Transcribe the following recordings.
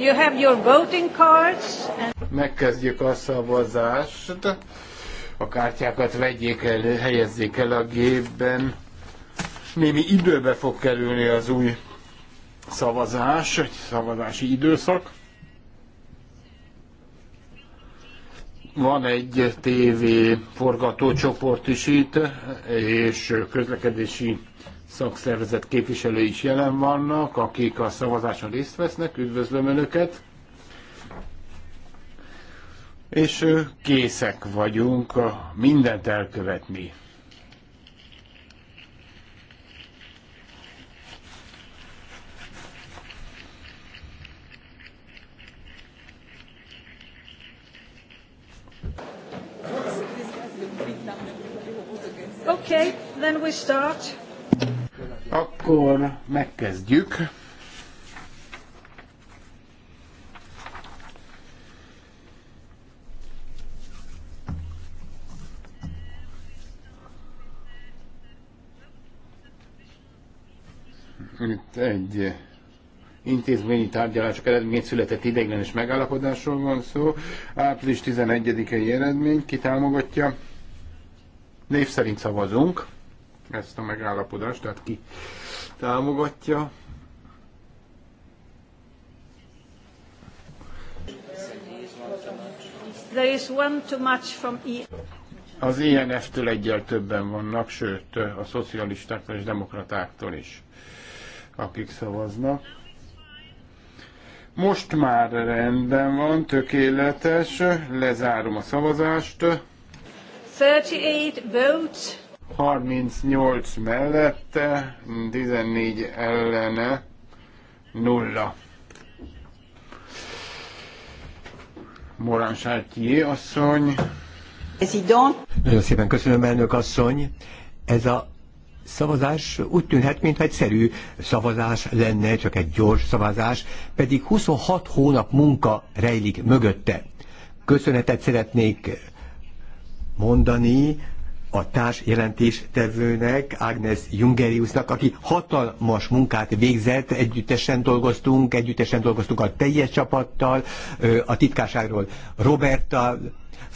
You have your voting cards. And... Megkezdjük a szavazást. A kártyákat vegyék el, helyezzék el a gépben. Némi időbe fog kerülni az új szavazás, egy szavazási időszak. Van egy TV forgatócsoport is itt, és közlekedési szakszervezet képviselői is jelen vannak, akik a szavazáson részt vesznek. Üdvözlöm Önöket! És készek vagyunk mindent elkövetni. Okay, then we start. Akkor megkezdjük. Itt egy intézményi tárgyalások eredményét született ideiglenes megállapodásról van szó. Április 11-i eredmény kitámogatja. Név szerint szavazunk ezt a megállapodást, tehát ki támogatja. There is one too much from e az INF-től e egyel többen vannak, sőt a szocialistáktól és demokratáktól is, akik szavaznak. Most már rendben van, tökéletes, lezárom a szavazást. 38 votes 38 mellette, 14 ellene, 0. Morán Sártyé asszony. Ez Nagyon szépen köszönöm, elnök asszony. Ez a szavazás úgy tűnhet, mint egy egyszerű szavazás lenne, csak egy gyors szavazás, pedig 26 hónap munka rejlik mögötte. Köszönetet szeretnék mondani a társ jelentéstevőnek, Agnes Jungeriusnak, aki hatalmas munkát végzett, együttesen dolgoztunk, együttesen dolgoztunk a teljes csapattal, a titkárságról Roberta,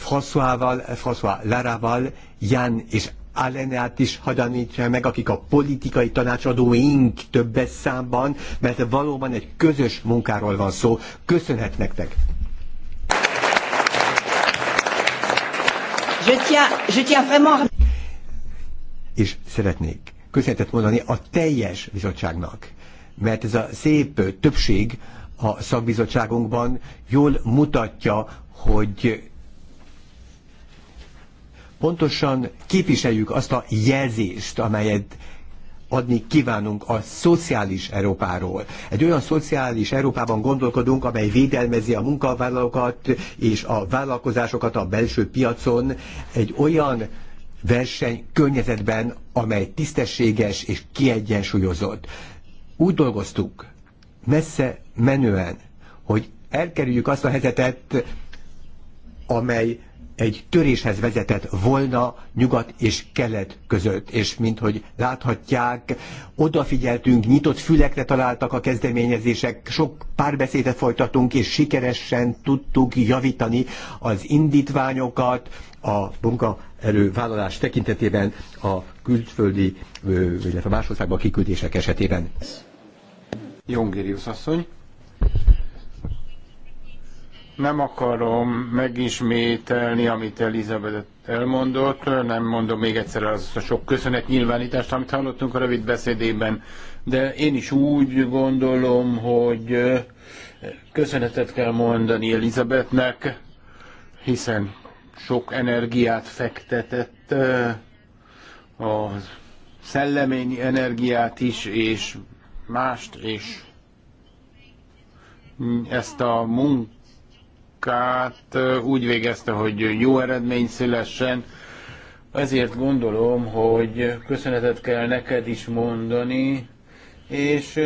François-val, François Larával, Jan és Alenát is hadanítja meg, akik a politikai tanácsadóink többes számban, mert valóban egy közös munkáról van szó. Köszönhet nektek! Je tiens, je tiens vraiment... És szeretnék köszönetet mondani a teljes bizottságnak, mert ez a szép többség a szakbizottságunkban jól mutatja, hogy pontosan képviseljük azt a jelzést, amelyet adni kívánunk a szociális Európáról. Egy olyan szociális Európában gondolkodunk, amely védelmezi a munkavállalókat és a vállalkozásokat a belső piacon, egy olyan verseny környezetben, amely tisztességes és kiegyensúlyozott. Úgy dolgoztuk, messze menően, hogy elkerüljük azt a helyzetet, amely egy töréshez vezetett volna nyugat és kelet között. És mint hogy láthatják, odafigyeltünk, nyitott fülekre találtak a kezdeményezések, sok párbeszédet folytatunk, és sikeresen tudtuk javítani az indítványokat, a munkaerővállalás tekintetében a külföldi, illetve más országban kiküldések esetében. Jongérius asszony. Nem akarom megismételni, amit Elizabeth elmondott, nem mondom még egyszer az a sok köszönet nyilvánítást, amit hallottunk a rövid beszédében, de én is úgy gondolom, hogy köszönetet kell mondani Elizabethnek, hiszen sok energiát fektetett a szellemény energiát is, és mást, és ezt a munkát, munkát úgy végezte, hogy jó eredmény szülessen. Ezért gondolom, hogy köszönetet kell neked is mondani, és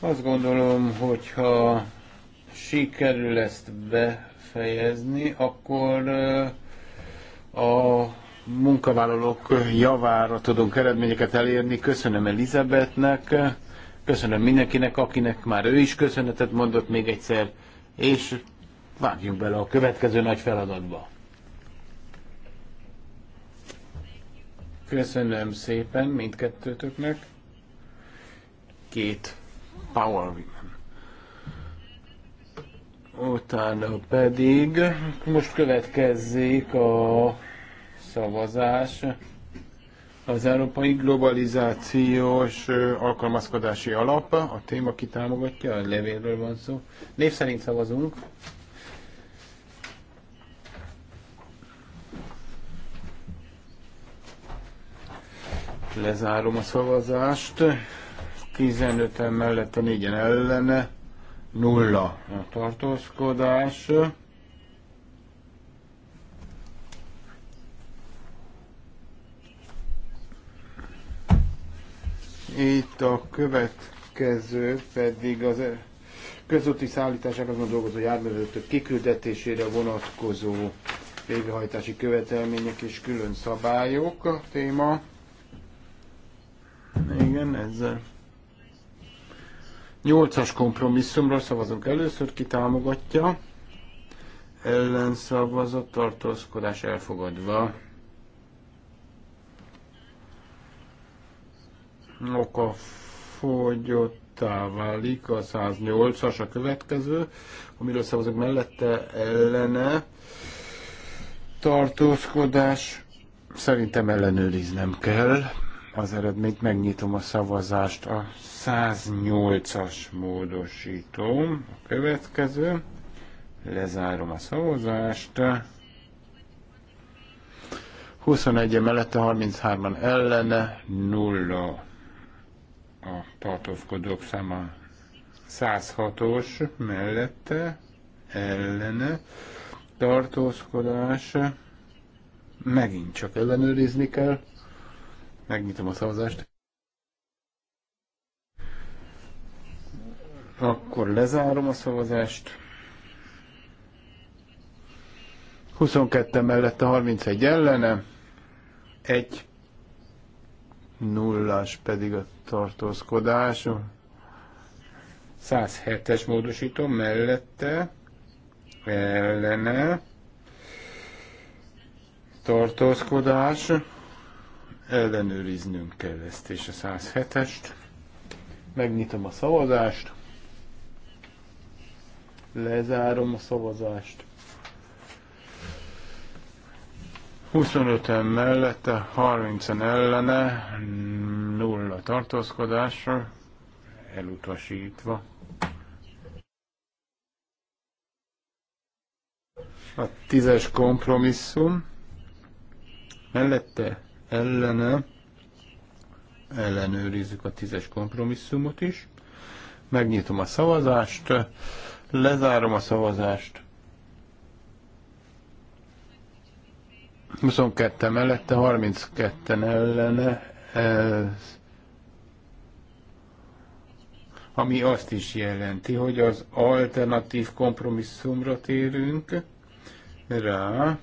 azt gondolom, hogyha sikerül ezt befejezni, akkor a munkavállalók javára tudunk eredményeket elérni. Köszönöm Elizabetnek, köszönöm mindenkinek, akinek már ő is köszönetet mondott még egyszer és vágjunk bele a következő nagy feladatba. Köszönöm szépen mindkettőtöknek. Két Power Women. Utána pedig most következzék a szavazás. Az Európai Globalizációs Alkalmazkodási Alap, a téma kitámogatja, a levélről van szó. Név szerint szavazunk. Lezárom a szavazást. 15-en a 4-en ellene. Nulla a tartózkodás. Itt a következő pedig az eh, közúti szállítás ágazban dolgozó járművezetők kiküldetésére vonatkozó végrehajtási követelmények és külön szabályok a téma. Igen, ezzel. Nyolcas kompromisszumra szavazunk először, ki támogatja. Ellenszavazat, tartózkodás elfogadva. oka fogyottá válik a 108-as a következő, amiről szavazok mellette ellene tartózkodás. Szerintem ellenőriznem kell az eredményt, megnyitom a szavazást a 108-as módosítom, a következő, lezárom a szavazást, 21 -e mellette, 33-an ellene, 0 a tartózkodók száma 106-os mellette ellene tartózkodás megint csak ellenőrizni kell. Megnyitom a szavazást. Akkor lezárom a szavazást. 22 mellette 31 ellene. Egy nullás pedig a tartózkodás. 107-es módosító mellette ellene tartózkodás. Ellenőriznünk kell ezt és a 107-est. Megnyitom a szavazást. Lezárom a szavazást. 25-en mellette, 30-en ellene, nulla tartózkodásra, elutasítva. A tízes kompromisszum mellette ellene ellenőrizzük a tízes kompromisszumot is. Megnyitom a szavazást, lezárom a szavazást. 22 mellette, 32 ellene, ez, ami azt is jelenti, hogy az alternatív kompromisszumra térünk rá.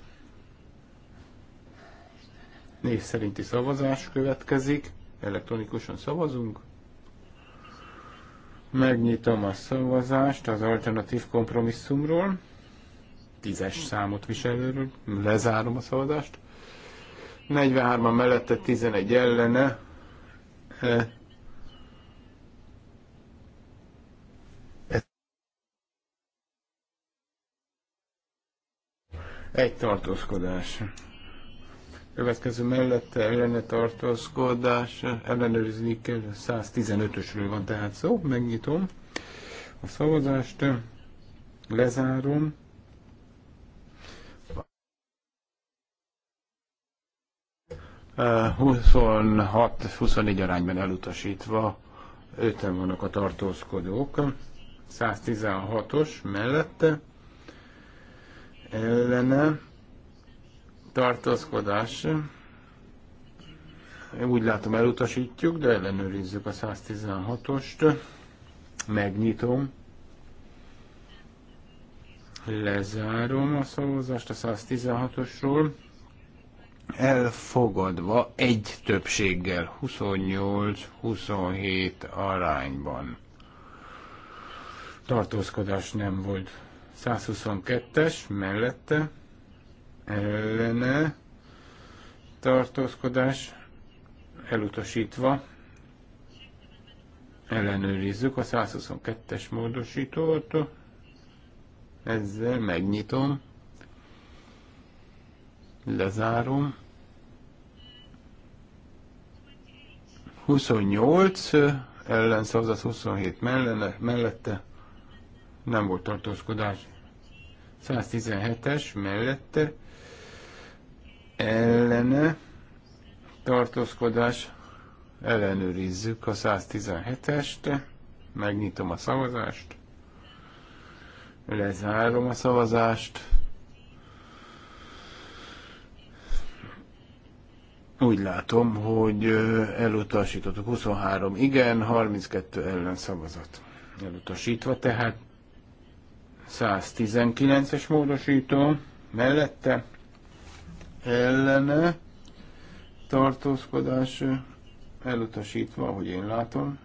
Név szerinti szavazás következik, elektronikusan szavazunk. Megnyitom a szavazást az alternatív kompromisszumról tízes számot viselőről. Lezárom a szavazást. 43-an mellette, 11 ellene. E, Egy tartózkodás. Következő mellette ellene tartózkodás, ellenőrizni kell, 115-ösről van tehát szó, megnyitom a szavazást, lezárom. 26-24 arányban elutasítva, 5 vannak a tartózkodók, 116-os mellette, ellene tartózkodás, úgy látom elutasítjuk, de ellenőrizzük a 116-ost, megnyitom, lezárom a szavazást a 116-osról, elfogadva egy többséggel, 28-27 arányban. Tartózkodás nem volt. 122-es mellette ellene tartózkodás elutasítva ellenőrizzük a 122-es módosítót. Ezzel megnyitom. Lezárom. 28, ellen szavazat 27 mellene, mellette, nem volt tartózkodás. 117-es mellette, ellene, tartózkodás, ellenőrizzük a 117-est, megnyitom a szavazást, lezárom a szavazást, Úgy látom, hogy elutasítottuk 23 igen, 32 ellen szavazat elutasítva, tehát 119-es módosító mellette ellene tartózkodás elutasítva, ahogy én látom.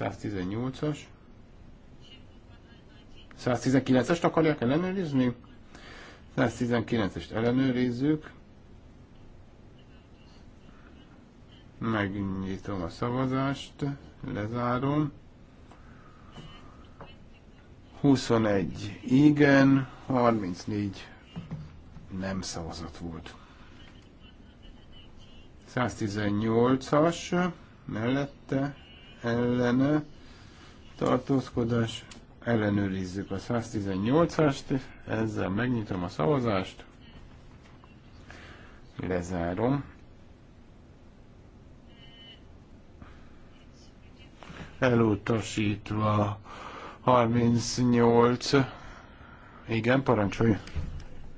118-as. 119-est akarják ellenőrizni? 119-est ellenőrizzük. Megnyitom a szavazást, lezárom. 21 igen, 34 nem szavazat volt. 118-as mellette ellene tartózkodás, ellenőrizzük a 118-ast, ezzel megnyitom a szavazást, lezárom. elutasítva. 38. Igen, parancsolj.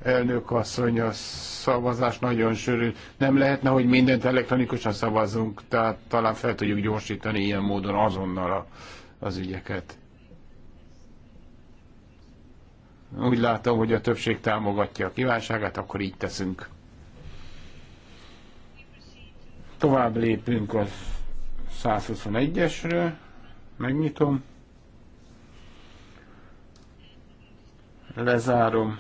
Elnök asszony, a szavazás nagyon sűrű. Nem lehetne, hogy mindent elektronikusan szavazunk, tehát talán fel tudjuk gyorsítani ilyen módon azonnal a, az ügyeket. Úgy látom, hogy a többség támogatja a kívánságát, akkor így teszünk. Tovább lépünk a 121-esről. Megnyitom. Lezárom.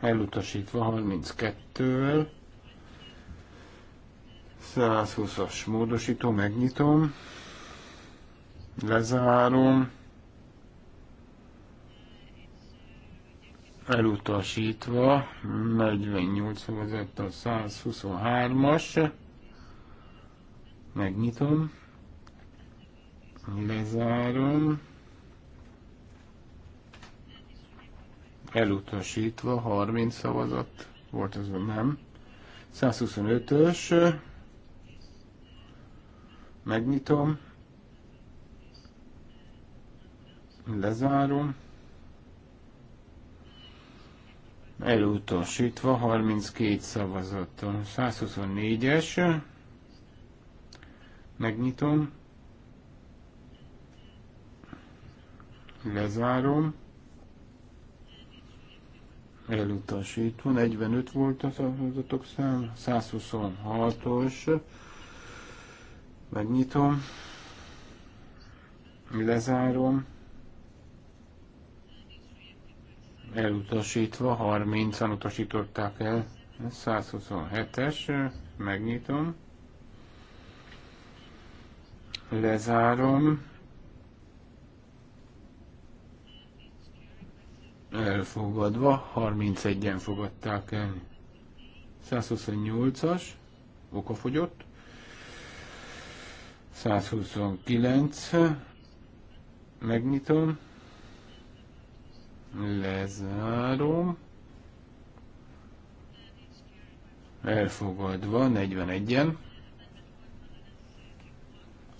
Elutasítva 32-vel. 120-as módosító, megnyitom. Lezárom. elutasítva 48 szavazat a 123-as. Megnyitom. Lezárom. Elutasítva 30 szavazat volt az a nem. 125-ös. Megnyitom. Lezárom. Elutasítva 32 szavazattal. 124-es. Megnyitom. Lezárom. Elutasítva. 45 volt a adatok szám. 126-os. Megnyitom. Lezárom. Elutasítva. 30-an utasították el. 127-es. Megnyitom Lezárom. Elfogadva, 31-en fogadták el. 128-as, okafogyott. 129, megnyitom, lezárom, elfogadva, 41-en,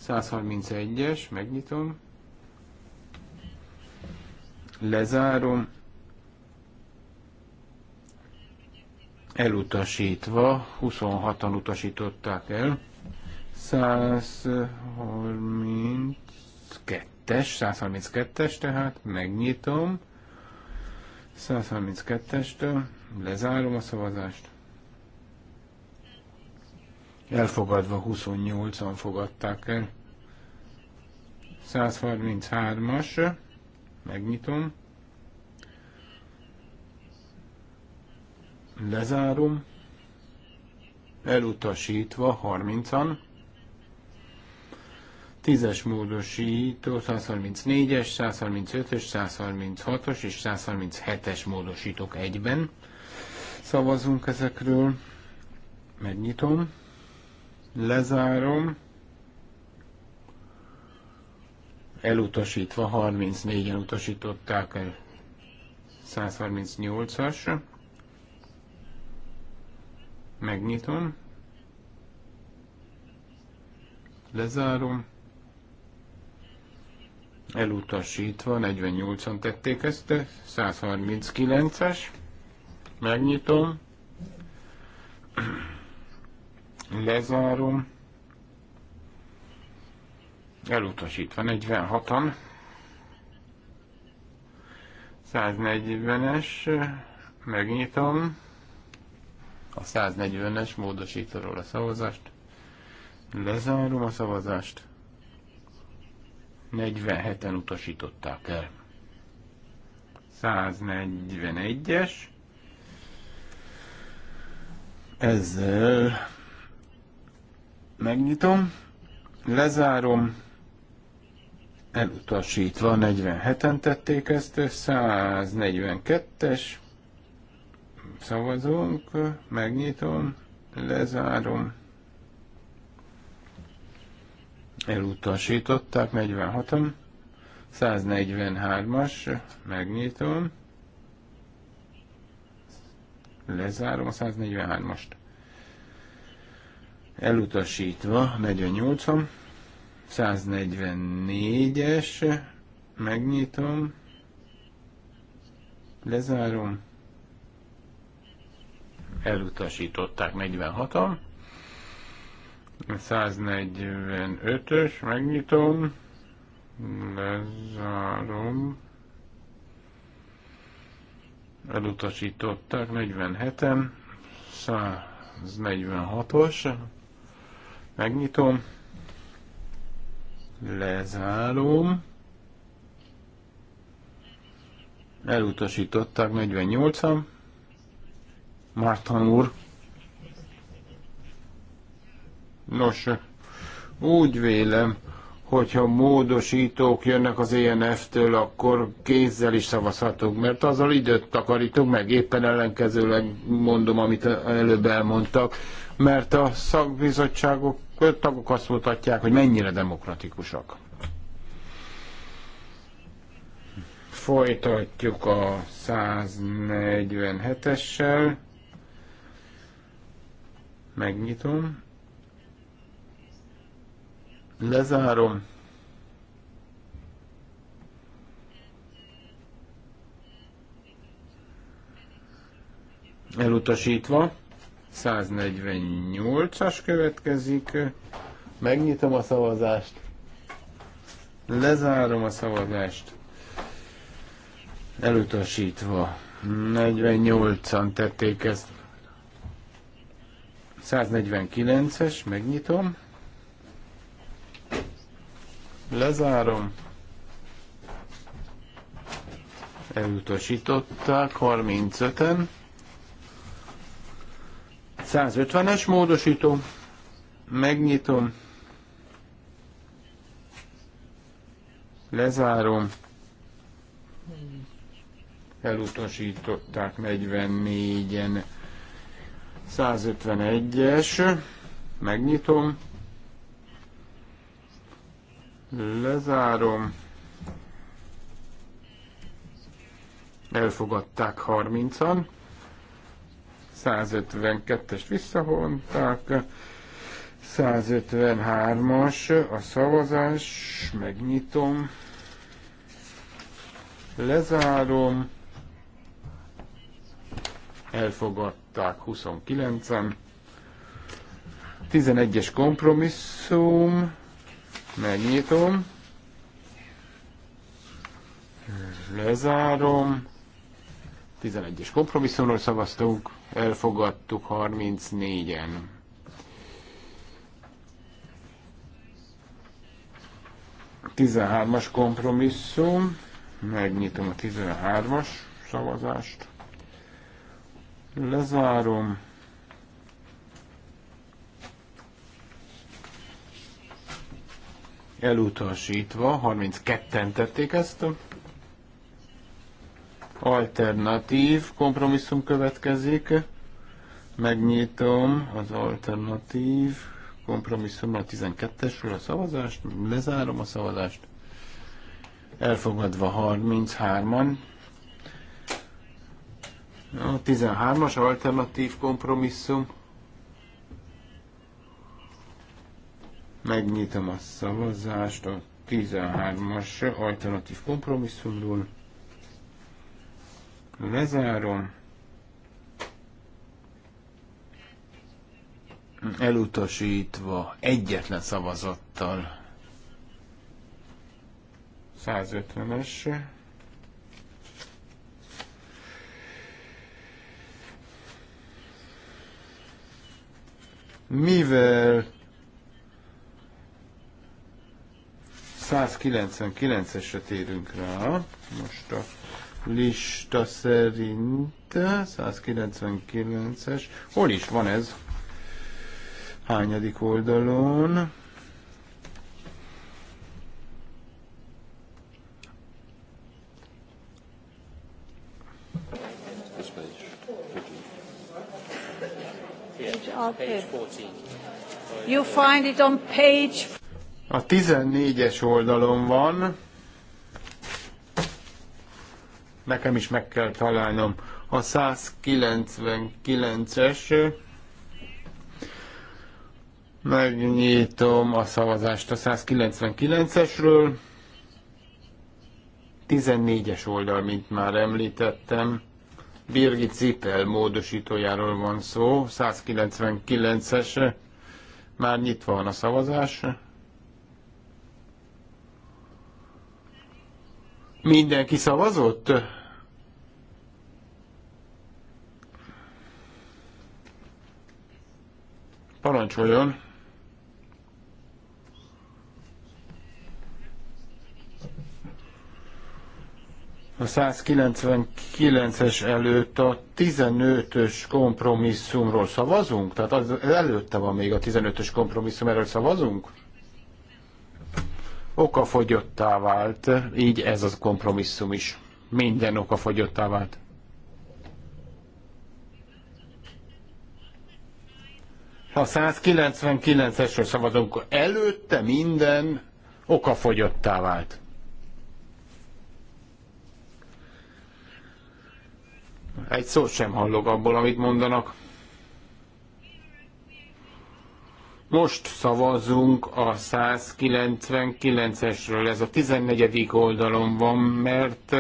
131-es, megnyitom. Lezárom. Elutasítva, 26-an utasították el. 132-es, 132-es tehát, megnyitom. 132-estől lezárom a szavazást elfogadva 28-an fogadták el. 133-as, megnyitom, lezárom, elutasítva 30-an, 10-es módosító, 134-es, 135-ös, 136-os és 137-es módosítók egyben. Szavazunk ezekről. Megnyitom. Lezárom. Elutasítva, 34-en utasították el. 138-as. Megnyitom. Lezárom. Elutasítva, 48-an tették ezt, 139-es. Megnyitom. Lezárom. Elutasítva 46-an. 140-es. Megnyitom. A 140-es módosítóról a szavazást. Lezárom a szavazást. 47-en utasították el. 141-es. Ezzel Megnyitom, lezárom, elutasítva, 47-en tették ezt, 142-es, szavazunk, megnyitom, lezárom, elutasították, 46-am, 143-as, megnyitom, lezárom a 143-ast elutasítva, 48 144-es, megnyitom, lezárom, elutasították 46 am 145-ös, megnyitom, lezárom, elutasították 47-en, 146-os, Megnyitom. Lezárom. Elutasították 48-an. Márton úr. Nos, úgy vélem, hogyha módosítók jönnek az ENF-től, akkor kézzel is szavazhatunk, mert azzal időt takarítunk, meg éppen ellenkezőleg mondom, amit előbb elmondtak mert a szakbizottságok tagok azt mutatják, hogy mennyire demokratikusak. Folytatjuk a 147-essel. Megnyitom. Lezárom. Elutasítva. 148-as következik. Megnyitom a szavazást. Lezárom a szavazást. Elutasítva. 48-an tették ezt. 149-es, megnyitom. Lezárom. Elutasították 35-en. 150-es módosító. Megnyitom. Lezárom. Elutasították 44-en. 151-es. Megnyitom. Lezárom. Elfogadták 30-an. 152-est visszavonták, 153-as a szavazás, megnyitom, lezárom, elfogadták 29-en, 11-es kompromisszum, megnyitom, lezárom, 11-es kompromisszumról szavaztunk, elfogadtuk 34-en. Tizenhármas kompromisszum, megnyitom a 13-as szavazást, lezárom, elutasítva, 32-en tették ezt, Alternatív kompromisszum következik. Megnyitom az alternatív a 12-esről a szavazást, lezárom a szavazást. Elfogadva 33-an. A 13-as alternatív kompromisszum. Megnyitom a szavazást a 13-as alternatív kompromisszumról. Lezárom. Elutasítva egyetlen szavazattal. 150-es. Mivel 199-esre térünk rá, most a lista szerint 199-es. Hol is van ez? Hányadik oldalon? You find it on page... A 14-es oldalon van nekem is meg kell találnom. A 199-es megnyitom a szavazást a 199-esről. 14-es oldal, mint már említettem. Birgit Zipel módosítójáról van szó, 199-es. Már nyitva van a szavazás. Mindenki szavazott? Parancsoljon! A 199-es előtt a 15-ös kompromisszumról szavazunk? Tehát az előtte van még a 15-ös kompromisszum, erről szavazunk? okafogyottá vált, így ez az kompromisszum is. Minden okafogyottá vált. Ha 199-esre szavazunk, előtte minden okafogyottá vált. Egy szót sem hallok abból, amit mondanak. Most szavazunk a 199-esről, ez a 14. oldalon van, mert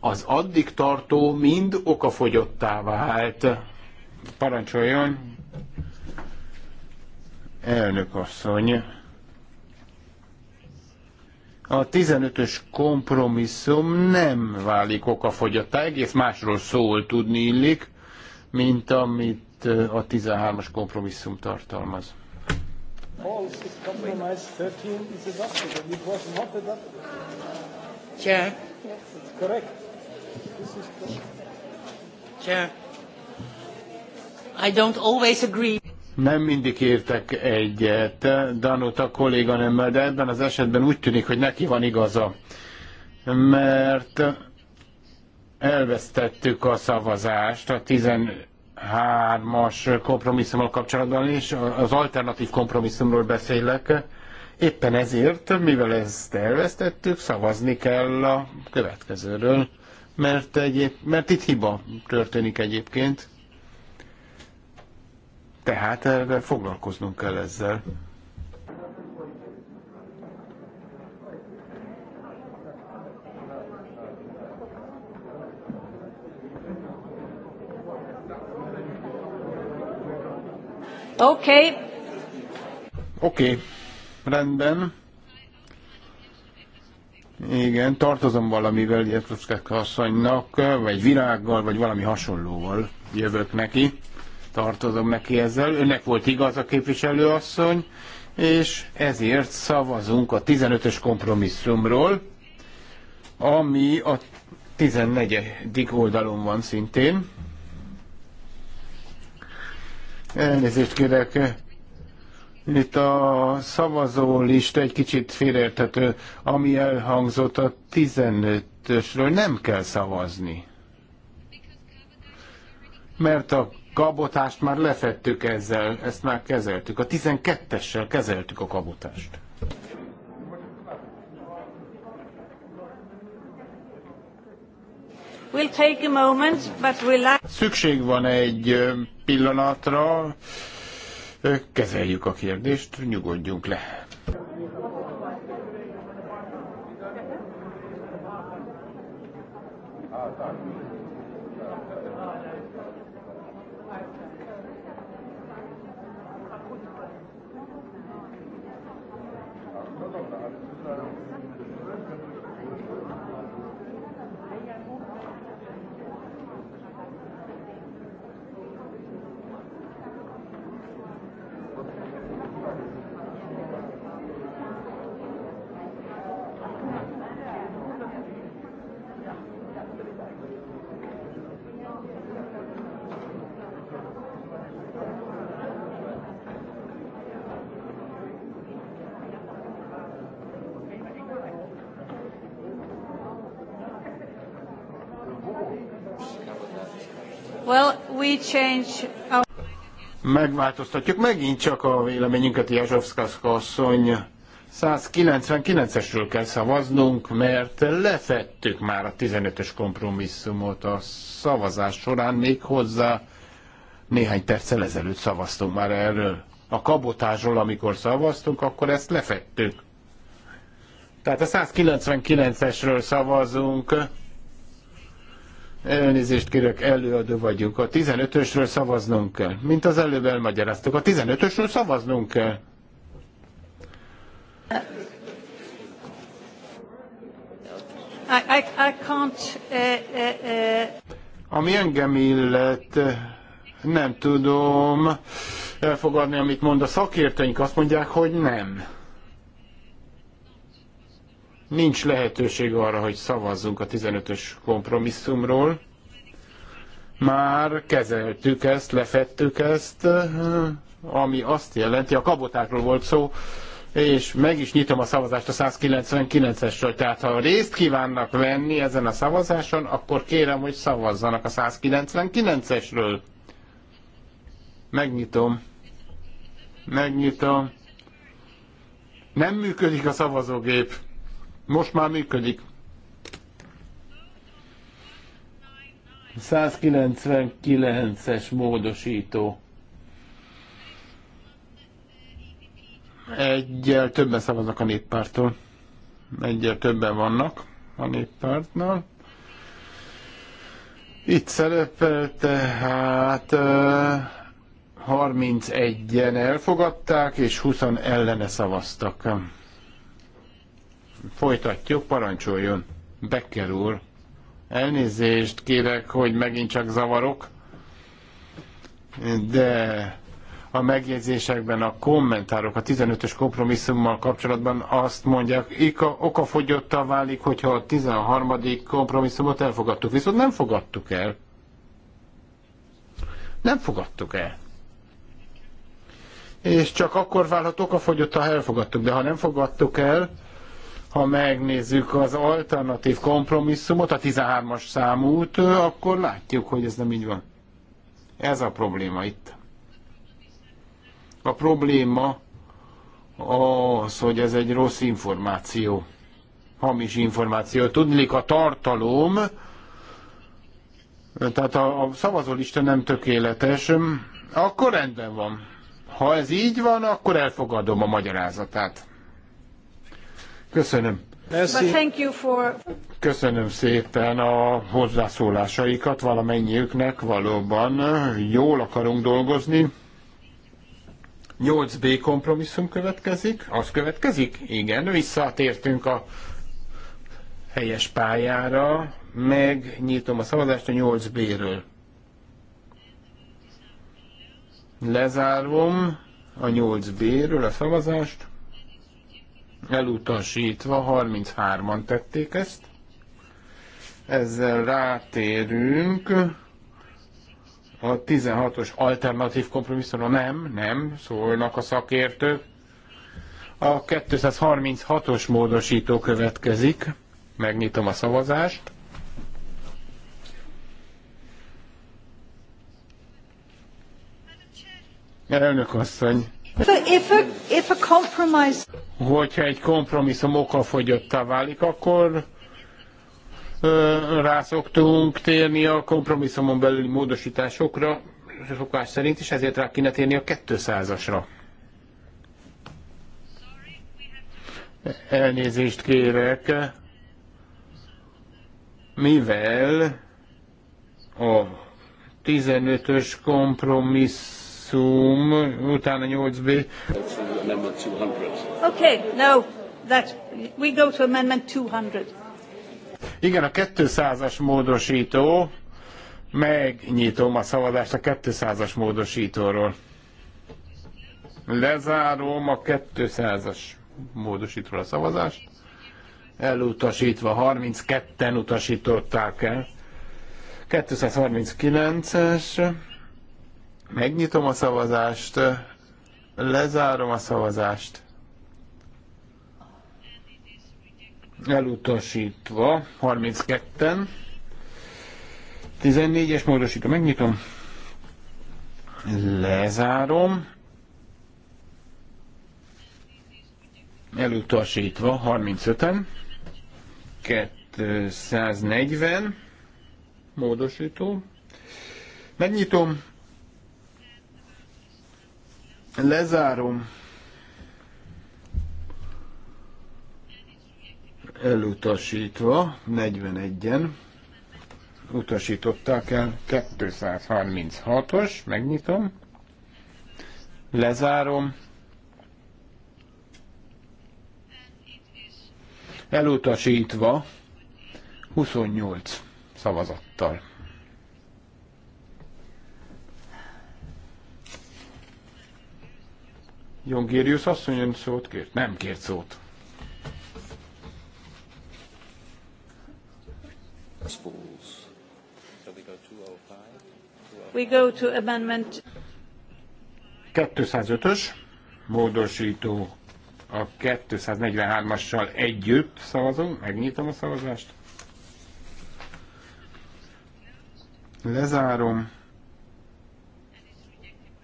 az addig tartó mind okafogyottá vált. Parancsoljon! Elnök asszony! A 15-ös kompromisszum nem válik okafogyottá, egész másról szól tudni illik, mint amit a 13-as kompromisszum tartalmaz false if compromise 13 is correct. This is correct. Chair. I don't always agree. Nem mindig értek egyet Danuta kolléganőmmel, de ebben az esetben úgy tűnik, hogy neki van igaza. Mert elvesztettük a szavazást a 15 hármas kompromisszummal kapcsolatban is, az alternatív kompromisszumról beszélek. Éppen ezért, mivel ezt elvesztettük, szavazni kell a következőről, mert, egyéb, mert itt hiba történik egyébként. Tehát erre eh, foglalkoznunk kell ezzel. Oké. Okay. Oké, okay. rendben. Igen, tartozom valamivel Jefroszkák asszonynak, vagy virággal, vagy valami hasonlóval jövök neki. Tartozom neki ezzel. Önnek volt igaz a képviselőasszony, és ezért szavazunk a 15-ös kompromisszumról, ami a 14. oldalon van szintén. Elnézést kérek. Itt a szavazó lista egy kicsit félérthető, Ami elhangzott a 15-ösről, nem kell szavazni. Mert a kabotást már lefettük ezzel, ezt már kezeltük. A 12-essel kezeltük a kabotást. We'll take a moment, but we'll... Szükség van egy pillanatra kezeljük a kérdést, nyugodjunk le. Thank you. Megváltoztatjuk megint csak a véleményünket, Jazsovszkaszka asszony. 199-esről kell szavaznunk, mert lefettük már a 15-ös kompromisszumot a szavazás során, még hozzá néhány perccel ezelőtt szavaztunk már erről. A kabotásról, amikor szavaztunk, akkor ezt lefettük. Tehát a 199-esről szavazunk, Elnézést kérek, előadó vagyok. A 15-ösről szavaznunk kell. Mint az előbb elmagyaráztuk, a 15-ösről szavaznunk kell. I, I, I can't, uh, uh, uh, Ami engem illet, nem tudom elfogadni, amit mond a szakértőink. Azt mondják, hogy nem. Nincs lehetőség arra, hogy szavazzunk a 15-ös kompromisszumról. Már kezeltük ezt, lefettük ezt, ami azt jelenti, a kabotákról volt szó, és meg is nyitom a szavazást a 199-esről. Tehát ha részt kívánnak venni ezen a szavazáson, akkor kérem, hogy szavazzanak a 199-esről. Megnyitom. Megnyitom. Nem működik a szavazógép. Most már működik. 199-es módosító. Egyel többen szavaznak a néppártól. Egyel többen vannak a néppártnál. Itt szerepel tehát 31-en elfogadták, és 20 ellene szavaztak. Folytatjuk, parancsoljon. Becker úr. Elnézést kérek, hogy megint csak zavarok, de a megjegyzésekben, a kommentárok a 15-ös kompromisszummal kapcsolatban azt mondják, ika, okafogyottá válik, hogyha a 13. kompromisszumot elfogadtuk. Viszont nem fogadtuk el. Nem fogadtuk el. És csak akkor válhat okafogyottá, ha elfogadtuk. De ha nem fogadtuk el, ha megnézzük az alternatív kompromisszumot, a 13-as számút, akkor látjuk, hogy ez nem így van. Ez a probléma itt. A probléma az, hogy ez egy rossz információ. Hamis információ. Tudnék, a tartalom, tehát a, a szavazólista nem tökéletes, akkor rendben van. Ha ez így van, akkor elfogadom a magyarázatát. Köszönöm. For... Köszönöm szépen a hozzászólásaikat hát valamennyiüknek, valóban jól akarunk dolgozni. 8B kompromisszum következik, az következik? Igen, visszatértünk a helyes pályára, megnyitom a szavazást a 8B-ről. Lezárom a 8B-ről a szavazást elutasítva, 33-an tették ezt. Ezzel rátérünk a 16-os alternatív kompromisszumra nem, nem szólnak a szakértők. A 236-os módosító következik. Megnyitom a szavazást. Elnök asszony, Hogyha egy kompromisszum okafogyottá válik, akkor rászoktunk térni a kompromisszumon belüli módosításokra, szokás szerint, és ezért rá kéne térni a 200-asra. Elnézést kérek, mivel a 15-ös kompromissz Zoom, utána 8B. Okay, no, that, we go to amendment 200. Igen, a 200-as módosító, megnyitom a szavazást a 200-as módosítóról. Lezárom a 200-as módosítóról a szavazást. Elutasítva, 32-en utasították el. 239-es Megnyitom a szavazást, lezárom a szavazást. Elutasítva, 32-en. 14-es módosító, megnyitom. Lezárom. Elutasítva, 35-en. 240 módosító. Megnyitom, Lezárom. Elutasítva, 41-en utasították el, 236-os, megnyitom, lezárom, elutasítva 28 szavazattal. Jongérius asszony ön szót kért? Nem kért szót. We go to amendment 205-ös módosító a 243-assal együtt szavazunk. Megnyitom a szavazást. Lezárom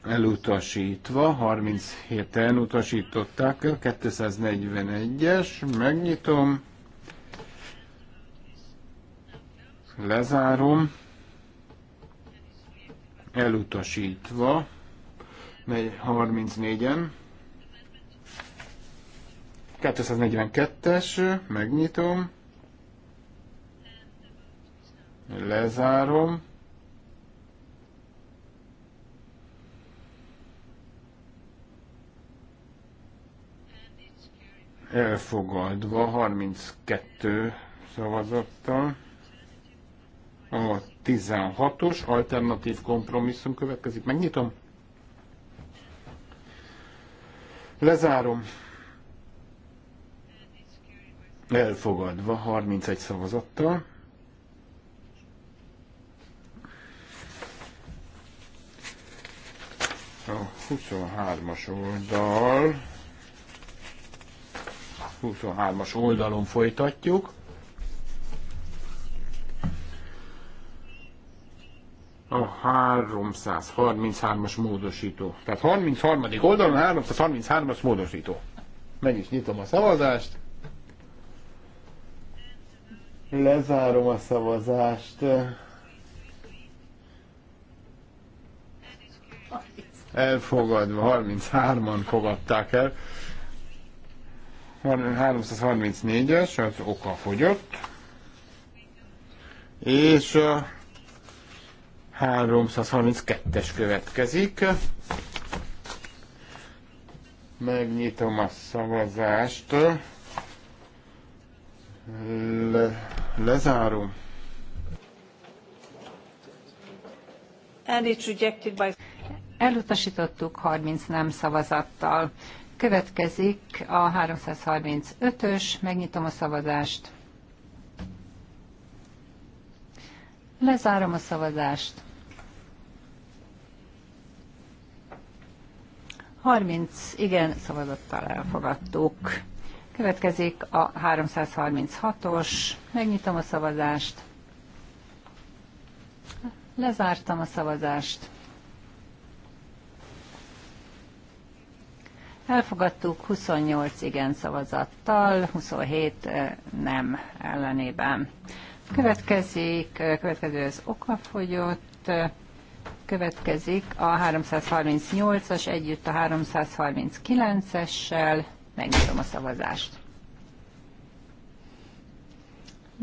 elutasítva, 37-en utasították, 241-es, megnyitom, lezárom, elutasítva, 34-en, 242-es, megnyitom, lezárom, elfogadva 32 szavazattal. A 16-os alternatív kompromisszum következik. Megnyitom. Lezárom. Elfogadva 31 szavazattal. A 23-as oldal 23-as oldalon folytatjuk. a 333-as módosító. Tehát 33. oldalon 333-as módosító. Meg is nyitom a szavazást. Lezárom a szavazást. Elfogadva, 33-an fogadták el. 334-es, az oka fogyott, és a 332-es következik. Megnyitom a szavazást. Le, lezárom. And it's rejected by... Elutasítottuk 30 nem szavazattal. Következik a 335-ös, megnyitom a szavazást. Lezárom a szavazást. 30 igen szavazattal elfogadtuk. Következik a 336-os, megnyitom a szavazást. Lezártam a szavazást. Elfogadtuk 28 igen szavazattal, 27 nem ellenében. Következik, következő az okafogyott, következik a 338-as együtt a 339-essel, megnyitom a szavazást.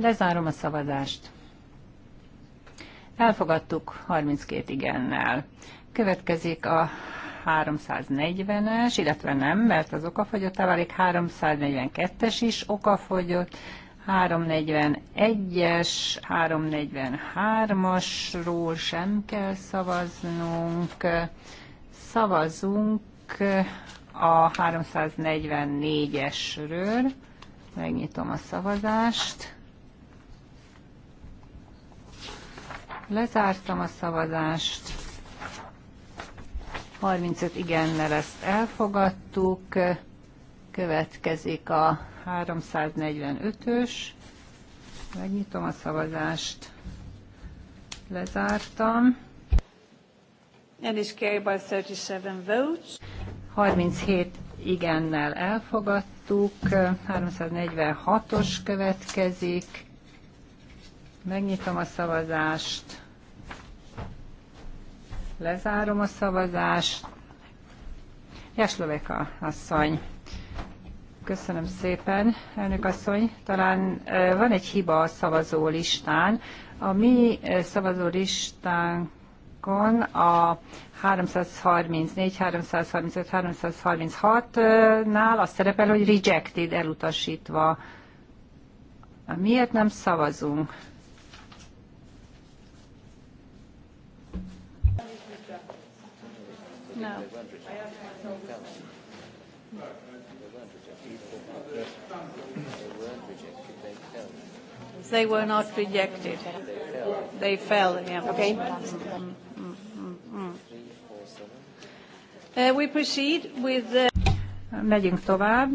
Lezárom a szavazást. Elfogadtuk 32 igennel. Következik a 340-es, illetve nem, mert az okafogyott válik, 342-es is okafogyott, 341-es, 343-asról sem kell szavaznunk. Szavazunk a 344-esről. Megnyitom a szavazást. Lezártam a szavazást. 35 igennel ezt elfogadtuk. Következik a 345-ös. Megnyitom a szavazást. Lezártam. And is carried by 37 votes. 37 igennel elfogadtuk. 346-os következik. Megnyitom a szavazást. Lezárom a szavazást. Jasloveka asszony. Köszönöm szépen, elnök asszony. Talán van egy hiba a szavazó listán. A mi szavazó listánkon a 334, 335, 336-nál az szerepel, hogy rejected, elutasítva. Miért nem szavazunk? No. They were not rejected. They fell. They Yeah. Okay. Mm, mm, mm, uh, we proceed with the... Megyünk tovább.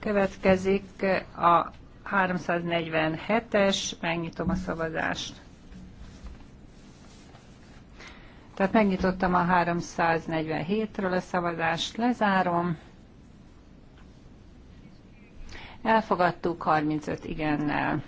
Következik a 347-es. Megnyitom a szavazást. Tehát megnyitottam a 347-ről a szavazást, lezárom. Elfogadtuk 35 igennel.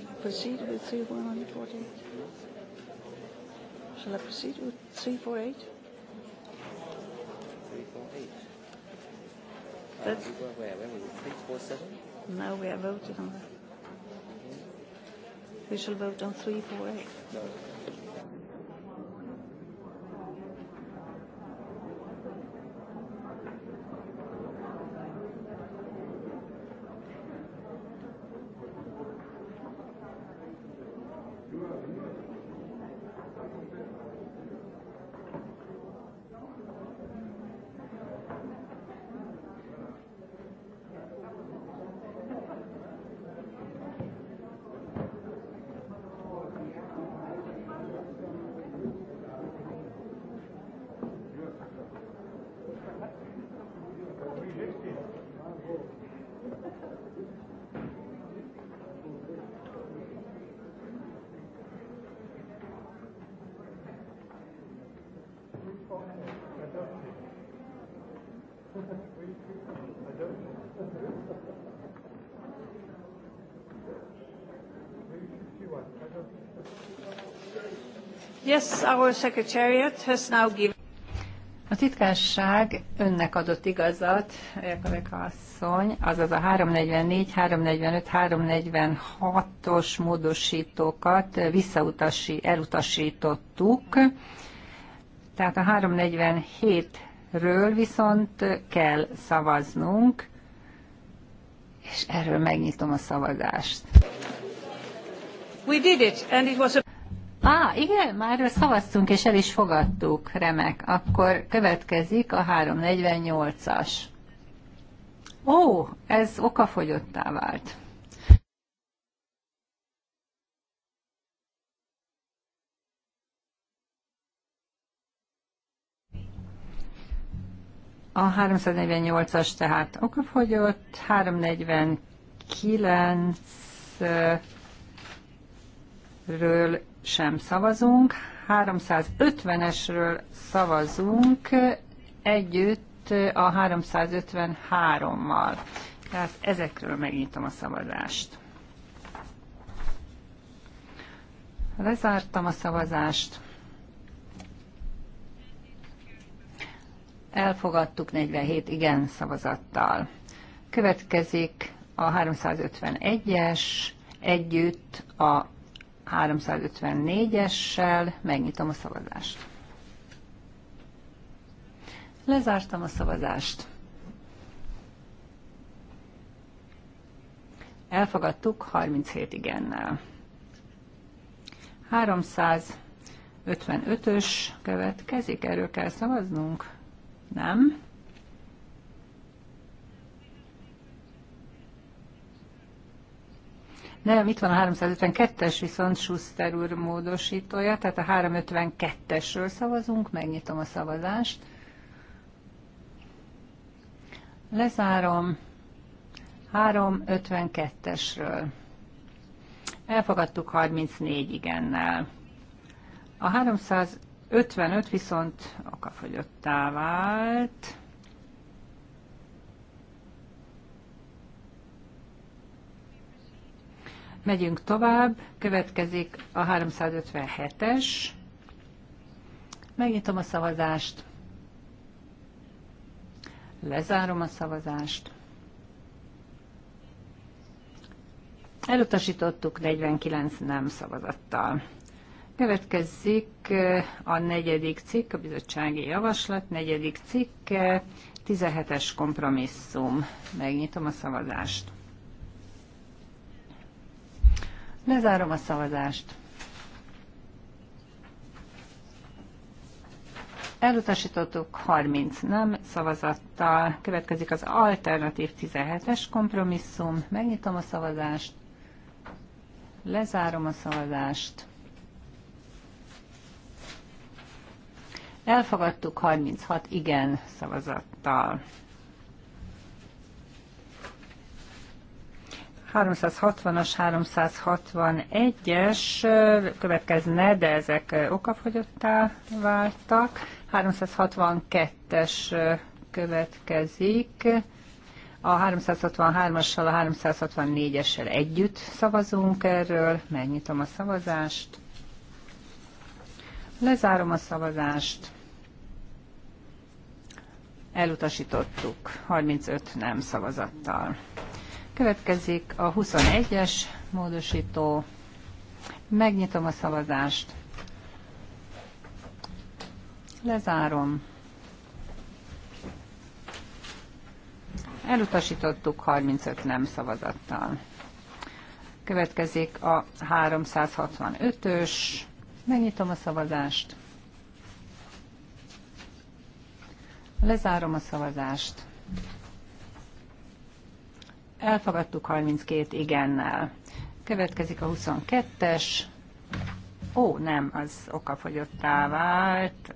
Shall I proceed with 3148? Shall I proceed with 348? 348. Uh, That's we where? Where were we? 347? No, we are voting on that. Mm-hmm. We shall vote on 348. No. Yes, our secretariat has now given... A titkárság önnek adott igazat, Jakovek asszony, azaz a 344, 345, 346-os módosítókat visszautasi, elutasítottuk. Tehát a 347-ről viszont kell szavaznunk, és erről megnyitom a szavazást. We did it, and it was a Á, ah, igen, már szavaztunk és el is fogadtuk, remek. Akkor következik a 348-as. Ó, ez okafogyottá vált. A 348-as tehát okafogyott, 349 ről sem szavazunk. 350-esről szavazunk együtt a 353-mal. Tehát ezekről megnyitom a szavazást. Lezártam a szavazást. Elfogadtuk 47 igen szavazattal. Következik a 351-es együtt a 354-essel megnyitom a szavazást. Lezártam a szavazást. Elfogadtuk 37 igennel. 355-ös következik, erről kell szavaznunk? Nem. Nem, itt van a 352-es, viszont Schuster úr módosítója, tehát a 352-esről szavazunk, megnyitom a szavazást. Lezárom 352-esről. Elfogadtuk 34 igennel. A 355 viszont okafogyottá vált. Megyünk tovább, következik a 357-es. Megnyitom a szavazást. Lezárom a szavazást. Elutasítottuk 49 nem szavazattal. Következik eh, a negyedik cikk, a bizottsági javaslat, negyedik cikk, 17-es kompromisszum. Megnyitom a szavazást. Lezárom a szavazást. Elutasítottuk 30 nem szavazattal. Következik az alternatív 17-es kompromisszum. Megnyitom a szavazást. Lezárom a szavazást. Elfogadtuk 36 igen szavazattal. 360-as, 361-es következne, de ezek okafogyottá váltak. 362-es következik. A 363-assal, a 364-essel együtt szavazunk erről. Megnyitom a szavazást. Lezárom a szavazást. Elutasítottuk 35 nem szavazattal. Következik a 21-es módosító. Megnyitom a szavazást. Lezárom. Elutasítottuk 35 nem szavazattal. Következik a 365-ös. Megnyitom a szavazást. Lezárom a szavazást. Elfogadtuk 32 igennel. Következik a 22-es. Ó, nem, az okafogyottá vált.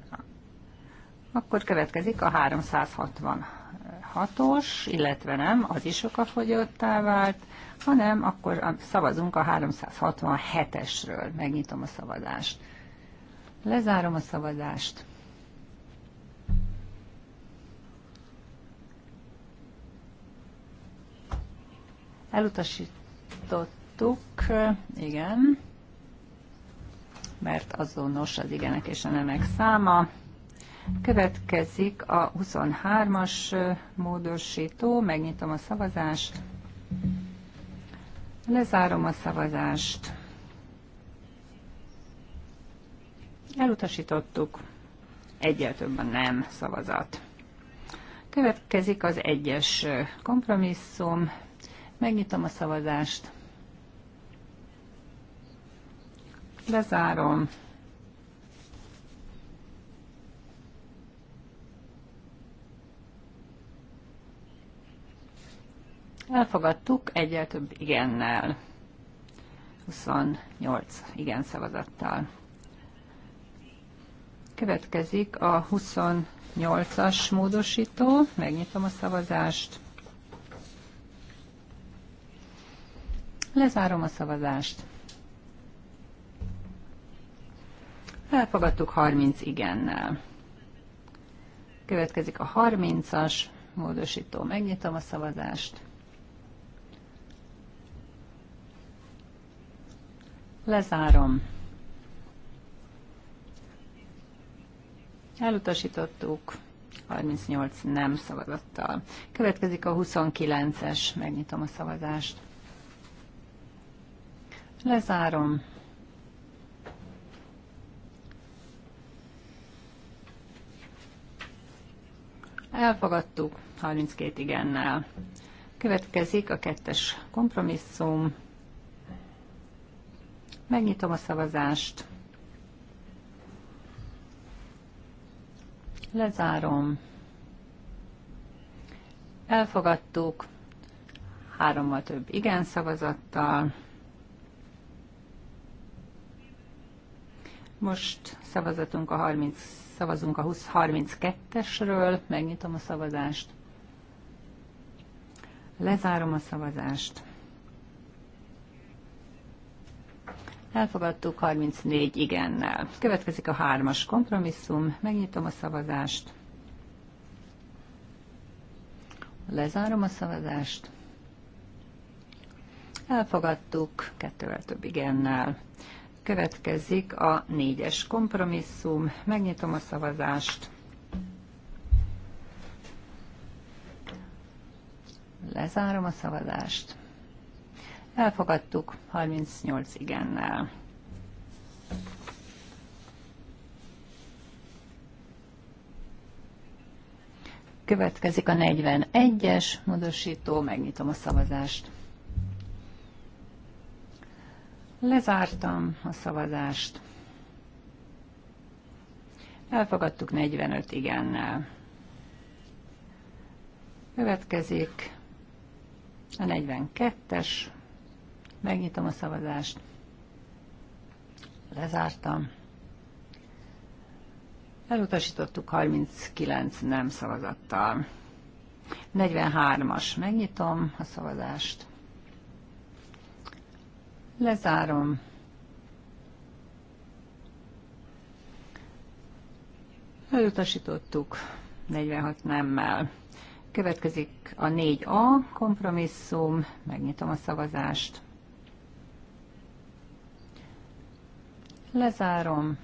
Akkor következik a 366-os, illetve nem, az is okafogyottá vált, hanem akkor szavazunk a 367-esről. Megnyitom a szavazást. Lezárom a szavazást. Elutasítottuk, igen, mert azonos az igenek és a nemek száma. Következik a 23-as módosító, megnyitom a szavazást, lezárom a szavazást, elutasítottuk, egyel több a nem szavazat. Következik az egyes kompromisszum, Megnyitom a szavazást. Lezárom. Elfogadtuk egyel több igennel. 28 igen szavazattal. Következik a 28-as módosító. Megnyitom a szavazást. Lezárom a szavazást. Elfogadtuk 30 igennel. Következik a 30-as módosító. Megnyitom a szavazást. Lezárom. Elutasítottuk 38 nem szavazattal. Következik a 29-es. Megnyitom a szavazást. Lezárom. Elfogadtuk 32 igennel. Következik a kettes kompromisszum. Megnyitom a szavazást. Lezárom. Elfogadtuk hárommal több igen szavazattal. Most szavazatunk a 30, szavazunk a 32-esről, megnyitom a szavazást. Lezárom a szavazást. Elfogadtuk 34 igennel. Következik a hármas kompromisszum. Megnyitom a szavazást. Lezárom a szavazást. Elfogadtuk kettővel több igennel. Következik a négyes kompromisszum. Megnyitom a szavazást. Lezárom a szavazást. Elfogadtuk 38 igennel. Következik a 41-es módosító, megnyitom a szavazást. Lezártam a szavazást. Elfogadtuk 45 igennel. Következik a 42-es. Megnyitom a szavazást. Lezártam. Elutasítottuk 39 nem szavazattal. 43-as. Megnyitom a szavazást. Lezárom. Elutasítottuk 46 nemmel. Következik a 4A kompromisszum, megnyitom a szavazást. Lezárom.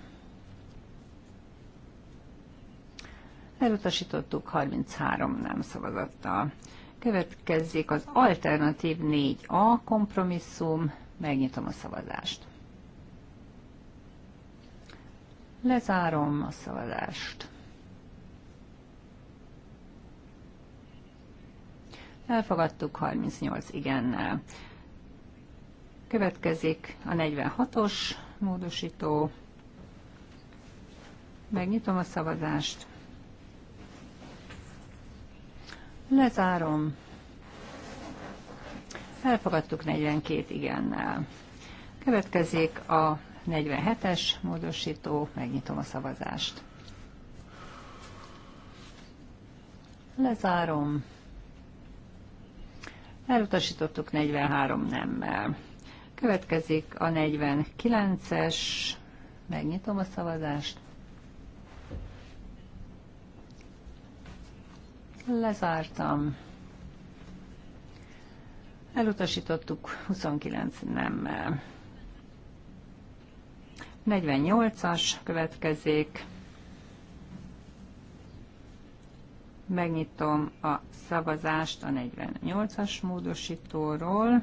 Elutasítottuk 33 nem szavazattal. Következik az alternatív 4A kompromisszum, Megnyitom a szavazást. Lezárom a szavazást. Elfogadtuk 38 igennel. Következik a 46-os módosító. Megnyitom a szavazást. Lezárom elfogadtuk 42 igennel. Következik a 47-es módosító, megnyitom a szavazást. Lezárom. Elutasítottuk 43 nemmel. Következik a 49-es, megnyitom a szavazást. Lezártam. Elutasítottuk 29 nemmel. 48-as következik. Megnyitom a szavazást a 48-as módosítóról.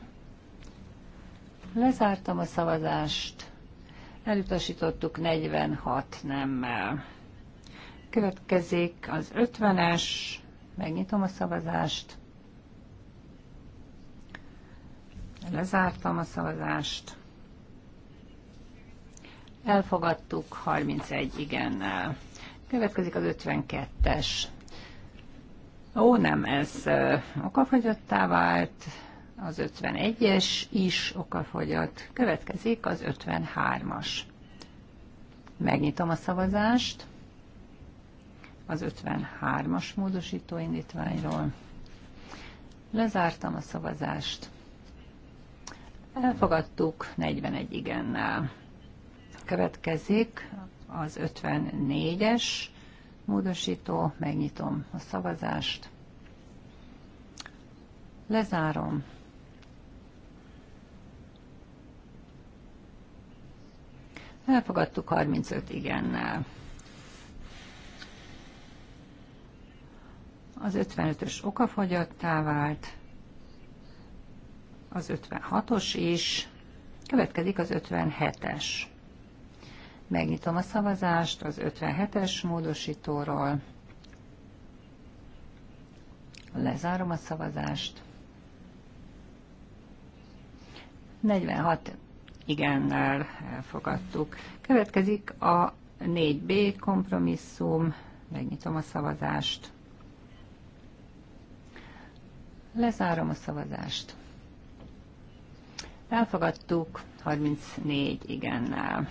Lezártam a szavazást. Elutasítottuk 46 nemmel. Következik az 50-es. Megnyitom a szavazást. Lezártam a szavazást. Elfogadtuk 31 igennel. Következik az 52-es. Ó, nem, ez okafogyottá vált, az 51-es is okafogyott. Következik az 53-as. Megnyitom a szavazást az 53-as módosító indítványról. Lezártam a szavazást. Elfogadtuk 41 igennel. Következik az 54-es módosító, megnyitom a szavazást. Lezárom. Elfogadtuk 35 igennel. Az 55-ös okafogyottá vált, az 56-os is, következik az 57-es. Megnyitom a szavazást az 57-es módosítóról. Lezárom a szavazást. 46 igennel elfogadtuk. Következik a 4B kompromisszum. Megnyitom a szavazást. Lezárom a szavazást. Elfogadtuk 34 igennel.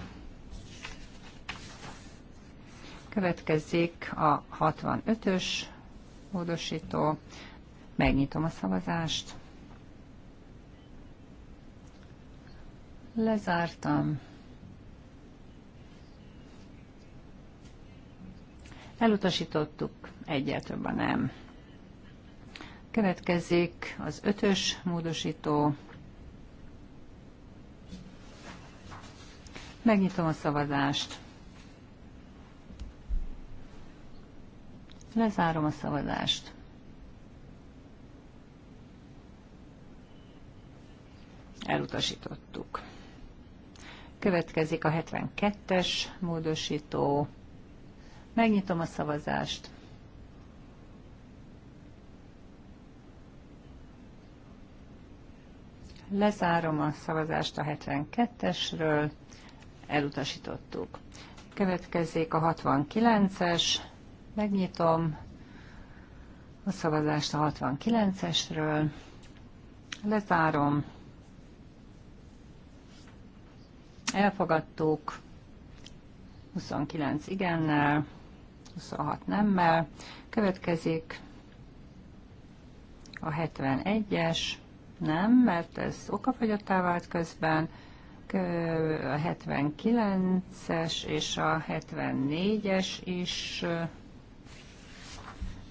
Következzék a 65-ös módosító. Megnyitom a szavazást. Lezártam. Elutasítottuk, egyel több a nem. Következzék az ötös módosító Megnyitom a szavazást. Lezárom a szavazást. Elutasítottuk. Következik a 72-es módosító. Megnyitom a szavazást. Lezárom a szavazást a 72-esről elutasítottuk. Következzék a 69-es, megnyitom a szavazást a 69-esről, lezárom, elfogadtuk, 29 igennel, 26 nemmel, következik a 71-es, nem, mert ez okafogyottá vált közben, a 79-es és a 74-es is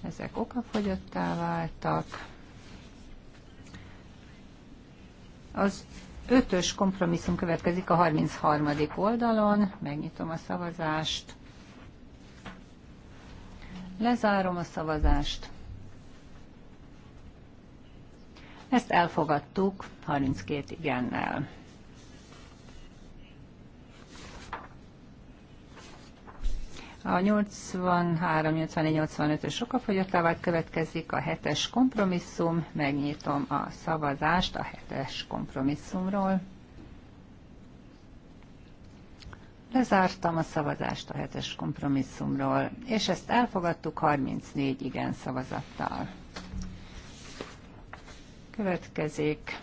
ezek okafogyottá váltak. Az ötös kompromisszum következik a 33. oldalon. Megnyitom a szavazást. Lezárom a szavazást. Ezt elfogadtuk 32 igennel. A 83, 84, 85-ös sokafogyottá következik a hetes kompromisszum. Megnyitom a szavazást a hetes kompromisszumról. Lezártam a szavazást a hetes kompromisszumról, és ezt elfogadtuk 34 igen szavazattal. Következik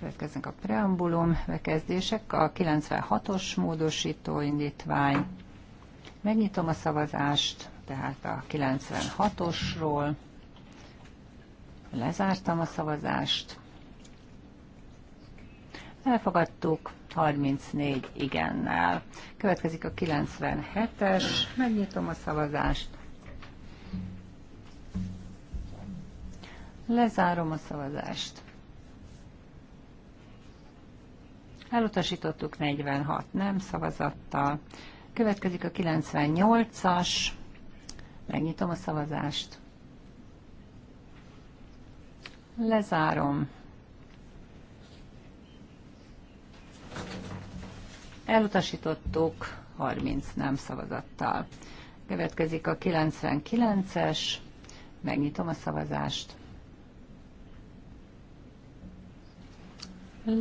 Következnek a preambulum bekezdések, a 96-os módosító indítvány, Megnyitom a szavazást, tehát a 96-osról. Lezártam a szavazást. Elfogadtuk 34 igennel. Következik a 97-es. Megnyitom a szavazást. Lezárom a szavazást. Elutasítottuk 46 nem szavazattal. Következik a 98-as. Megnyitom a szavazást. Lezárom. Elutasítottuk 30 nem szavazattal. Következik a 99-es. Megnyitom a szavazást.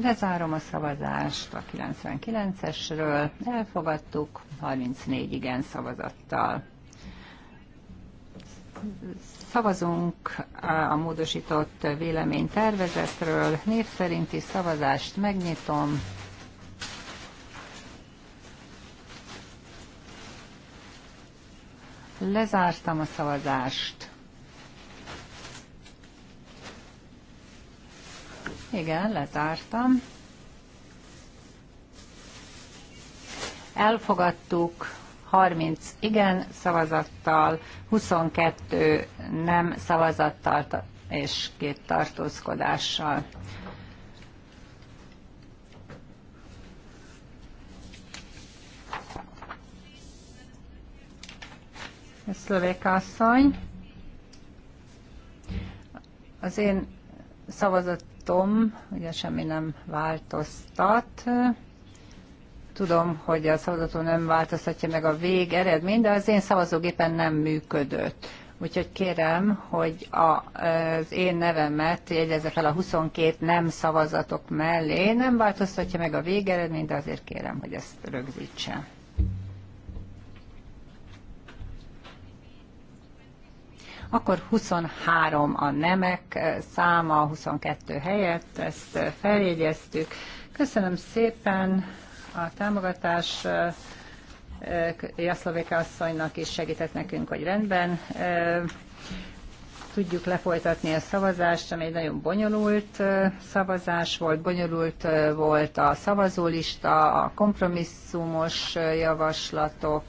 Lezárom a szavazást a 99-esről. Elfogadtuk 34 igen szavazattal. Szavazunk a módosított véleménytervezetről. Név szerinti szavazást megnyitom. Lezártam a szavazást. Igen, letártam. Elfogadtuk 30 igen szavazattal, 22 nem szavazattal és két tartózkodással. Szövéka asszony, az én szavazat látom, ugye semmi nem változtat. Tudom, hogy a szavazató nem változtatja meg a végeredményt, de az én szavazógépen nem működött. Úgyhogy kérem, hogy a, az én nevemet jegyezze fel a 22 nem szavazatok mellé. Nem változtatja meg a végeredményt, de azért kérem, hogy ezt rögzítse. akkor 23 a nemek eh, száma, 22 helyett, ezt eh, feljegyeztük. Köszönöm szépen a támogatás eh, Jaszlovéka asszonynak is segített nekünk, hogy rendben tudjuk lefolytatni a szavazást, ami egy nagyon bonyolult szavazás volt, bonyolult volt a szavazólista, a kompromisszumos javaslatok,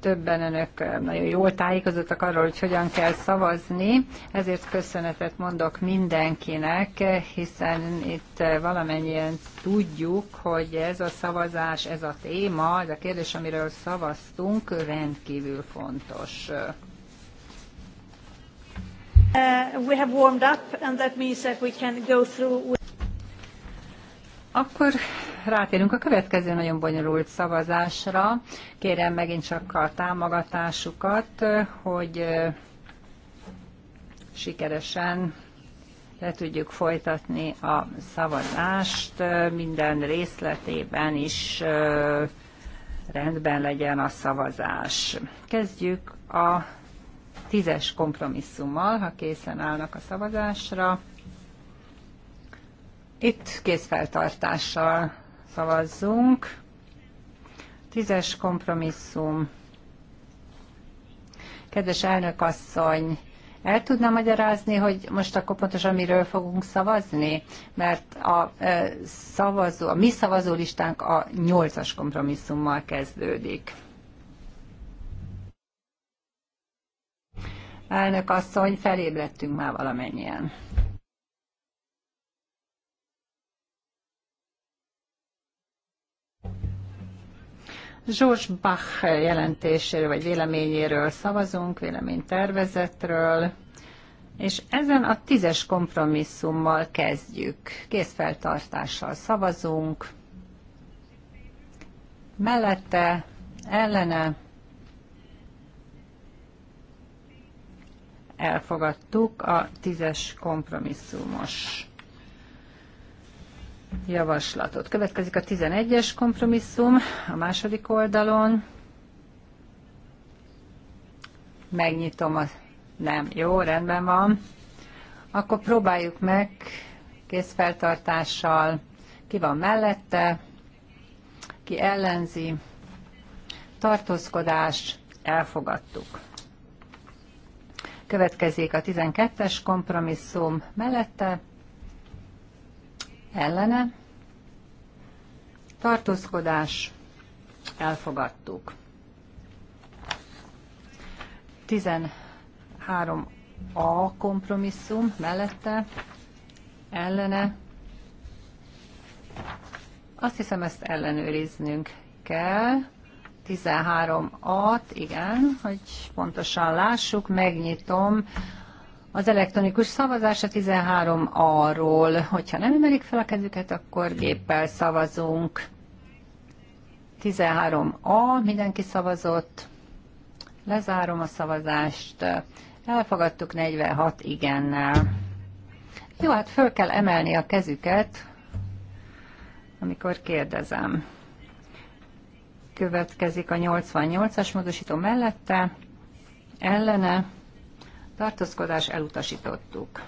többen önök nagyon jól tájékozottak arról, hogy hogyan kell szavazni, ezért köszönetet mondok mindenkinek, hiszen itt valamennyien tudjuk, hogy ez a szavazás, ez a téma, ez a kérdés, amiről szavaztunk, rendkívül fontos. Uh, we have warmed up, and that means that we can go through. Akkor rátérünk a következő nagyon bonyolult szavazásra. Kérem megint csak a támogatásukat, hogy sikeresen le tudjuk folytatni a szavazást, minden részletében is rendben legyen a szavazás. Kezdjük a tízes kompromisszummal, ha készen állnak a szavazásra. Itt kézfeltartással szavazzunk. Tízes kompromisszum. Kedves elnök asszony, el tudna magyarázni, hogy most akkor pontosan miről fogunk szavazni? Mert a, e, szavazó, a mi szavazólistánk a nyolcas kompromisszummal kezdődik. Elnök asszony, felébredtünk már valamennyien. George Bach jelentéséről vagy véleményéről szavazunk, véleménytervezetről, és ezen a tízes kompromisszummal kezdjük. Készfeltartással szavazunk, mellette, ellene, elfogadtuk a tízes kompromisszumos javaslatot. Következik a 11-es kompromisszum a második oldalon. Megnyitom a... Nem, jó, rendben van. Akkor próbáljuk meg készfeltartással. Ki van mellette? Ki ellenzi? Tartózkodás. Elfogadtuk. Következik a 12-es kompromisszum mellette ellene, tartózkodás, elfogadtuk. 13a kompromisszum mellette, ellene, azt hiszem ezt ellenőriznünk kell. 13 at igen, hogy pontosan lássuk, megnyitom az elektronikus szavazás a 13 arról, hogyha nem emelik fel a kezüket, akkor géppel szavazunk. 13A, mindenki szavazott. Lezárom a szavazást. Elfogadtuk 46 igennel. Jó, hát föl kell emelni a kezüket, amikor kérdezem. Következik a 88-as módosító mellette, ellene, tartózkodás elutasítottuk.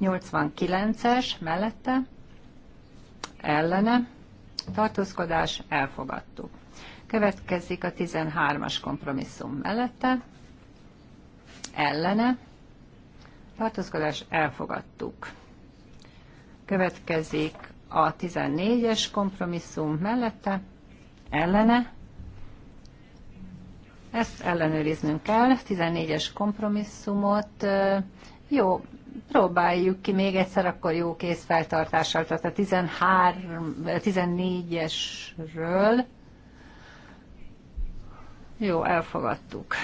89-es mellette, ellene, tartózkodás elfogadtuk. Következik a 13-as kompromisszum mellette, ellene, tartózkodás elfogadtuk. Következik a 14-es kompromisszum mellette, ellene, ezt ellenőriznünk kell, 14-es kompromisszumot. Jó, próbáljuk ki még egyszer, akkor jó készfeltartással, tehát a 14-esről. Jó, elfogadtuk.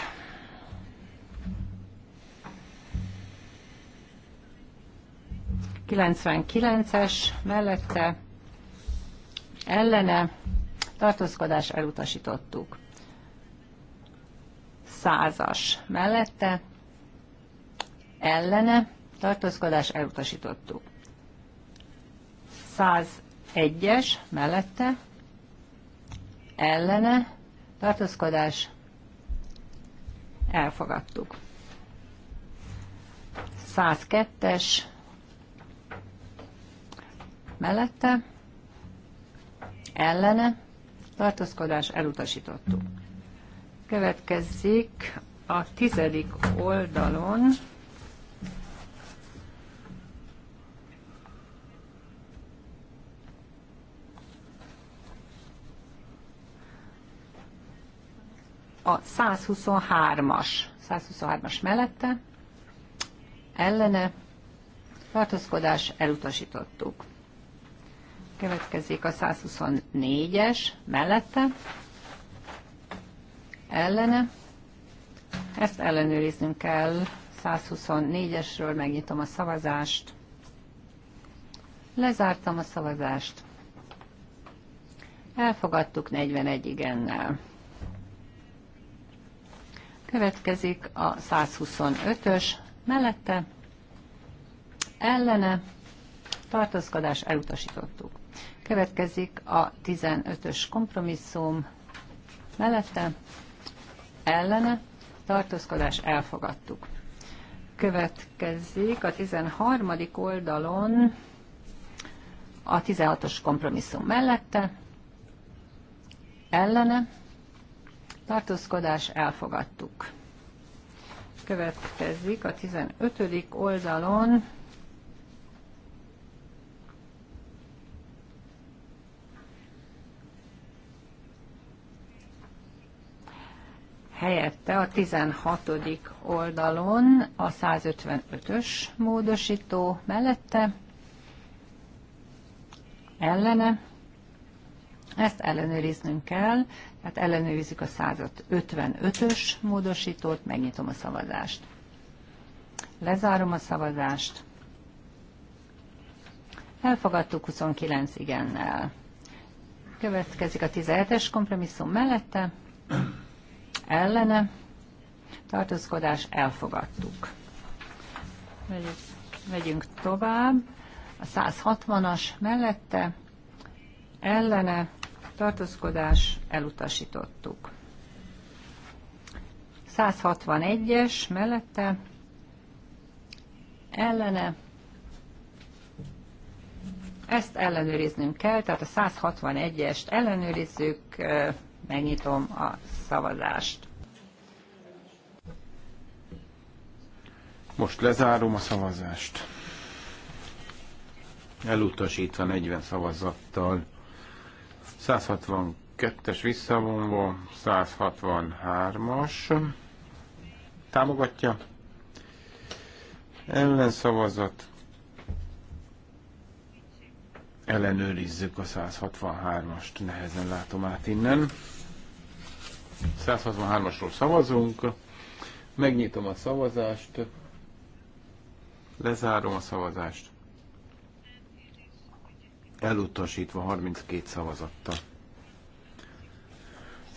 es mellette ellene tartózkodás elutasítottuk százas mellette, ellene, tartózkodás elutasítottuk. 101-es mellette, ellene, tartózkodás elfogadtuk. 102-es mellette, ellene, tartózkodás elutasítottuk. Következik a tizedik oldalon a 123-as, 123-as mellette, ellene, tartózkodás, elutasítottuk. Következik a 124-es mellette, ellene. Ezt ellenőriznünk kell. 124-esről megnyitom a szavazást. Lezártam a szavazást. Elfogadtuk 41 igennel. Következik a 125-ös mellette. Ellene tartózkodás elutasítottuk. Következik a 15-ös kompromisszum mellette ellene tartózkodás elfogadtuk. Következik a 13. oldalon a 16-os kompromisszum mellette, ellene, tartózkodás elfogadtuk. Következik a 15. oldalon Helyette a 16. oldalon a 155-ös módosító mellette ellene. Ezt ellenőriznünk kell, tehát ellenőrizzük a 155-ös módosítót, megnyitom a szavazást. Lezárom a szavazást. Elfogadtuk 29 igennel. Következik a 17-es kompromisszum mellette ellene tartózkodás elfogadtuk. Megyünk, megyünk tovább. A 160-as mellette ellene tartózkodás elutasítottuk. 161-es mellette ellene ezt ellenőriznünk kell, tehát a 161-est ellenőrizzük, Megnyitom a szavazást. Most lezárom a szavazást. Elutasítva 40 szavazattal. 162-es visszavonva, 163-as. Támogatja. Ellenszavazat. Ellenőrizzük a 163-ast. Nehezen látom át innen. 163-asról szavazunk. Megnyitom a szavazást. Lezárom a szavazást. Elutasítva 32 szavazattal.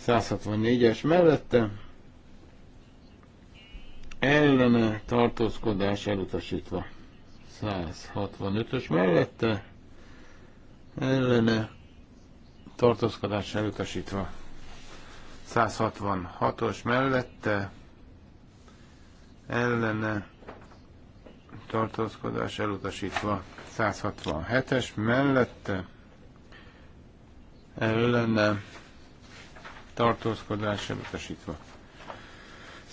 164-es mellette ellene tartózkodás elutasítva. 165-ös mellette ellene tartózkodás elutasítva. 166-os mellette ellene tartózkodás elutasítva 167-es mellette ellene tartózkodás elutasítva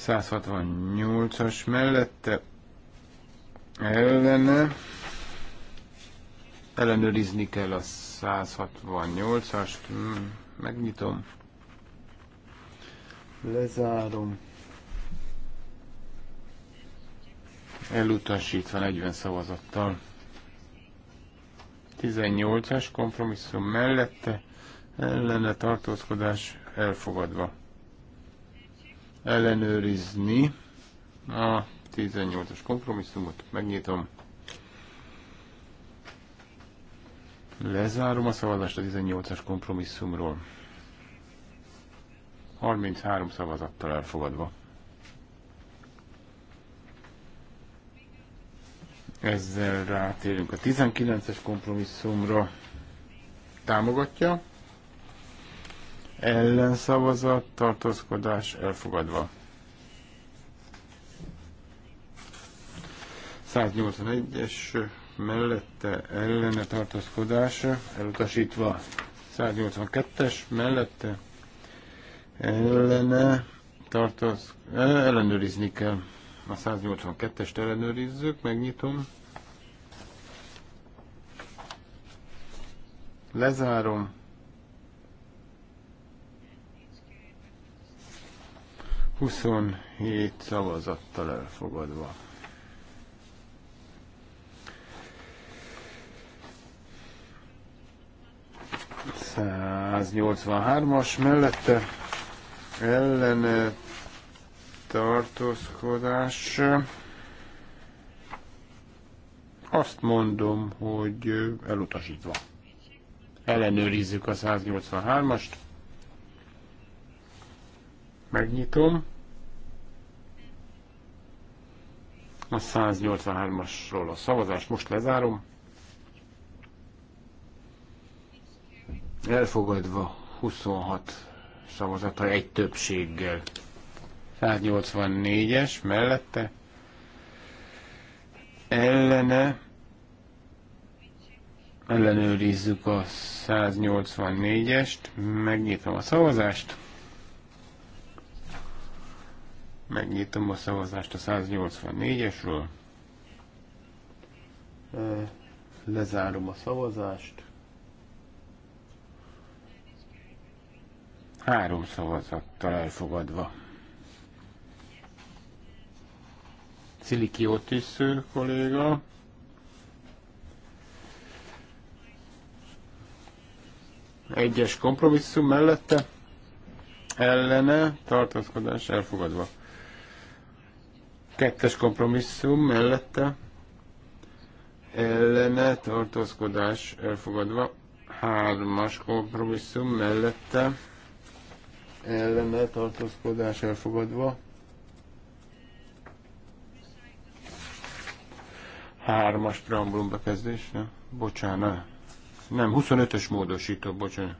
168-as mellette ellene ellenőrizni kell a 168-ast megnyitom Lezárom. Elutasítva 40 szavazattal. 18-as kompromisszum mellette ellene tartózkodás elfogadva. Ellenőrizni a 18-as kompromisszumot, megnyitom. Lezárom a szavazást a 18-as kompromisszumról. 33 szavazattal elfogadva. Ezzel rátérünk a 19-es kompromisszumra. Támogatja. Ellenszavazat, tartózkodás elfogadva. 181-es mellette ellene tartózkodás elutasítva. 182-es mellette ellene tartoz, ellenőrizni kell. A 182-est ellenőrizzük, megnyitom. Lezárom. Huszonhét szavazattal elfogadva. Száznyolcvanhármas mellette ellene tartózkodás. Azt mondom, hogy elutasítva. Ellenőrizzük a 183-ast. Megnyitom. A 183-asról a szavazást most lezárom. Elfogadva 26 szavazata egy többséggel. 184-es mellette ellene ellenőrizzük a 184-est, megnyitom a szavazást, megnyitom a szavazást a 184-esről, lezárom a szavazást, Három szavazattal elfogadva. Sziliki Otis kolléga. Egyes kompromisszum mellette ellene tartózkodás elfogadva. Kettes kompromisszum mellette ellene tartózkodás elfogadva. Hármas kompromisszum mellette ellene tartózkodás elfogadva. Hármas preambulum bekezdés, ne? bocsánat, nem, 25-ös módosító, bocsánat.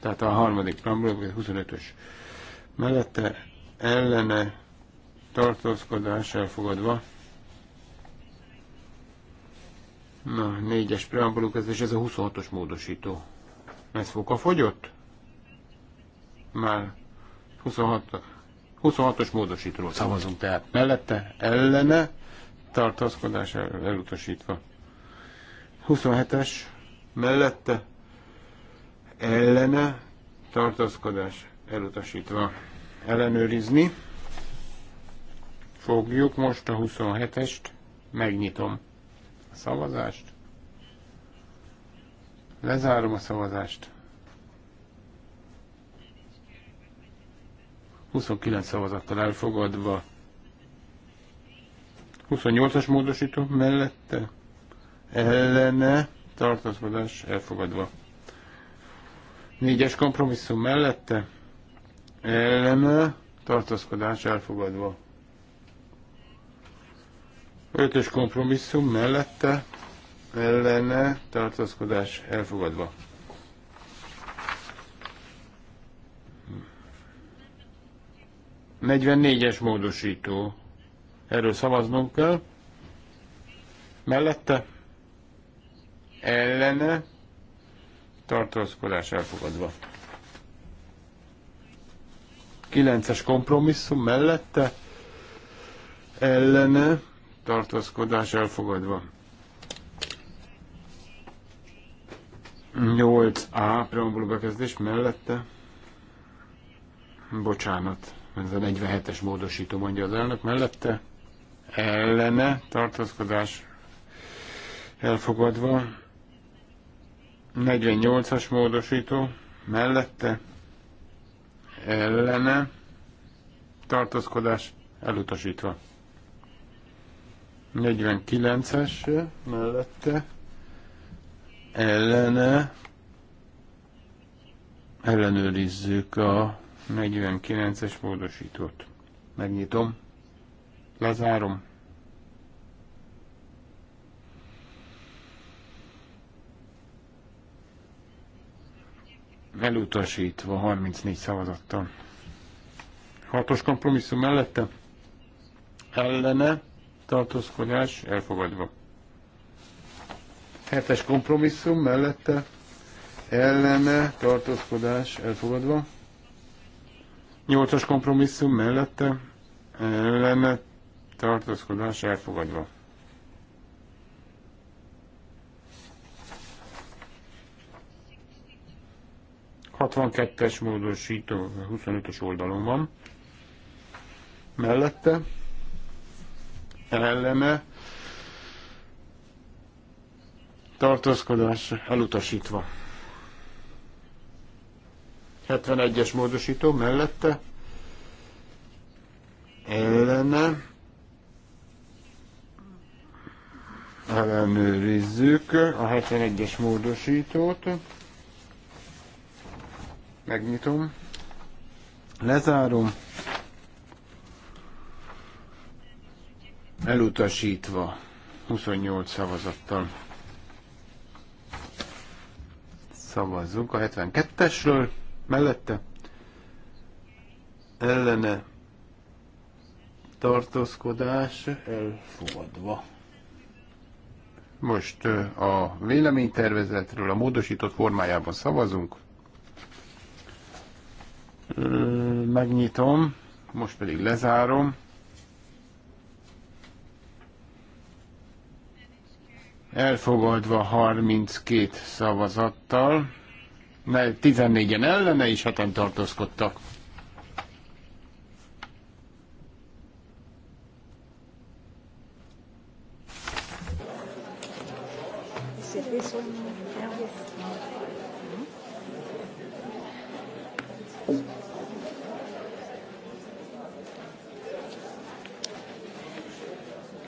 Tehát a harmadik preambulum 25-ös. Mellette ellene tartózkodás elfogadva. Na, négyes preambulum kezdés, ez a 26-os módosító. Ez foka fogyott? Már 26, 26-os módosítóról szavazunk, tehát mellette, ellene, tartózkodás elutasítva. 27-es, mellette, ellene, tartózkodás elutasítva. Ellenőrizni fogjuk most a 27-est, megnyitom a szavazást, lezárom a szavazást, 29 szavazattal elfogadva. 28-as módosító mellette ellene tartózkodás elfogadva. 4-es kompromisszum mellette ellene tartózkodás elfogadva. 5-ös kompromisszum mellette ellene tartózkodás elfogadva. 44-es módosító. Erről szavaznunk kell. Mellette ellene tartózkodás elfogadva. 9-es kompromisszum mellette ellene tartózkodás elfogadva. 8A preambuló bekezdés mellette bocsánat ez a 47-es módosító mondja az elnök mellette. Ellene tartózkodás elfogadva. 48-as módosító mellette. Ellene tartózkodás elutasítva. 49-es mellette ellene ellenőrizzük a 49-es módosítót. Megnyitom. Lezárom. Elutasítva 34 szavazattal. Hatos kompromisszum mellette. Ellene tartózkodás elfogadva. Hetes kompromisszum mellette. Ellene tartózkodás elfogadva. Nyolcas kompromisszum mellette lenne tartózkodás elfogadva. es módosító 25-ös oldalon van. Mellette ellene tartózkodás elutasítva. 71-es módosító mellette ellene ellenőrizzük a 71-es módosítót. Megnyitom. Lezárom. Elutasítva 28 szavazattal. Szavazzunk a 72-esről mellette ellene tartózkodás elfogadva. Most a véleménytervezetről a módosított formájában szavazunk. Megnyitom, most pedig lezárom. Elfogadva 32 szavazattal. 14-en ellene, és hatan tartózkodtak.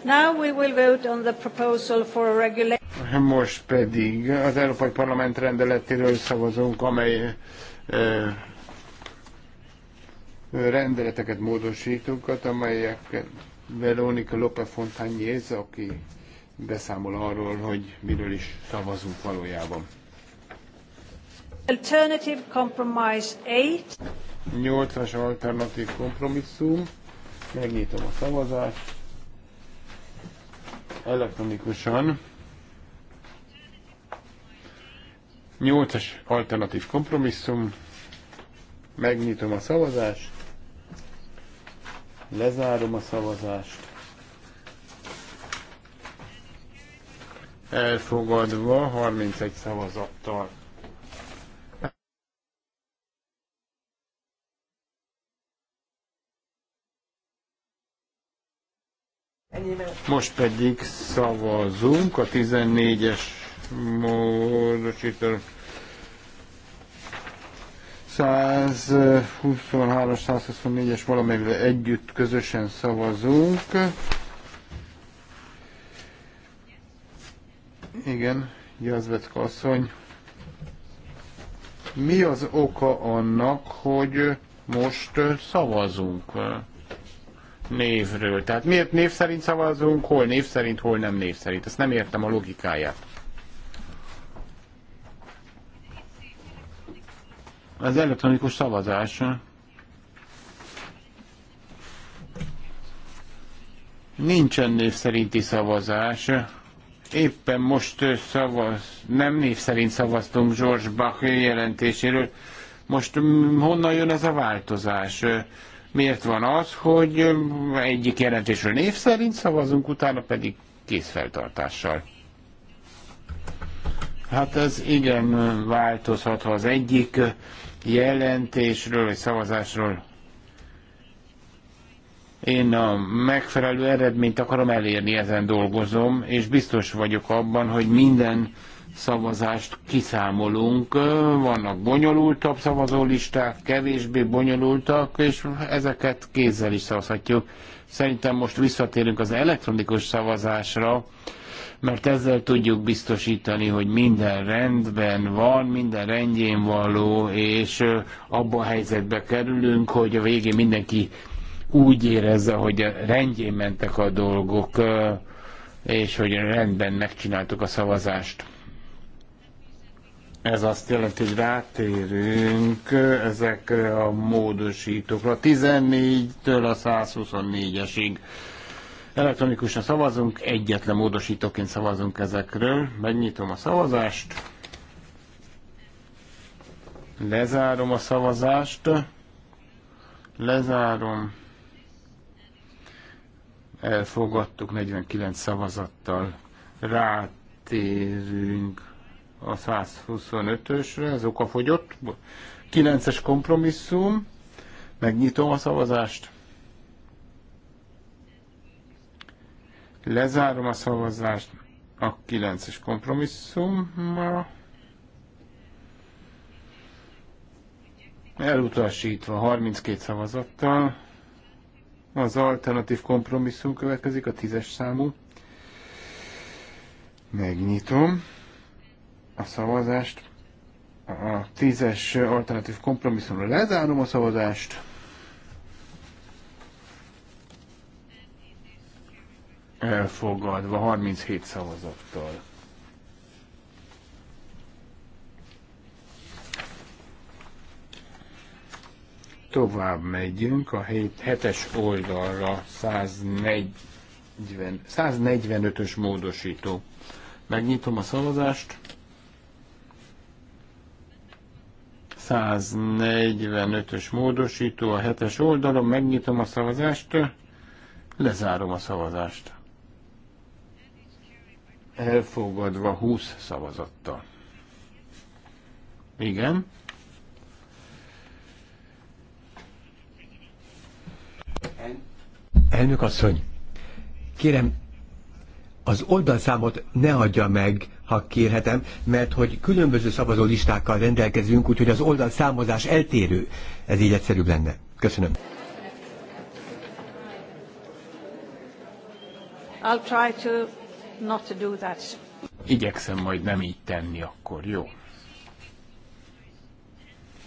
Now we will vote on the proposal for a regulation. Most pedig az Európai Parlament rendeletéről szavazunk, amely rendeleteket módosítunk, amelyek Veronika Lope Fontányéz, aki beszámol arról, hogy miről is szavazunk valójában. Alternative Compromise 8. 8-as alternatív kompromisszum. Megnyitom a szavazást elektronikusan. 8-as alternatív kompromisszum. Megnyitom a szavazást. Lezárom a szavazást. Elfogadva 31 szavazattal. Most pedig szavazunk a 14-es módosító 123 124-es valamelyikre együtt közösen szavazunk. Igen, Jazvetka asszony. Mi az oka annak, hogy most szavazunk? névről. Tehát miért név szerint szavazunk, hol név szerint, hol nem név szerint. Ezt nem értem a logikáját. Az elektronikus szavazás. Nincsen név szerinti szavazás. Éppen most szavaz, nem név szerint szavaztunk George Bach jelentéséről. Most honnan jön ez a változás? Miért van az, hogy egyik jelentésről név szerint szavazunk, utána pedig készfeltartással? Hát ez igen változhat, ha az egyik jelentésről vagy szavazásról én a megfelelő eredményt akarom elérni, ezen dolgozom, és biztos vagyok abban, hogy minden szavazást kiszámolunk. Vannak bonyolultabb szavazólisták, kevésbé bonyolultak, és ezeket kézzel is szavazhatjuk. Szerintem most visszatérünk az elektronikus szavazásra, mert ezzel tudjuk biztosítani, hogy minden rendben van, minden rendjén való, és abba a helyzetbe kerülünk, hogy a végén mindenki úgy érezze, hogy rendjén mentek a dolgok, és hogy rendben megcsináltuk a szavazást. Ez azt jelenti, hogy rátérünk ezekre a módosítókra. 14-től a 124-esig elektronikusan szavazunk, egyetlen módosítóként szavazunk ezekről. Megnyitom a szavazást. Lezárom a szavazást. Lezárom. Elfogadtuk 49 szavazattal. Rátérünk a 125-ösre, ez okafogyott. 9-es kompromisszum, megnyitom a szavazást. Lezárom a szavazást a 9-es kompromisszum. Elutasítva 32 szavazattal. Az alternatív kompromisszum következik, a 10-es számú. Megnyitom a szavazást. A tízes alternatív kompromisszumra lezárom a szavazást. Elfogadva 37 szavazattal. tovább megyünk a 7-es oldalra 140, 145-ös módosító. Megnyitom a szavazást. 145-ös módosító a hetes oldalon, megnyitom a szavazást, lezárom a szavazást. Elfogadva 20 szavazattal. Igen. Elnök asszony, kérem, az oldalszámot ne adja meg, ha kérhetem, mert hogy különböző szavazó listákkal rendelkezünk, úgyhogy az oldal számozás eltérő. Ez így egyszerűbb lenne. Köszönöm. I'll try to not to do that. Igyekszem majd nem így tenni akkor, jó?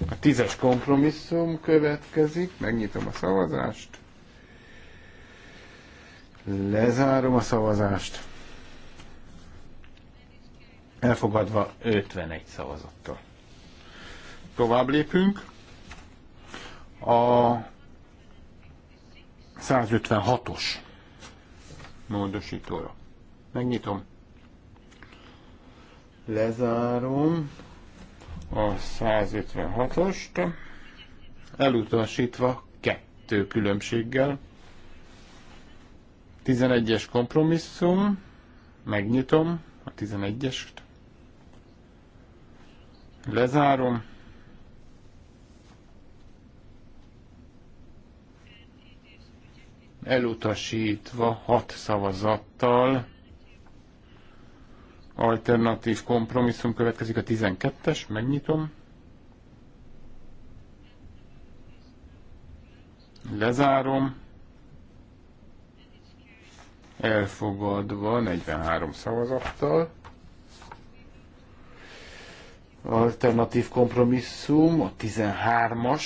A tízes kompromisszum következik, megnyitom a szavazást, lezárom a szavazást. Elfogadva 51 szavazattal. Tovább lépünk. A 156-os módosítóra. Megnyitom. Lezárom a 156-ost, elutasítva kettő különbséggel. 11-es kompromisszum, megnyitom a 11-est, Lezárom. Elutasítva hat szavazattal. Alternatív kompromisszum következik a 12-es, megnyitom. Lezárom. Elfogadva 43 szavazattal. Alternatív kompromisszum, a 13-as.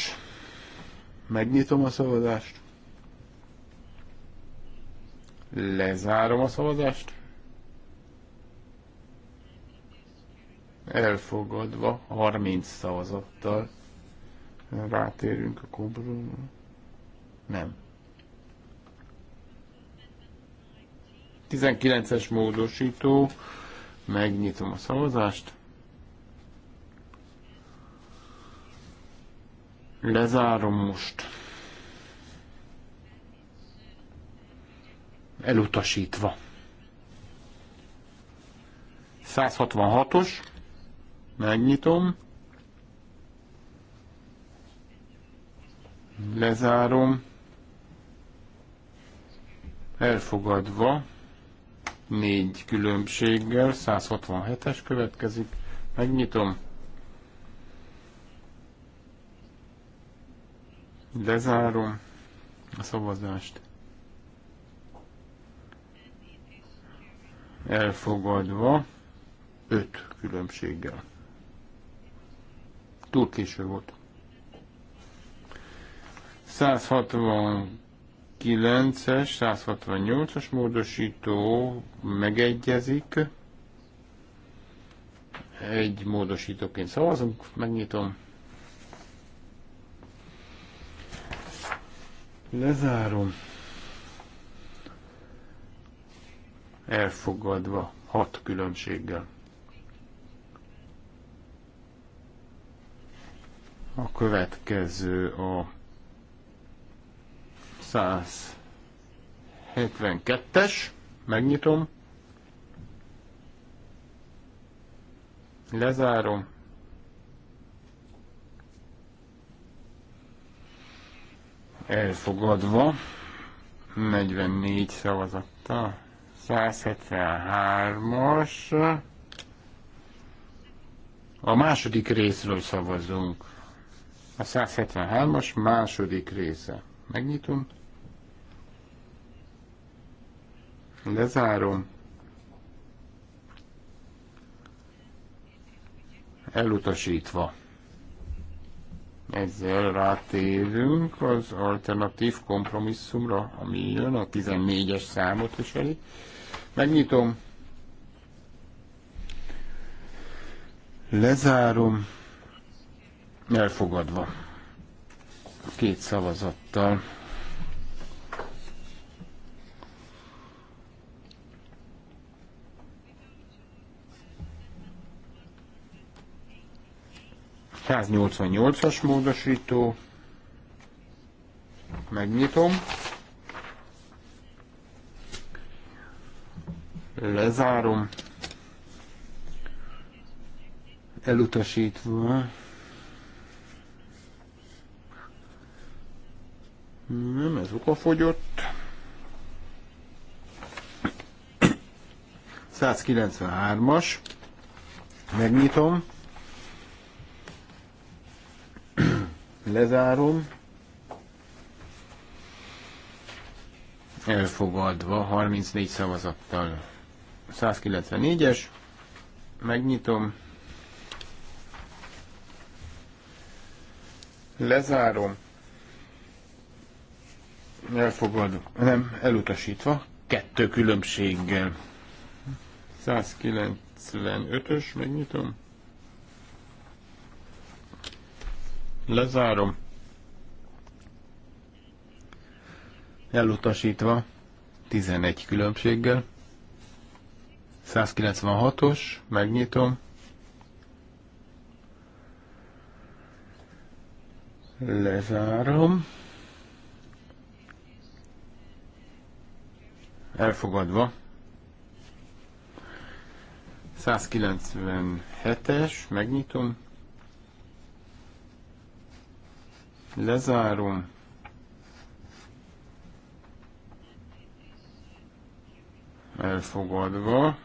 Megnyitom a szavazást. Lezárom a szavazást. Elfogadva 30 szavazattal. Rátérünk a kompromisszumra. Nem. 19-es módosító. Megnyitom a szavazást. Lezárom most. Elutasítva. 166-os. Megnyitom. Lezárom. Elfogadva. Négy különbséggel. 167-es következik. Megnyitom. Lezárom a szavazást. Elfogadva 5 különbséggel. Túl késő volt. 169-es, 168-as módosító megegyezik. Egy módosítóként szavazunk, megnyitom. Lezárom. Elfogadva hat különbséggel. A következő a 172-es, megnyitom, lezárom, elfogadva, 44 szavazattal, 173-as. A második részről szavazunk. A 173-as második része. Megnyitom. Lezárom. Elutasítva. Ezzel rátérünk az alternatív kompromisszumra, ami jön, a 14-es számot viseli. Megnyitom. Lezárom. Elfogadva. Két szavazattal. 188-as módosító. Megnyitom. Lezárom. Elutasítva. Nem, ez okafogyott. 193-as. Megnyitom. Lezárom. Elfogadva 34 szavazattal. 194-es. Megnyitom. Lezárom. Elfogadva. Nem, elutasítva. Kettő különbséggel. 195-ös, megnyitom. Lezárom. Elutasítva 11 különbséggel. 196-os, megnyitom. Lezárom. Elfogadva. 197-es, megnyitom. Lezárom. Elfogadva.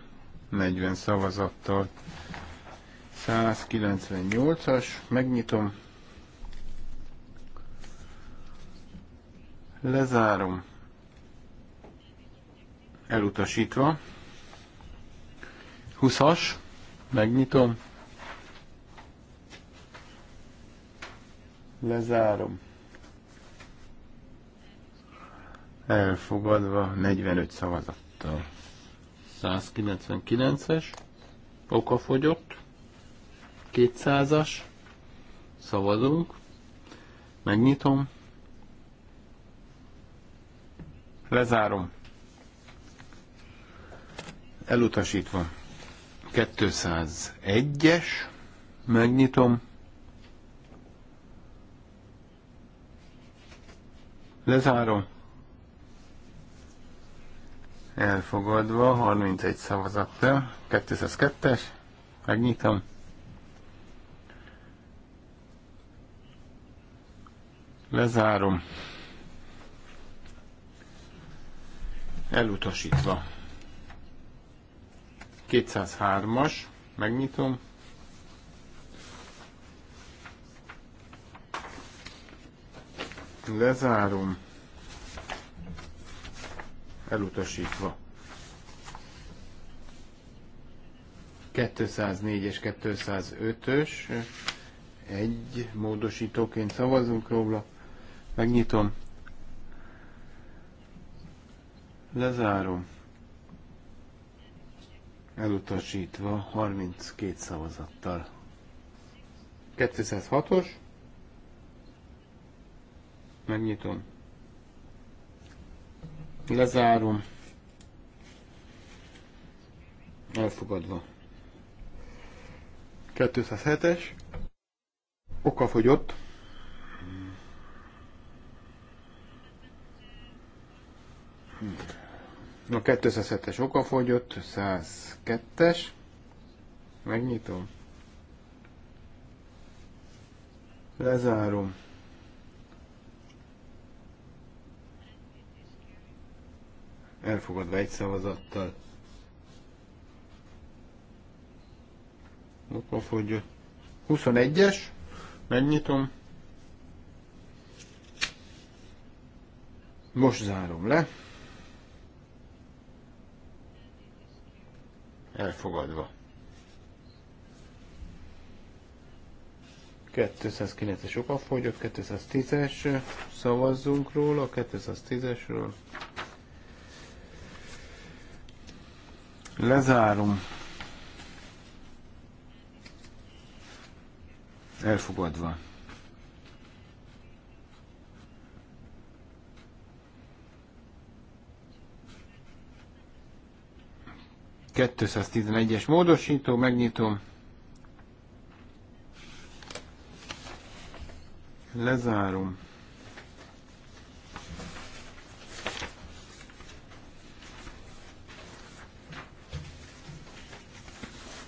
40 szavazattal. 198-as. Megnyitom. Lezárom. Elutasítva. 20-as. Megnyitom. Lezárom. Elfogadva 45 szavazattal. 199-es. Okafogyott. 200-as. Szavazunk. Megnyitom. Lezárom. Elutasítva. 201-es. Megnyitom. Lezárom. Elfogadva, 31 szavazattal, 202-es, megnyitom. Lezárom. Elutasítva. 203-as, megnyitom. Lezárom. Elutasítva. 204 és 205-ös. Egy módosítóként szavazunk róla. Megnyitom. Lezárom. Elutasítva 32 szavazattal. 206-os. Megnyitom. Lezárom. Elfogadva. 207-es. Oka fogyott. A 207-es oka fogyott, 102-es. Megnyitom. Lezárom. elfogadva egy szavazattal. Okafogyott. 21-es, megnyitom. Most zárom le. Elfogadva. 209-es okafogyott, 210-es, szavazzunk róla, 210-esről. Lezárom. Elfogadva. Kettőszáztizenegyes módosító, megnyitom. Lezárom.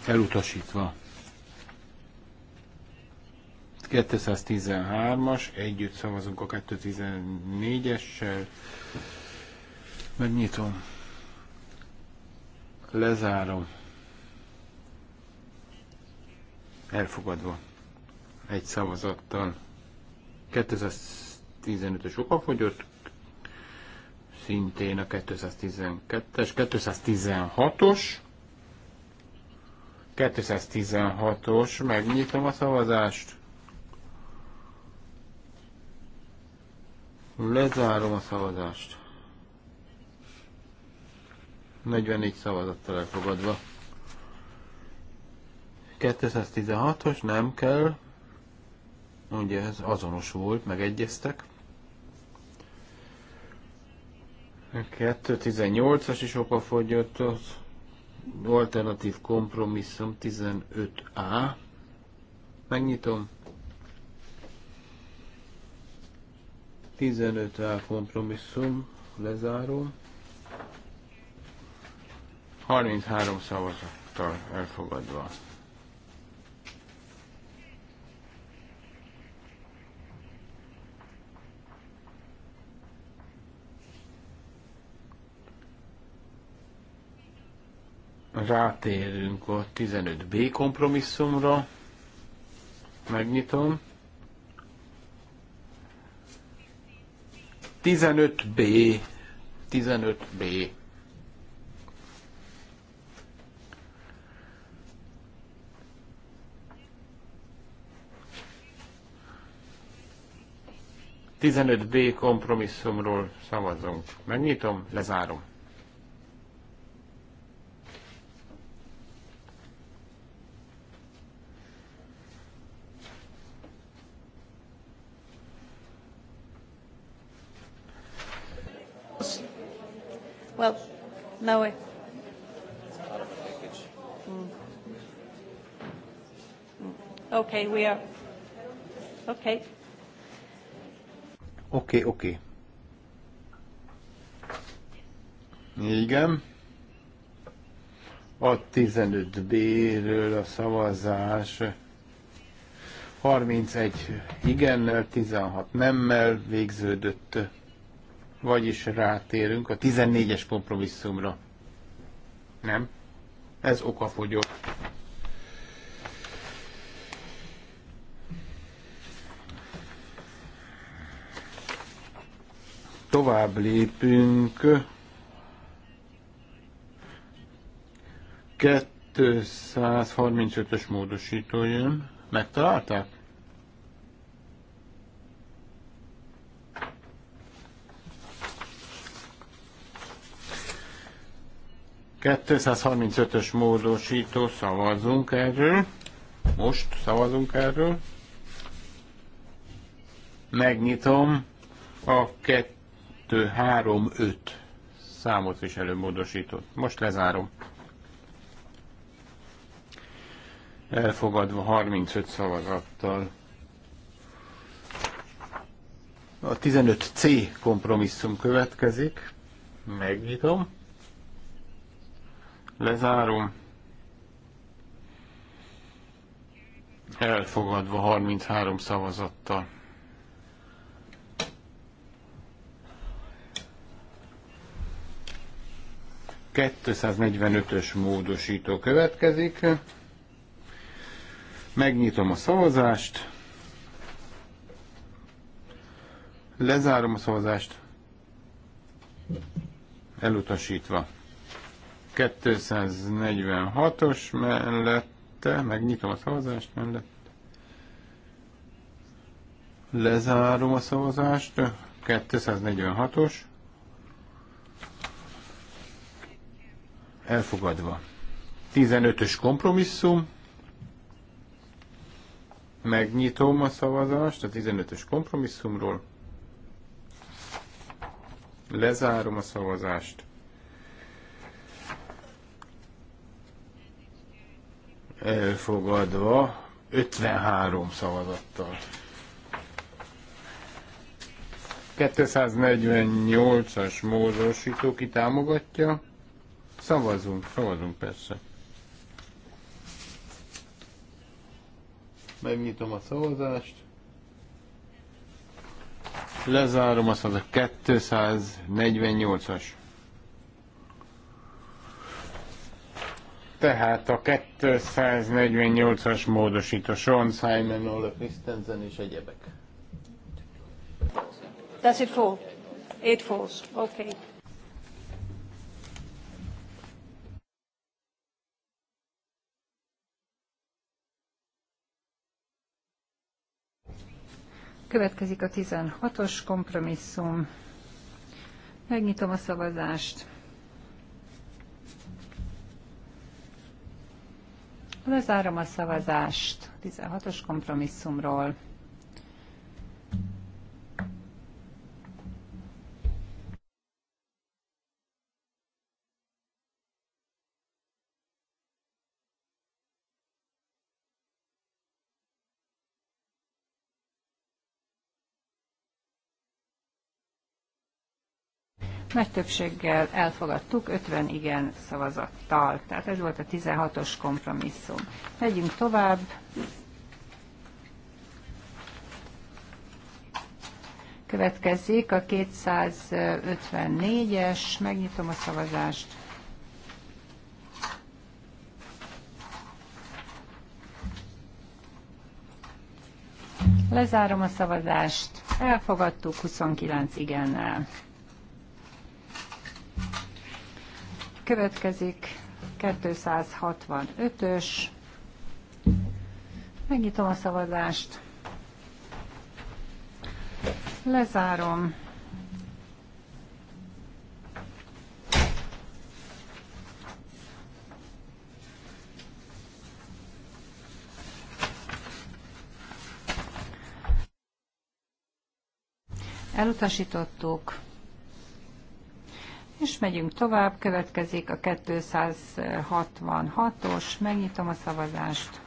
elutasítva. 213-as, együtt szavazunk a 214-essel. Megnyitom. Lezárom. Elfogadva. Egy szavazattal. 215-ös okafogyott. Szintén a 212-es, 216-os 216-os, megnyitom a szavazást. Lezárom a szavazást. 44 szavazattal elfogadva. 216-os nem kell. Ugye ez azonos volt, megegyeztek. 218-as is fogyott az alternatív kompromisszum 15A. Megnyitom. 15A kompromisszum, lezárom. 33 szavazattal elfogadva. Rátérünk a 15B kompromisszumra. Megnyitom. 15B. 15B. Tizenöt B kompromisszumról szavazunk. Megnyitom, lezárom. Well, no way. Mm. Okay, we are. Okay. okay, Okay. Igen. A 15B-ről a szavazás 31 igennel, 16 nemmel végződött. Vagyis rátérünk a 14-es kompromisszumra. Nem? Ez okafogyó. Tovább lépünk. 235-ös módosító jön. Megtalálták? 235-ös módosító, szavazunk erről. Most szavazunk erről. Megnyitom a 235 számot viselő módosítót. Most lezárom. Elfogadva 35 szavazattal. A 15C kompromisszum következik. Megnyitom. Lezárom. Elfogadva 33 szavazattal. ös módosító következik. Megnyitom a szavazást. Lezárom a szavazást. Elutasítva. 246-os mellette, megnyitom a szavazást mellett. Lezárom a szavazást, 246-os. Elfogadva. 15-ös kompromisszum. Megnyitom a szavazást a 15-ös kompromisszumról. Lezárom a szavazást. elfogadva 53 szavazattal. 248-as módosító ki támogatja. Szavazunk, szavazunk persze. Megnyitom a szavazást. Lezárom azt az a 248-as. Tehát a 248-as módosító Sean Simon, Ola Christensen és egyebek. Does it fall? It falls. Okay. Következik a 16-os kompromisszum. Megnyitom a szavazást. Lezárom a szavazást 16-os kompromisszumról. Nagy többséggel elfogadtuk, 50 igen szavazattal. Tehát ez volt a 16-os kompromisszum. Megyünk tovább. Következik a 254-es, megnyitom a szavazást. Lezárom a szavazást. Elfogadtuk 29 igennel. Következik 265-ös. Megnyitom a szavazást. Lezárom. Elutasítottuk. És megyünk tovább, következik a 266-os, megnyitom a szavazást.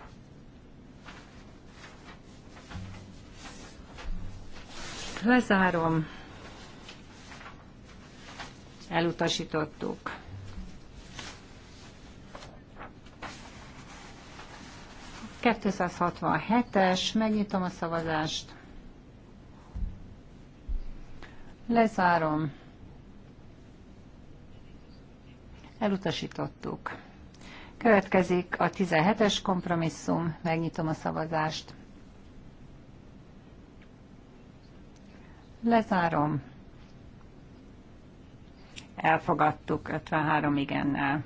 Lezárom. Elutasítottuk. 267 es megnyitom a szavazást. Lezárom. Elutasítottuk. Következik a 17-es kompromisszum. Megnyitom a szavazást. Lezárom. Elfogadtuk 53 igennel.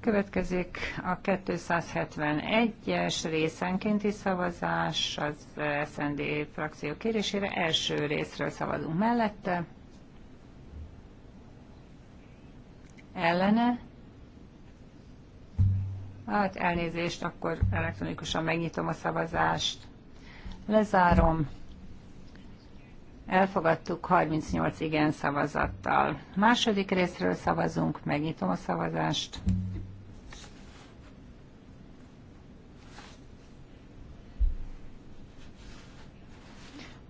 Következik a 271-es részenkénti szavazás az SND frakció kérésére. Első részről szavazunk mellette. ellene. Hát elnézést, akkor elektronikusan megnyitom a szavazást. Lezárom. Elfogadtuk 38 igen szavazattal. Második részről szavazunk, megnyitom a szavazást.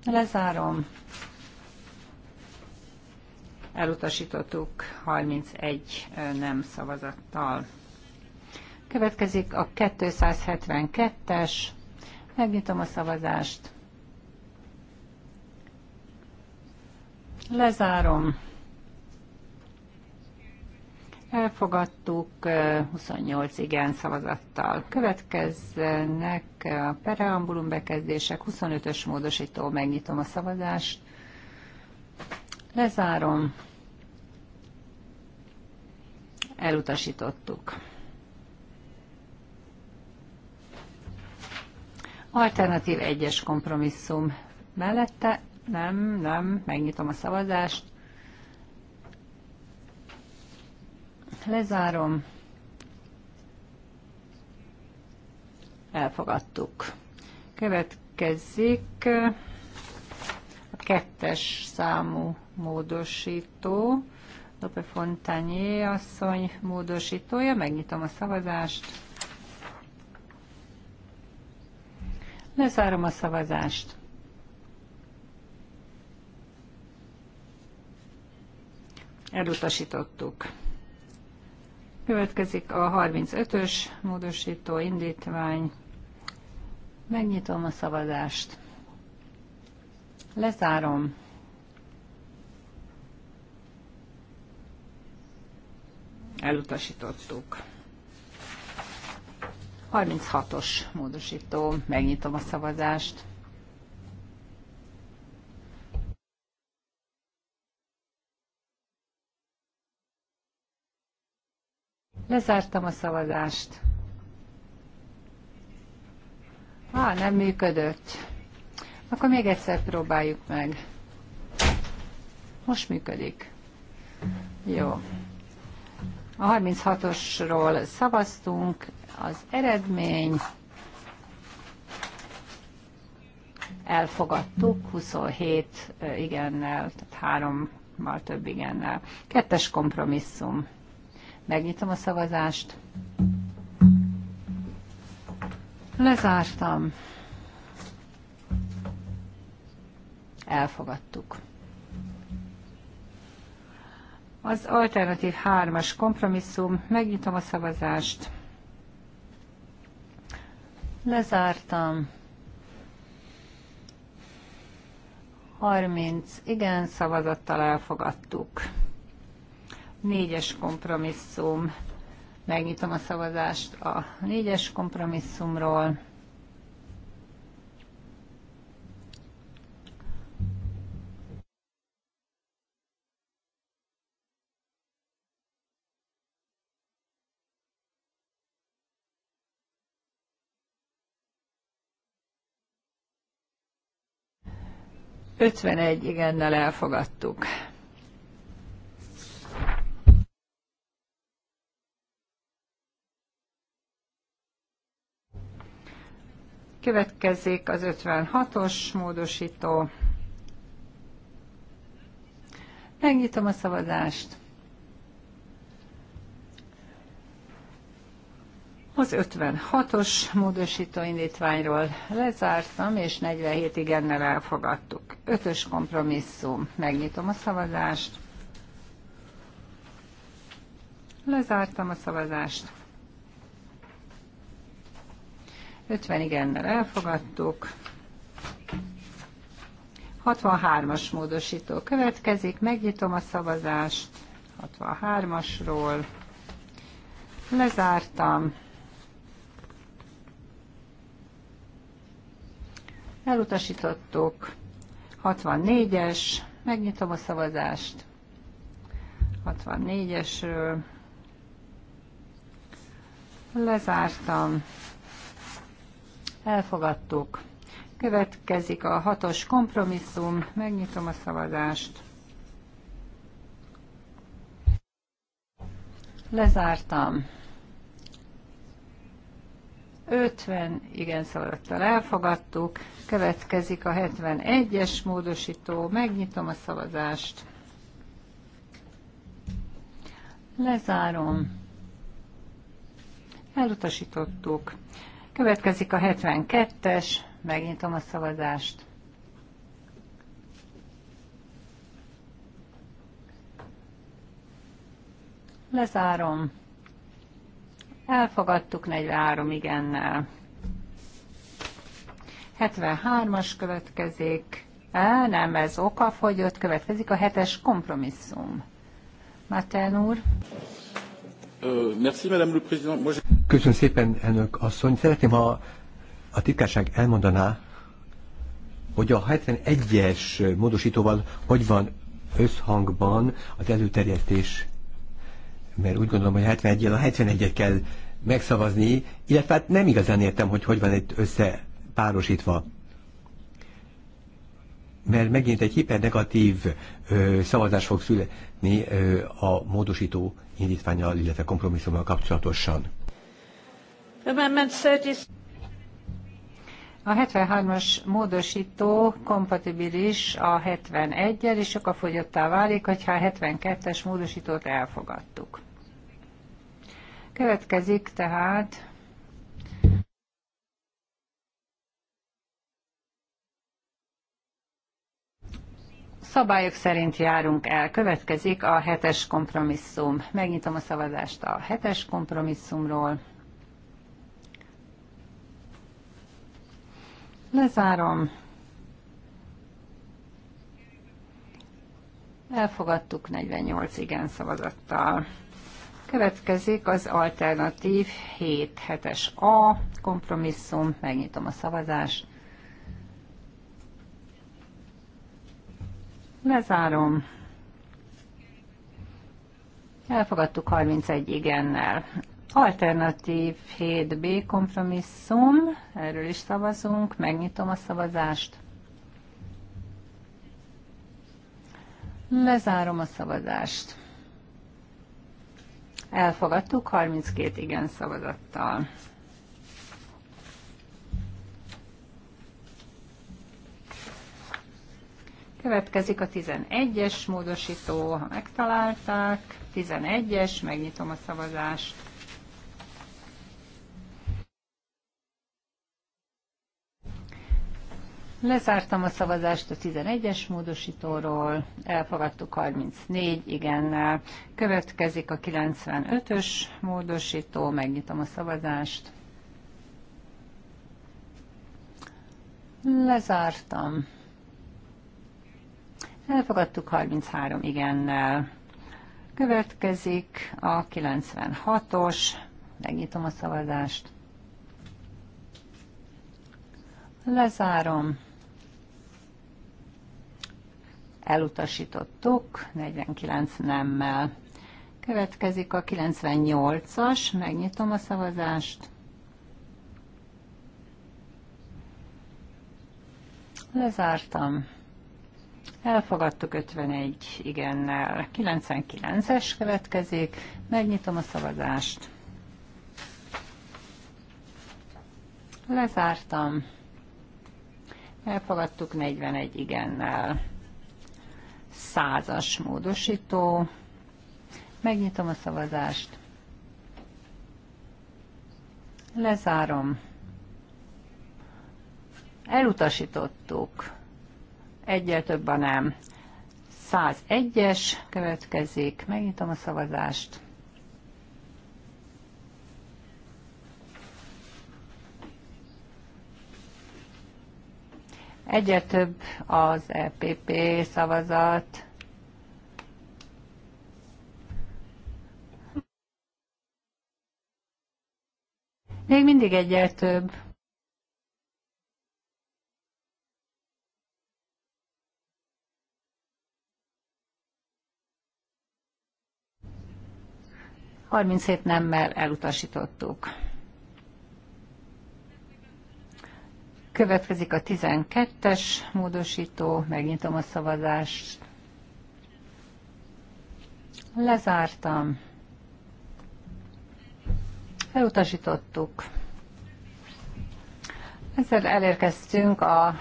Lezárom elutasítottuk 31 nem szavazattal. Következik a 272-es, megnyitom a szavazást, lezárom, elfogadtuk 28 igen szavazattal. Következnek a preambulum bekezdések, 25-ös módosító, megnyitom a szavazást, Lezárom. Elutasítottuk. Alternatív egyes kompromisszum mellette nem, nem, megnyitom a szavazást. Lezárom. Elfogadtuk. Következik a kettes számú módosító, Lope Fontanyé asszony módosítója. Megnyitom a szavazást. Lezárom a szavazást. Elutasítottuk. Következik a 35-ös módosító indítvány. Megnyitom a szavazást. Lezárom. elutasítottuk. 36-os módosító, megnyitom a szavazást. Lezártam a szavazást. Á, nem működött. Akkor még egyszer próbáljuk meg. Most működik. Jó. A 36-osról szavaztunk, az eredmény elfogadtuk, 27 igennel, tehát hárommal több igennel. Kettes kompromisszum. Megnyitom a szavazást. Lezártam. Elfogadtuk. Az alternatív hármas kompromisszum, megnyitom a szavazást. Lezártam. 30 igen szavazattal elfogadtuk. Négyes kompromisszum. Megnyitom a szavazást a négyes kompromisszumról. 51 igennel elfogadtuk. Következzék az 56-os módosító. Megnyitom a szavazást. Az 56-os módosító indítványról lezártam, és 47 igennel elfogadtuk. Ötös kompromisszum. Megnyitom a szavazást. Lezártam a szavazást. 50 igennel elfogadtuk. 63-as módosító következik. Megnyitom a szavazást 63-asról. Lezártam. Elutasítottuk. 64-es, megnyitom a szavazást. 64-esről. Lezártam. Elfogadtuk. Következik a hatos kompromisszum. Megnyitom a szavazást. Lezártam. 50 igen szavazattal elfogadtuk. Következik a 71-es módosító. Megnyitom a szavazást. Lezárom. Elutasítottuk. Következik a 72-es. Megnyitom a szavazást. Lezárom. Elfogadtuk 43 igennel. 73-as következik. E, nem, ez okafogyott, következik a hetes kompromisszum. Mátán úr. Köszönöm szépen, elnök asszony. Szeretném, ha a titkárság elmondaná, hogy a 71-es módosítóval hogy van összhangban az előterjesztés mert úgy gondolom, hogy 71 a 71-et kell megszavazni, illetve hát nem igazán értem, hogy hogy van itt összepárosítva. Mert megint egy hipernegatív ö, szavazás fog születni ö, a módosító indítványal, illetve kompromisszummal kapcsolatosan. A 73-as módosító kompatibilis a 71-el, és csak a fogyottá válik, hogyha a 72-es módosítót elfogadtuk. Következik tehát szabályok szerint járunk el. Következik a hetes kompromisszum. Megnyitom a szavazást a hetes kompromisszumról. Lezárom. Elfogadtuk 48 igen szavazattal. Következik az alternatív 7 7-es A kompromisszum. Megnyitom a szavazást. Lezárom. Elfogadtuk 31 igennel. Alternatív 7B kompromisszum, erről is szavazunk, megnyitom a szavazást. Lezárom a szavazást. Elfogadtuk 32 igen szavazattal. Következik a 11-es módosító, ha megtalálták. 11-es, megnyitom a szavazást. Lezártam a szavazást a 11-es módosítóról, elfogadtuk 34 igennel. Következik a 95-ös módosító, megnyitom a szavazást. Lezártam. Elfogadtuk 33 igennel. Következik a 96-os, megnyitom a szavazást. Lezárom elutasítottuk, 49 nemmel. Következik a 98-as, megnyitom a szavazást. Lezártam. Elfogadtuk 51 igennel. 99-es következik. Megnyitom a szavazást. Lezártam. Elfogadtuk 41 igennel százas módosító. Megnyitom a szavazást. Lezárom. Elutasítottuk. Egyel több a nem. 101-es következik. Megnyitom a szavazást. Egyre több az EPP szavazat. Még mindig egyel több. Harminc hét nemmel elutasítottuk. Következik a 12-es módosító, megnyitom a szavazást. Lezártam. Elutasítottuk. Ezzel elérkeztünk a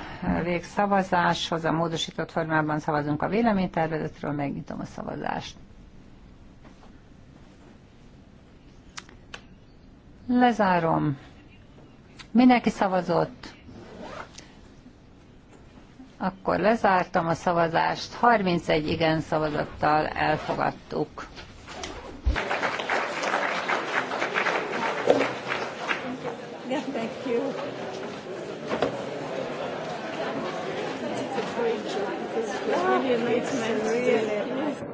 végszavazáshoz, a módosított formában szavazunk a véleménytervezetről, megnyitom a szavazást. Lezárom. Mindenki szavazott. Akkor lezártam a szavazást, 31 igen szavazattal elfogadtuk. Yeah, thank you. a great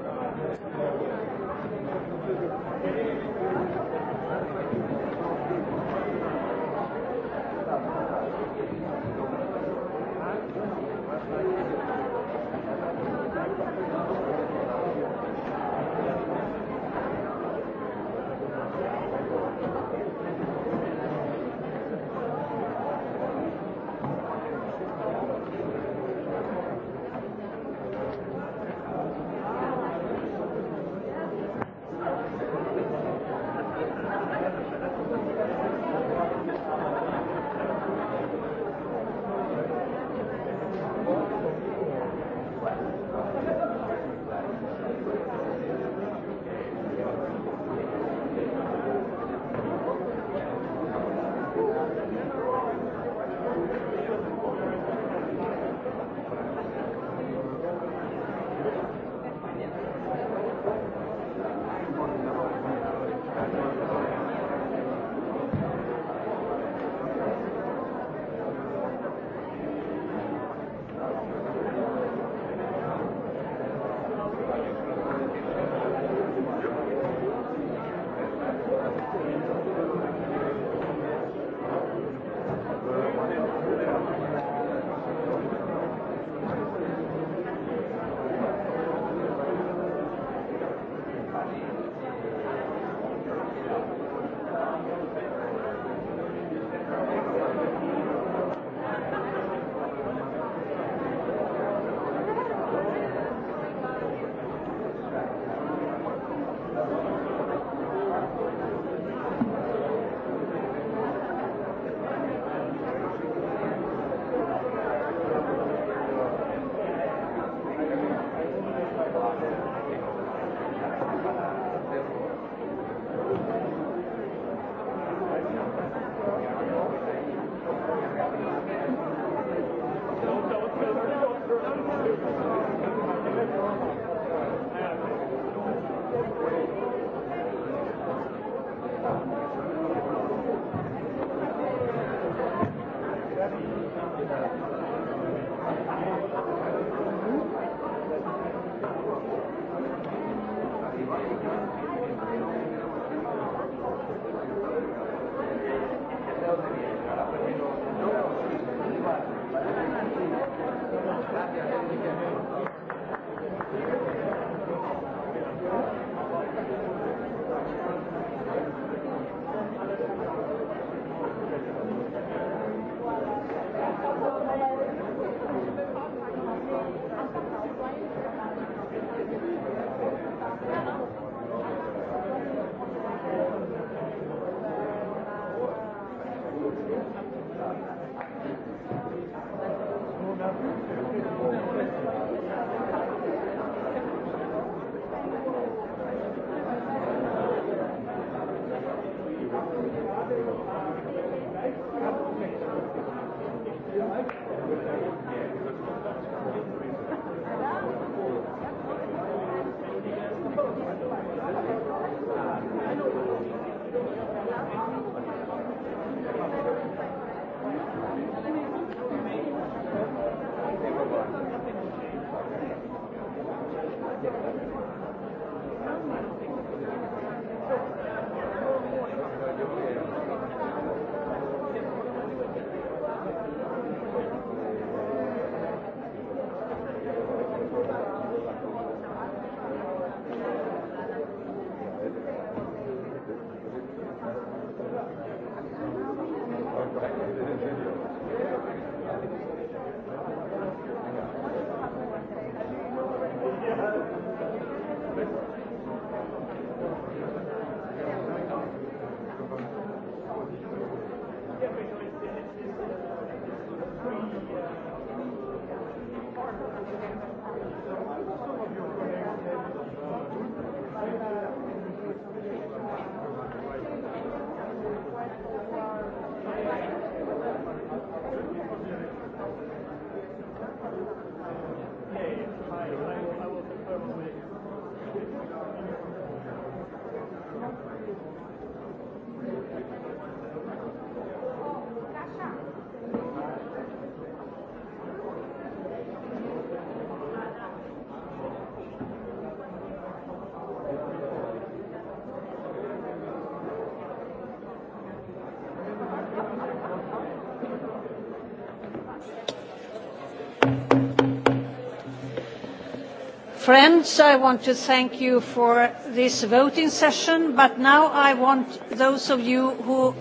Friends, I want to thank you for this voting session, but now I want those of you who...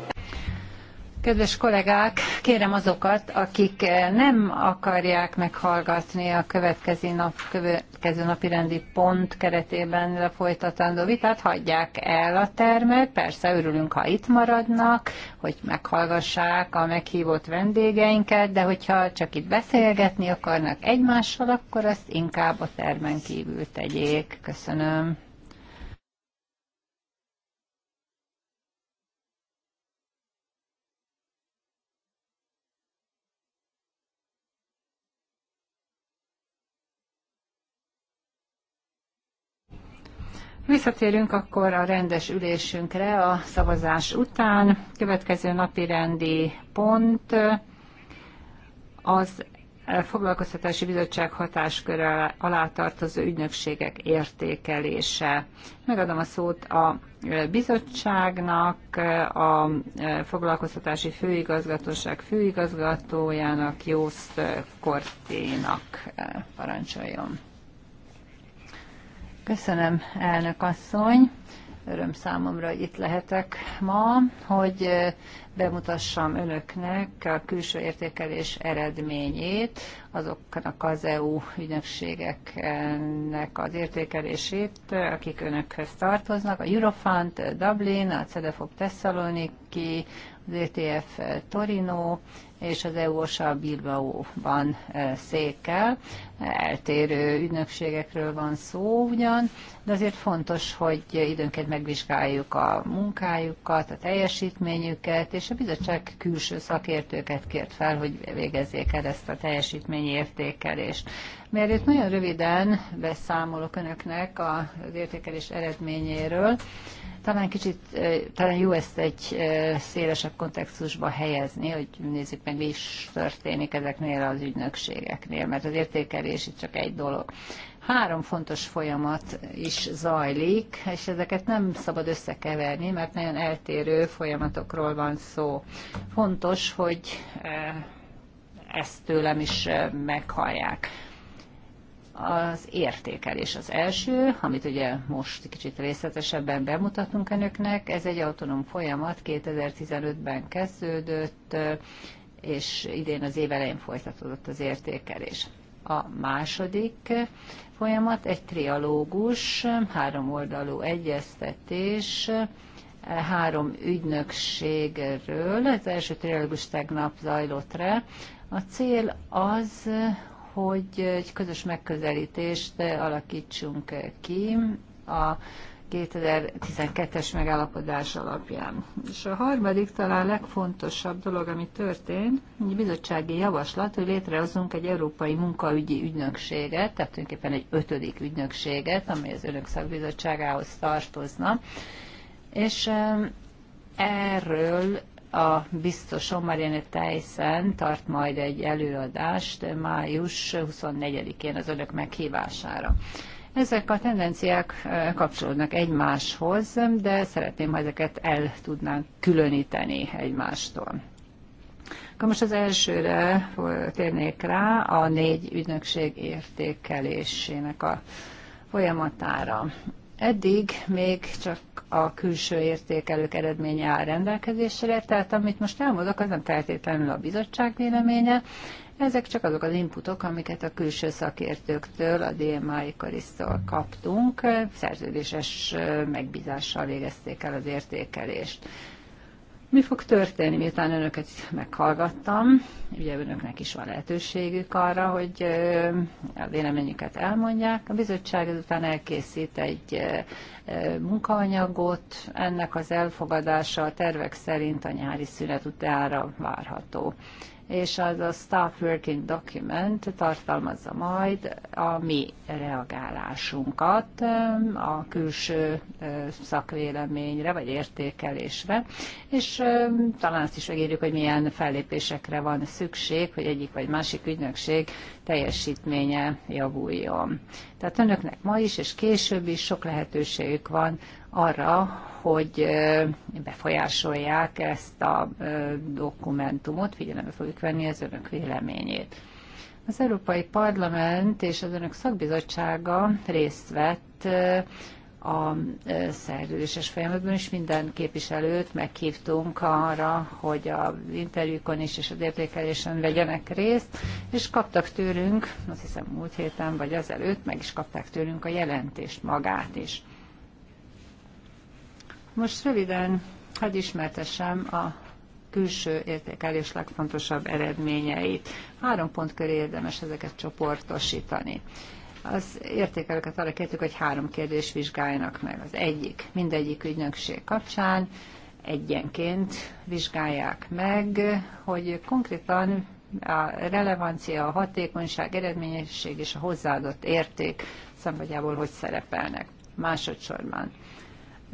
Kedves kollégák, kérem azokat, akik eh, nem akarják meghallgatni a következő, nap, következő napi rendi pont keretében a folytatandó vitát, hagyják el a termet. Persze örülünk, ha itt maradnak, hogy meghallgassák a meghívott vendégeinket, de hogyha csak itt beszélgetni akarnak egymással, akkor azt inkább a termen kívül tegyék. Köszönöm. Visszatérünk akkor a rendes ülésünkre a szavazás után. Következő napi rendi pont az Foglalkoztatási Bizottság hatásköre alá tartozó ügynökségek értékelése. Megadom a szót a bizottságnak, a Foglalkoztatási Főigazgatóság főigazgatójának, Jószt Korténak parancsoljon. Köszönöm, elnök asszony. Öröm számomra, hogy itt lehetek ma, hogy bemutassam önöknek a külső értékelés eredményét, azoknak az EU ügynökségeknek az értékelését, akik önökhöz tartoznak, a Eurofund Dublin, a CEDEFOG Thessaloniki, az ETF Torino és az EU-osa Bilbao-ban székel. Eltérő ügynökségekről van szó ugyan, de azért fontos, hogy időnként megvizsgáljuk a munkájukat, a teljesítményüket, és a bizottság külső szakértőket kért fel, hogy végezzék el ezt a teljesítményértékelést. Mielőtt nagyon röviden beszámolok önöknek az értékelés eredményéről, talán kicsit, talán jó ezt egy szélesebb kontextusba helyezni, hogy nézzük meg, mi is történik ezeknél az ügynökségeknél, mert az értékelés itt csak egy dolog. Három fontos folyamat is zajlik, és ezeket nem szabad összekeverni, mert nagyon eltérő folyamatokról van szó. Fontos, hogy ezt tőlem is meghallják az értékelés az első, amit ugye most kicsit részletesebben bemutatunk önöknek. Ez egy autonóm folyamat, 2015-ben kezdődött, és idén az év elején folytatódott az értékelés. A második folyamat egy trialógus, három oldalú egyeztetés, három ügynökségről. Az első trialógus tegnap zajlott rá. A cél az, hogy egy közös megközelítést alakítsunk ki a 2012-es megállapodás alapján. És a harmadik, talán legfontosabb dolog, ami történt, egy bizottsági javaslat, hogy létrehozunk egy európai munkaügyi ügynökséget, tehát tulajdonképpen egy ötödik ügynökséget, ami az önök szakbizottságához tartozna. És erről a biztos Marianne Tyson tart majd egy előadást május 24-én az önök meghívására. Ezek a tendenciák kapcsolódnak egymáshoz, de szeretném, ha ezeket el tudnánk különíteni egymástól. Akkor most az elsőre térnék rá a négy ügynökség értékelésének a folyamatára. Eddig még csak a külső értékelők eredménye áll rendelkezésre, tehát amit most elmondok, az nem feltétlenül a bizottság véleménye, ezek csak azok az inputok, amiket a külső szakértőktől, a DMI karisztól kaptunk, szerződéses megbízással végezték el az értékelést. Mi fog történni, miután önöket meghallgattam? Ugye önöknek is van lehetőségük arra, hogy a véleményüket elmondják. A bizottság ezután elkészít egy munkaanyagot. Ennek az elfogadása a tervek szerint a nyári szünet utára várható és az a Staff Working Document tartalmazza majd a mi reagálásunkat a külső szakvéleményre vagy értékelésre, és talán azt is megírjuk, hogy milyen fellépésekre van szükség, hogy egyik vagy másik ügynökség teljesítménye javuljon. Tehát önöknek ma is és később is sok lehetőségük van arra, hogy befolyásolják ezt a dokumentumot, figyelembe fogjuk venni az önök véleményét. Az Európai Parlament és az önök szakbizottsága részt vett a szerződéses folyamatban is minden képviselőt meghívtunk arra, hogy a interjúkon is és az értékelésen vegyenek részt, és kaptak tőlünk, azt hiszem múlt héten vagy azelőtt, meg is kapták tőlünk a jelentést magát is. Most röviden hadd ismertessem a külső értékelés legfontosabb eredményeit. Három pont köré érdemes ezeket csoportosítani. Az értékelőket arra kértük, hogy három kérdés vizsgáljanak meg. Az egyik, mindegyik ügynökség kapcsán egyenként vizsgálják meg, hogy konkrétan a relevancia, a hatékonyság, eredményesség és a hozzáadott érték szempontjából hogy szerepelnek. Másodszorban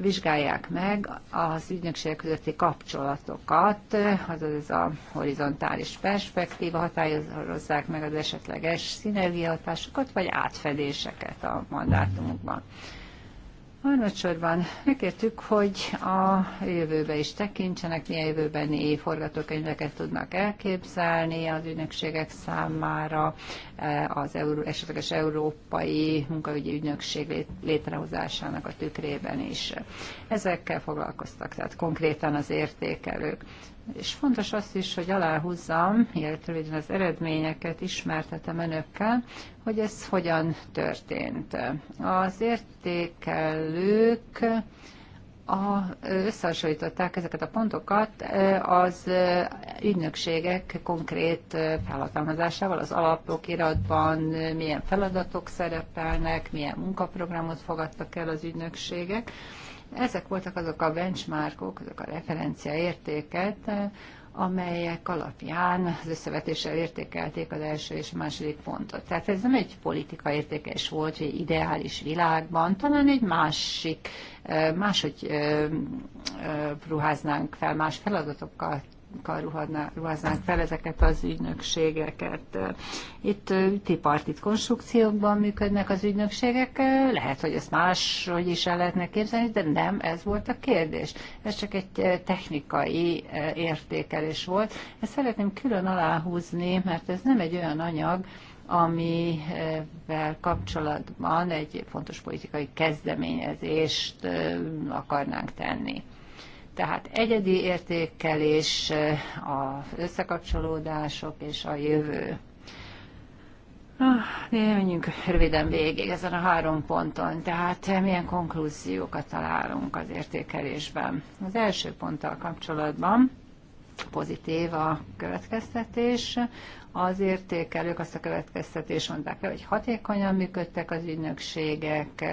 vizsgálják meg az ügynökségek közötti kapcsolatokat, azaz ez a horizontális perspektíva, határozzák meg az esetleges szinergiahatásokat, vagy átfedéseket a mandátumokban. Mm. Harmadsorban megkértük, hogy a jövőbe is tekintsenek, milyen jövőbeni forgatókönyveket tudnak elképzelni az ügynökségek számára, eh, az euró, esetleges európai munkaügyi ügynökség létrehozásának a tükrében is. Ezekkel foglalkoztak, tehát konkrétan az értékelők. És fontos azt is, hogy aláhúzzam, illetve az eredményeket ismertetem önökkel, hogy ez hogyan történt. Az értékelők a, összehasonlították ezeket a pontokat e, az e, ügynökségek konkrét e, felhatalmazásával, az alapok iratban milyen feladatok szerepelnek, milyen munkaprogramot fogadtak el az ügynökségek, ezek voltak azok a benchmarkok, azok a értéket, amelyek alapján az összevetéssel értékelték az első és a második pontot. Tehát ez nem egy politika értékes volt, hogy ideális világban, talán egy másik, eh, máshogy eh, eh, ruháznánk fel, más feladatokat ruháznánk fel ezeket az ügynökségeket. Itt tipartit konstrukciókban működnek az ügynökségek, lehet, hogy ezt máshogy is el lehetne képzelni, de nem ez volt a kérdés. Ez csak egy technikai értékelés volt. Ezt szeretném külön aláhúzni, mert ez nem egy olyan anyag, amivel kapcsolatban egy fontos politikai kezdeményezést akarnánk tenni. Tehát egyedi értékelés, eh, az összekapcsolódások és a jövő. Ah, menjünk röviden végig ezen a három ponton. Tehát eh, milyen konklúziókat találunk az értékelésben? Az első ponttal kapcsolatban pozitív a következtetés az értékelők azt a következtetés mondták el, hogy hatékonyan működtek az ügynökségek,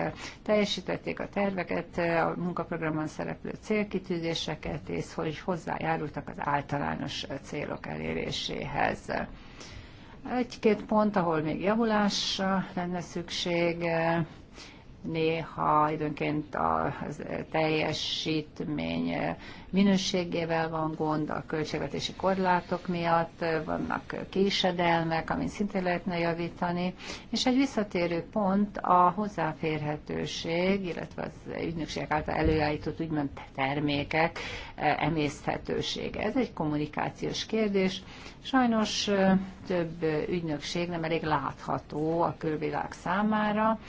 teljesítették a terveket, a munkaprogramban szereplő célkitűzéseket, és hogy hozzájárultak az általános célok eléréséhez. Egy-két pont, ahol még javulásra lenne szükség, néha időnként a teljesítmény minőségével van gond, a költségvetési korlátok miatt vannak késedelmek, amin szintén lehetne javítani, és egy visszatérő pont a hozzáférhetőség, illetve az ügynökségek által előállított úgymond termékek emészthetősége. Ez egy kommunikációs kérdés. Sajnos több ügynökség nem elég látható a külvilág számára,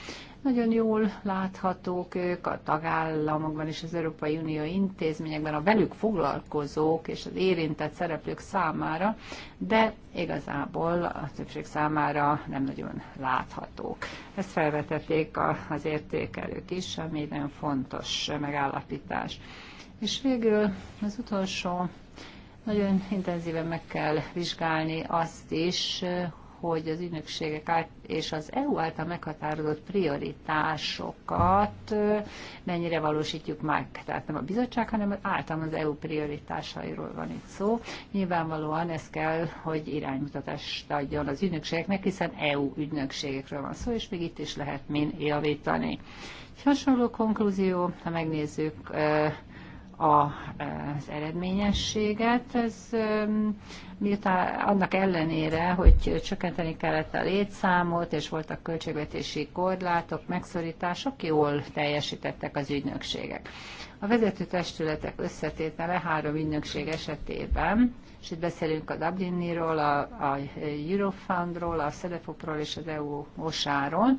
nagyon jól láthatók ők a tagállamokban és az Európai Unió intézményekben, a velük foglalkozók és az érintett szereplők számára, de igazából a többség számára nem nagyon láthatók. Ezt felvetették az értékelők is, ami egy nagyon fontos megállapítás. És végül az utolsó nagyon intenzíven meg kell vizsgálni azt is, hogy az ügynökségek át, és az EU által meghatározott prioritásokat mennyire valósítjuk meg. Tehát nem a bizottság, hanem általában az EU prioritásairól van itt szó. Nyilvánvalóan ez kell, hogy iránymutatást adjon az ügynökségeknek, hiszen EU ügynökségekről van szó, és még itt is lehet min javítani. Egy hasonló konklúzió, ha megnézzük az eredményességet. Ez miután annak ellenére, hogy csökkenteni kellett a létszámot, és voltak költségvetési korlátok, megszorítások, jól teljesítettek az ügynökségek. A vezető testületek összetétele három ügynökség esetében, és itt beszélünk a Dubliniról, a, a Eurofundról, a Szedefopról és az EU osáról.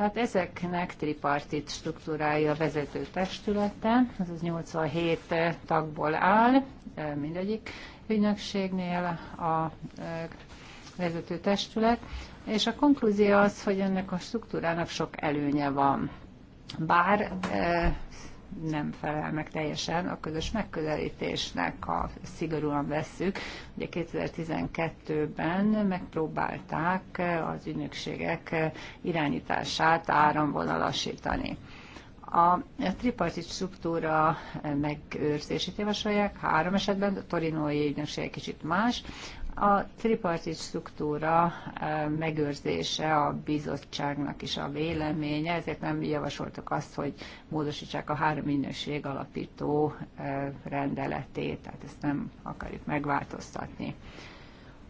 Hát ezeknek tripartit struktúrája a vezető testületen, azaz 87 eh, tagból áll, eh, mindegyik ügynökségnél a eh, vezető testület, és a konklúzió az, hogy ennek a struktúrának sok előnye van. Bár nem felel meg teljesen a közös megközelítésnek, ha szigorúan vesszük. Ugye 2012-ben megpróbálták az ügynökségek irányítását áramvonalasítani. A tripartit struktúra megőrzését javasolják, három esetben, a torinói ügynökség egy kicsit más. A tripartit struktúra megőrzése a bizottságnak is a véleménye, ezért nem javasoltuk azt, hogy módosítsák a három minőség alapító rendeletét, tehát ezt nem akarjuk megváltoztatni.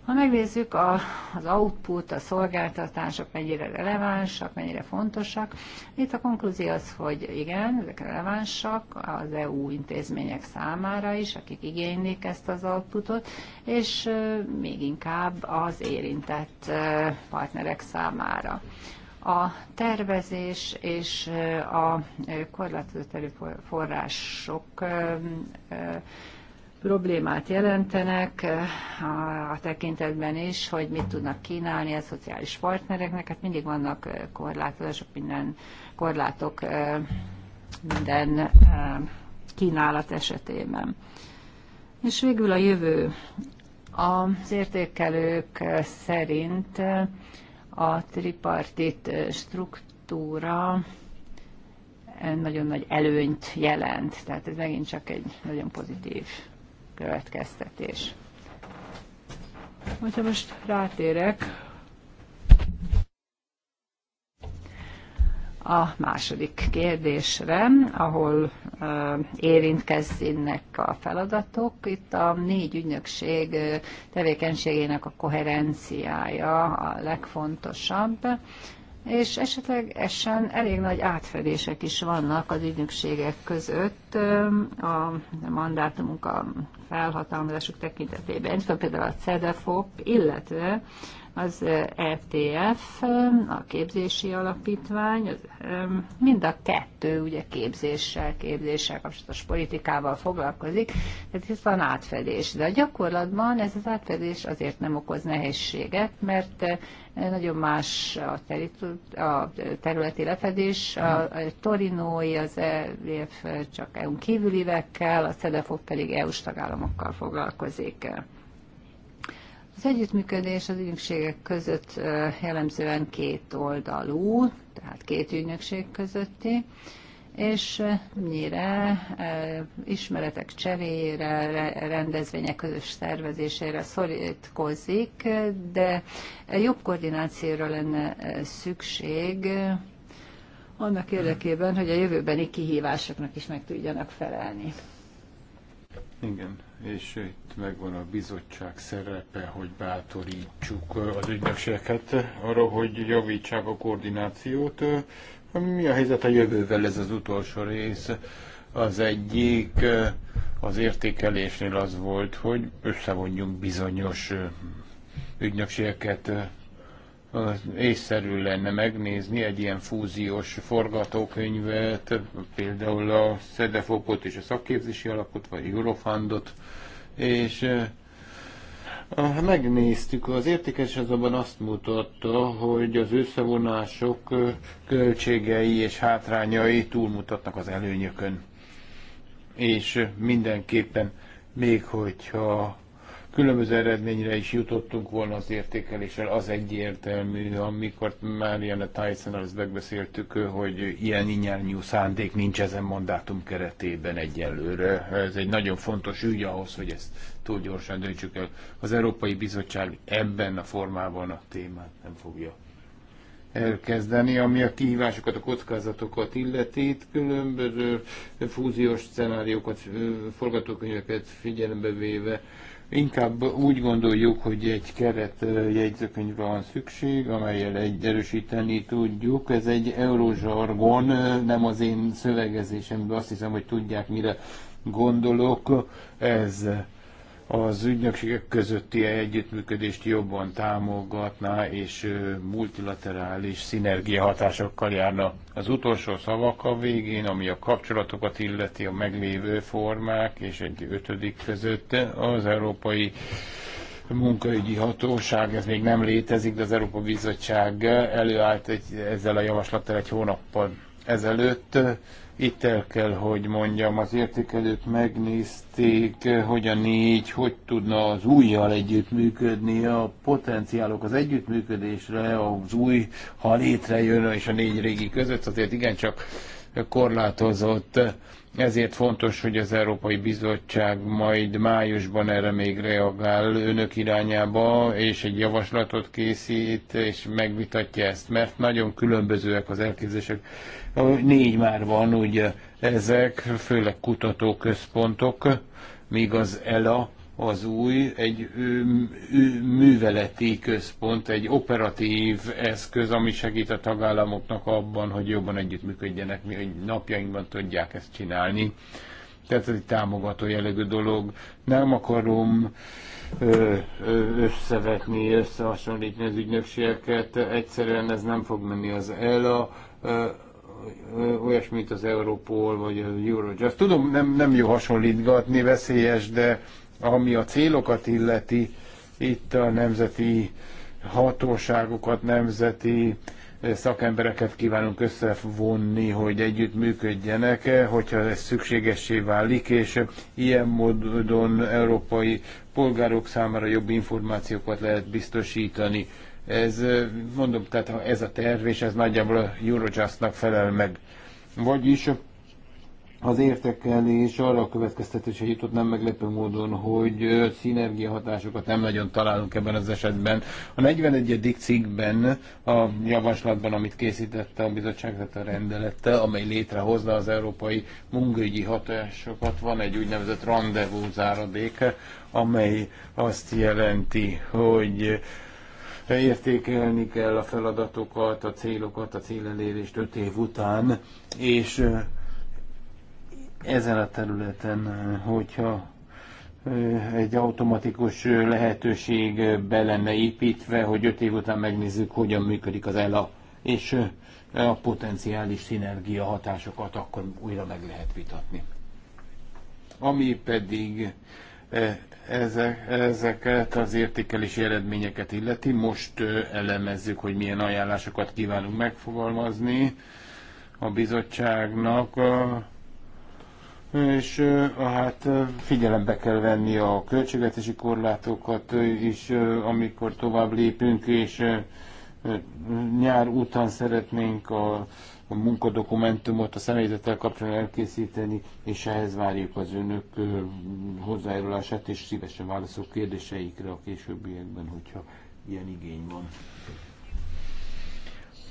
Ha megnézzük a, az output, a szolgáltatások mennyire relevánsak, mennyire fontosak, itt a konklúzió az, hogy igen, ezek relevánsak az EU intézmények számára is, akik igénylik ezt az outputot, és még inkább az érintett partnerek számára. A tervezés és a korlátozott erőforrások problémát jelentenek eh, a tekintetben is, hogy mit tudnak kínálni a szociális partnereknek, hát mindig vannak eh, korlátozások, minden korlátok eh, minden kínálat esetében. És végül a jövő. Az értékelők szerint a tripartit struktúra nagyon nagy előnyt jelent, tehát ez megint csak egy nagyon pozitív következtetés. Hogyha most rátérek a második kérdésre, ahol érintkezzenek a feladatok. Itt a négy ügynökség tevékenységének a koherenciája a legfontosabb és esetleg essen elég nagy átfedések is vannak az ügynökségek között a mandátumunk a felhatalmazásuk tekintetében. Itt például a CEDEFOP, illetve az ETF, a képzési alapítvány, az, mind a kettő ugye képzéssel, képzéssel kapcsolatos politikával foglalkozik, tehát itt van átfedés. De a gyakorlatban ez az átfedés azért nem okoz nehézséget, mert nagyon más a, a területi lefedés. A Torinói az EF csak EU-n kívülivekkel, a CEDEFOP pedig EU-s tagállamokkal foglalkozik. Az együttműködés az ügynökségek között jellemzően két oldalú, tehát két ügynökség közötti, és mire ismeretek cseréjére, rendezvények közös szervezésére szorítkozik, de jobb koordinációra lenne szükség annak érdekében, hogy a jövőbeni kihívásoknak is meg tudjanak felelni. Igen, és itt megvan a bizottság szerepe, hogy bátorítsuk az ügynökségeket arra, hogy javítsák a koordinációt. Mi a helyzet a jövővel? Ez az utolsó rész. Az egyik az értékelésnél az volt, hogy összevonjunk bizonyos ügynökségeket. Észszerű lenne megnézni egy ilyen fúziós forgatókönyvet, például a Szedefokot és a szakképzési alapot, vagy Eurofundot, és megnéztük, az értékes azonban azt mutatta, hogy az összevonások költségei és hátrányai túlmutatnak az előnyökön. És mindenképpen, még hogyha különböző eredményre is jutottunk volna az értékeléssel, az egyértelmű, amikor Marianne tyson ezt megbeszéltük, hogy ilyen inyelnyú szándék nincs ezen mandátum keretében egyelőre. Ez egy nagyon fontos ügy ahhoz, hogy ezt túl gyorsan döntsük el. Az Európai Bizottság ebben a formában a témát nem fogja elkezdeni, ami a kihívásokat, a kockázatokat illeti. Itt különböző fúziós szenáriókat, forgatókönyveket figyelembe véve Inkább úgy gondoljuk, hogy egy keret jegyzőkönyvre van szükség, amelyel egy erősíteni tudjuk. Ez egy eurózsargon, nem az én szövegezésem, de azt hiszem, hogy tudják, mire gondolok. Ez az ügynökségek közötti együttműködést jobban támogatná, és multilaterális szinergia hatásokkal járna. Az utolsó szavak a végén, ami a kapcsolatokat illeti, a meglévő formák, és egy ötödik között az Európai munkaügyi hatóság, ez még nem létezik, de az Európa Bizottság előállt egy, ezzel a javaslattal egy hónappal ezelőtt. Itt el kell, hogy mondjam, az értékelőt megnézték, hogy a négy hogy tudna az újjal együttműködni, a potenciálok az együttműködésre, az új, ha létrejön, és a négy régi között azért igencsak korlátozott ezért fontos, hogy az Európai Bizottság majd májusban erre még reagál önök irányába, és egy javaslatot készít, és megvitatja ezt, mert nagyon különbözőek az elképzelések. Négy már van, ugye ezek, főleg kutatóközpontok, míg az ELA az új, egy műveleti központ, egy operatív eszköz, ami segít a tagállamoknak abban, hogy jobban együttműködjenek, mi hogy napjainkban tudják ezt csinálni. Tehát ez egy támogató jellegű dolog. Nem akarom összevetni, összehasonlítni az ügynökségeket. Egyszerűen ez nem fog menni az ELA olyasmit az Europol vagy az Eurojust. Tudom, nem, nem jó hasonlítgatni, veszélyes, de ami a célokat illeti, itt a nemzeti hatóságokat, nemzeti szakembereket kívánunk összevonni, hogy együtt működjenek, hogyha ez szükségessé válik, és ilyen módon európai polgárok számára jobb információkat lehet biztosítani. Ez, mondom, tehát ez a terv, és ez nagyjából a Eurojustnak felel meg. Vagyis az és arra a következtetésre jutott nem meglepő módon, hogy szinergiahatásokat nem nagyon találunk ebben az esetben. A 41. cikkben a javaslatban, amit készítette a bizottság, tehát a rendelette, amely létrehozza az európai munkaügyi hatásokat, van egy úgynevezett rendezvú záradék, amely azt jelenti, hogy értékelni kell a feladatokat, a célokat, a célelérést öt év után, és ezen a területen, hogyha egy automatikus lehetőség be lenne építve, hogy öt év után megnézzük, hogyan működik az ELA, és a potenciális szinergia hatásokat akkor újra meg lehet vitatni. Ami pedig ezek, ezeket az értékelési eredményeket illeti, most elemezzük, hogy milyen ajánlásokat kívánunk megfogalmazni a bizottságnak és hát figyelembe kell venni a költségvetési korlátokat is, amikor tovább lépünk, és nyár után szeretnénk a, a munkadokumentumot a személyzettel kapcsolatban elkészíteni, és ehhez várjuk az önök hozzájárulását, és szívesen válaszol kérdéseikre a későbbiekben, hogyha ilyen igény van.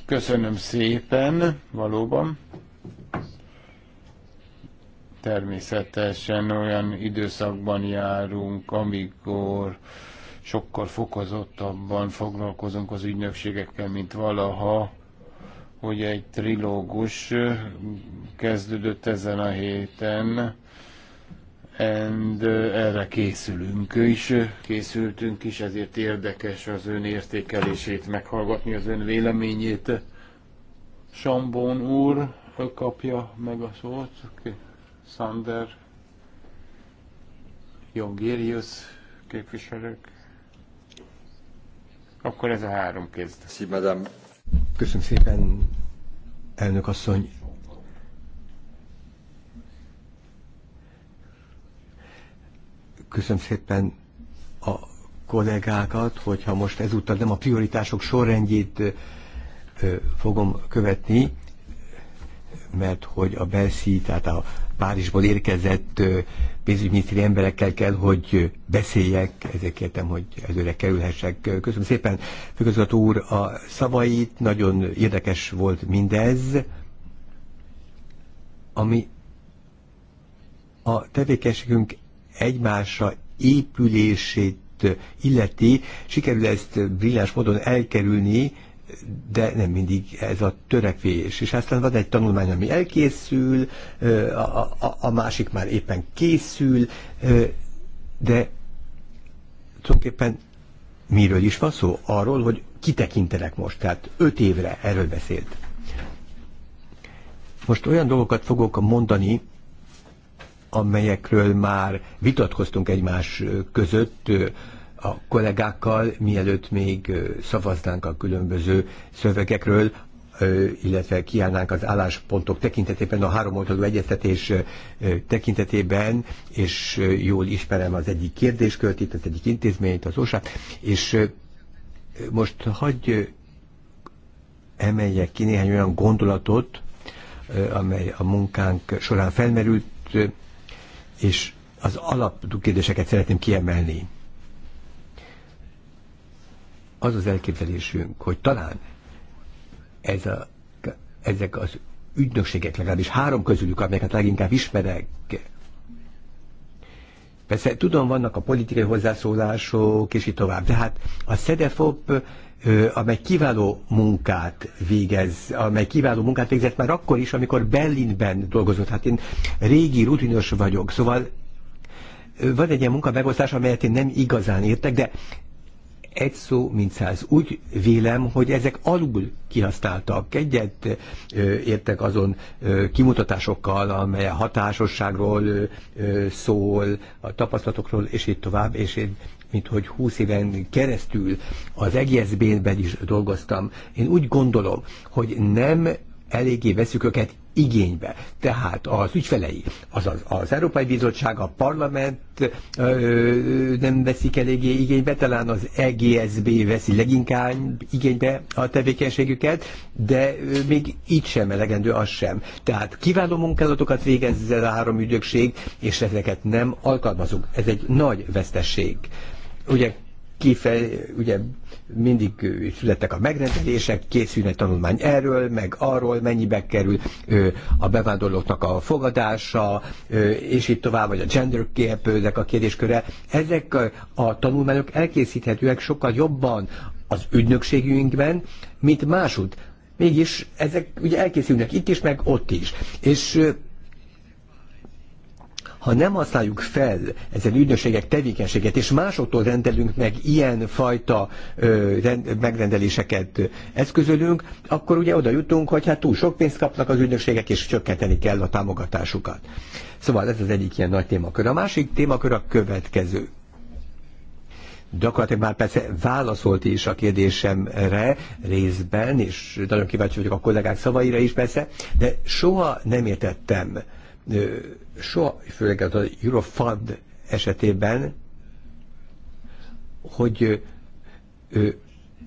Köszönöm szépen, valóban természetesen olyan időszakban járunk, amikor sokkal fokozottabban foglalkozunk az ügynökségekkel, mint valaha, hogy egy trilógus kezdődött ezen a héten, and erre készülünk is, készültünk is, ezért érdekes az ön értékelését meghallgatni, az ön véleményét. Sambon úr kapja meg a szót. Okay. Sander, Jongérius képviselők. Akkor ez a három kezd. Köszönöm szépen, elnök asszony. Köszönöm szépen a kollégákat, hogyha most ezúttal nem a prioritások sorrendjét fogom követni, mert hogy a Belszi, tehát a Párizsból érkezett pénzügyminiszteri emberekkel kell, hogy beszéljek, ezért kértem, hogy előre kerülhessek. Köszönöm szépen, főközgató úr, a szavait, nagyon érdekes volt mindez, ami a tevékenységünk egymásra épülését illeti, sikerül ezt brilláns módon elkerülni, de nem mindig ez a törekvés. És aztán van egy tanulmány, ami elkészül, a, a, a másik már éppen készül, de tulajdonképpen miről is van szó? Arról, hogy kitekintenek most, tehát öt évre erről beszélt. Most olyan dolgokat fogok mondani, amelyekről már vitatkoztunk egymás között, a kollégákkal, mielőtt még szavaznánk a különböző szövegekről, illetve kiállnánk az álláspontok tekintetében, a háromoldalú egyeztetés tekintetében, és jól ismerem az egyik kérdéskört, itt az egyik intézményt, az osa, és most hagyj emeljek ki néhány olyan gondolatot, amely a munkánk során felmerült, és az alapkérdéseket szeretném kiemelni az az elképzelésünk, hogy talán ez a, ezek az ügynökségek, legalábbis három közülük, amelyeket leginkább ismerek, Persze tudom, vannak a politikai hozzászólások, és így tovább, de hát a SZEDEFOP, amely kiváló munkát végez, amely kiváló munkát végzett már akkor is, amikor Berlinben dolgozott. Hát én régi rutinos vagyok, szóval van egy ilyen munkamegosztás, amelyet én nem igazán értek, de egy szó, mint száz. Úgy vélem, hogy ezek alul kihasználtak. Egyet ö, értek azon ö, kimutatásokkal, amely a hatásosságról ö, szól, a tapasztalatokról, és így tovább, és én mint hogy 20 éven keresztül az egész ben is dolgoztam. Én úgy gondolom, hogy nem eléggé veszük őket igénybe. Tehát az ügyfelei, azaz az Európai Bizottság, a parlament ö, nem veszik eléggé igénybe, talán az EGSB veszi leginkább igénybe a tevékenységüket, de még így sem elegendő az sem. Tehát kiváló munkálatokat végezze a három ügyökség, és ezeket nem alkalmazunk. Ez egy nagy vesztesség. Ugye kifej, ugye mindig születtek a megrendelések, egy tanulmány erről, meg arról, mennyibe kerül a bevándorlóknak a fogadása, és így tovább, vagy a gender gap, ezek a kérdésköre. Ezek a tanulmányok elkészíthetőek sokkal jobban az ügynökségünkben, mint másút. Mégis ezek ugye elkészülnek itt is, meg ott is. És ha nem használjuk fel ezen ügynökségek tevékenységet, és másoktól rendelünk meg ilyen fajta ö, rend, megrendeléseket eszközölünk, akkor ugye oda jutunk, hogy hát túl sok pénzt kapnak az ügynökségek, és csökkenteni kell a támogatásukat. Szóval ez az egyik ilyen nagy témakör. A másik témakör a következő gyakorlatilag már persze válaszolt is a kérdésemre részben, és nagyon kíváncsi vagyok a kollégák szavaira is persze, de soha nem értettem soha, főleg az a Eurofund esetében, hogy ő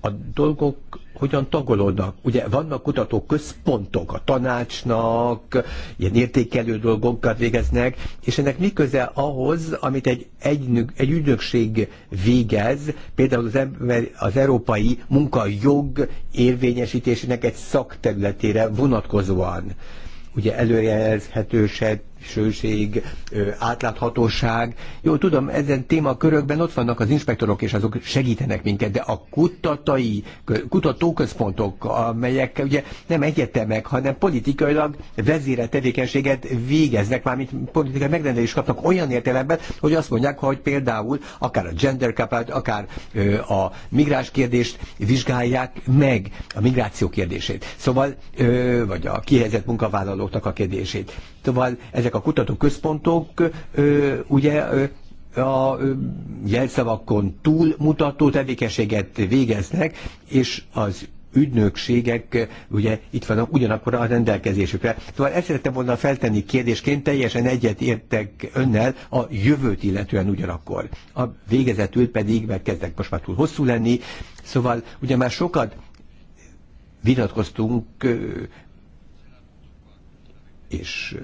a dolgok hogyan tagolódnak. Ugye vannak kutató központok a tanácsnak, ilyen értékelő dolgokat végeznek, és ennek mi köze ahhoz, amit egy, egy, egy ügynökség végez, például az, ember, az európai munkajog érvényesítésének egy szakterületére vonatkozóan. Ugye előrejelzhető se szélsőség, átláthatóság. Jó, tudom, ezen témakörökben ott vannak az inspektorok, és azok segítenek minket, de a kutatai, kutatóközpontok, amelyek ugye nem egyetemek, hanem politikailag vezére tevékenységet végeznek, mármint politikai megrendelést kapnak olyan értelemben, hogy azt mondják, hogy például akár a gender kapát, akár a migráns kérdést vizsgálják meg, a migráció kérdését. Szóval, vagy a kihelyezett munkavállalóknak a kérdését. Szóval ezek ezek a kutatóközpontok ugye a jelszavakon túlmutató tevékenységet végeznek, és az ügynökségek ugye itt vannak ugyanakkor a rendelkezésükre. Szóval ezt szerettem volna feltenni kérdésként, teljesen egyet értek önnel a jövőt illetően ugyanakkor. A végezetül pedig, mert kezdek most már túl hosszú lenni, szóval ugye már sokat vitatkoztunk, és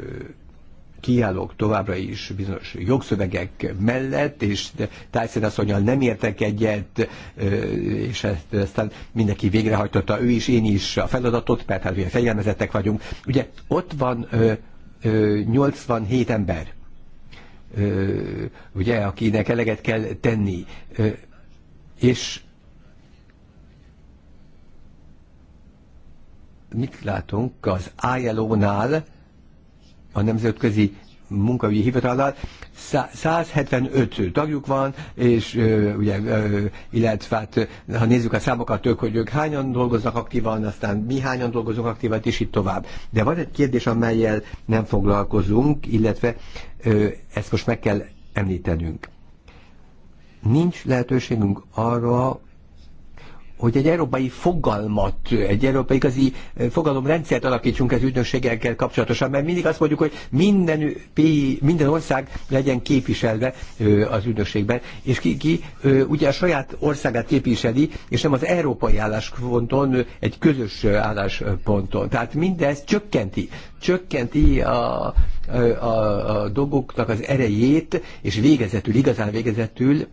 kiállok továbbra is bizonyos jogszövegek mellett, és Tyson mondja, nem értek egyet, és aztán mindenki végrehajtotta, ő is, én is a feladatot, mert hát ugye fegyelmezettek vagyunk. Ugye ott van 87 ember, ugye, akinek eleget kell tenni, és mit látunk az ILO-nál, a Nemzetközi Munkaügyi Hivatalnál 175 tagjuk van, és ugye, illetve hát, ha nézzük a számokat, ők, hogy ők hányan dolgoznak aktívan, aztán mi hányan dolgozunk aktívan, és így tovább. De van egy kérdés, amelyel nem foglalkozunk, illetve ezt most meg kell említenünk. Nincs lehetőségünk arra, hogy egy európai fogalmat, egy európai igazi eh, fogalomrendszert alakítsunk az ügynökségekkel kapcsolatosan, mert mindig azt mondjuk, hogy minden, minden ország legyen képviselve eh, az ügynökségben, és ki, ki eh, ugye a saját országát képviseli, és nem az európai állásponton, egy közös állásponton. Tehát mindez csökkenti, csökkenti a, a, a dolgoknak az erejét, és végezetül, igazán végezetül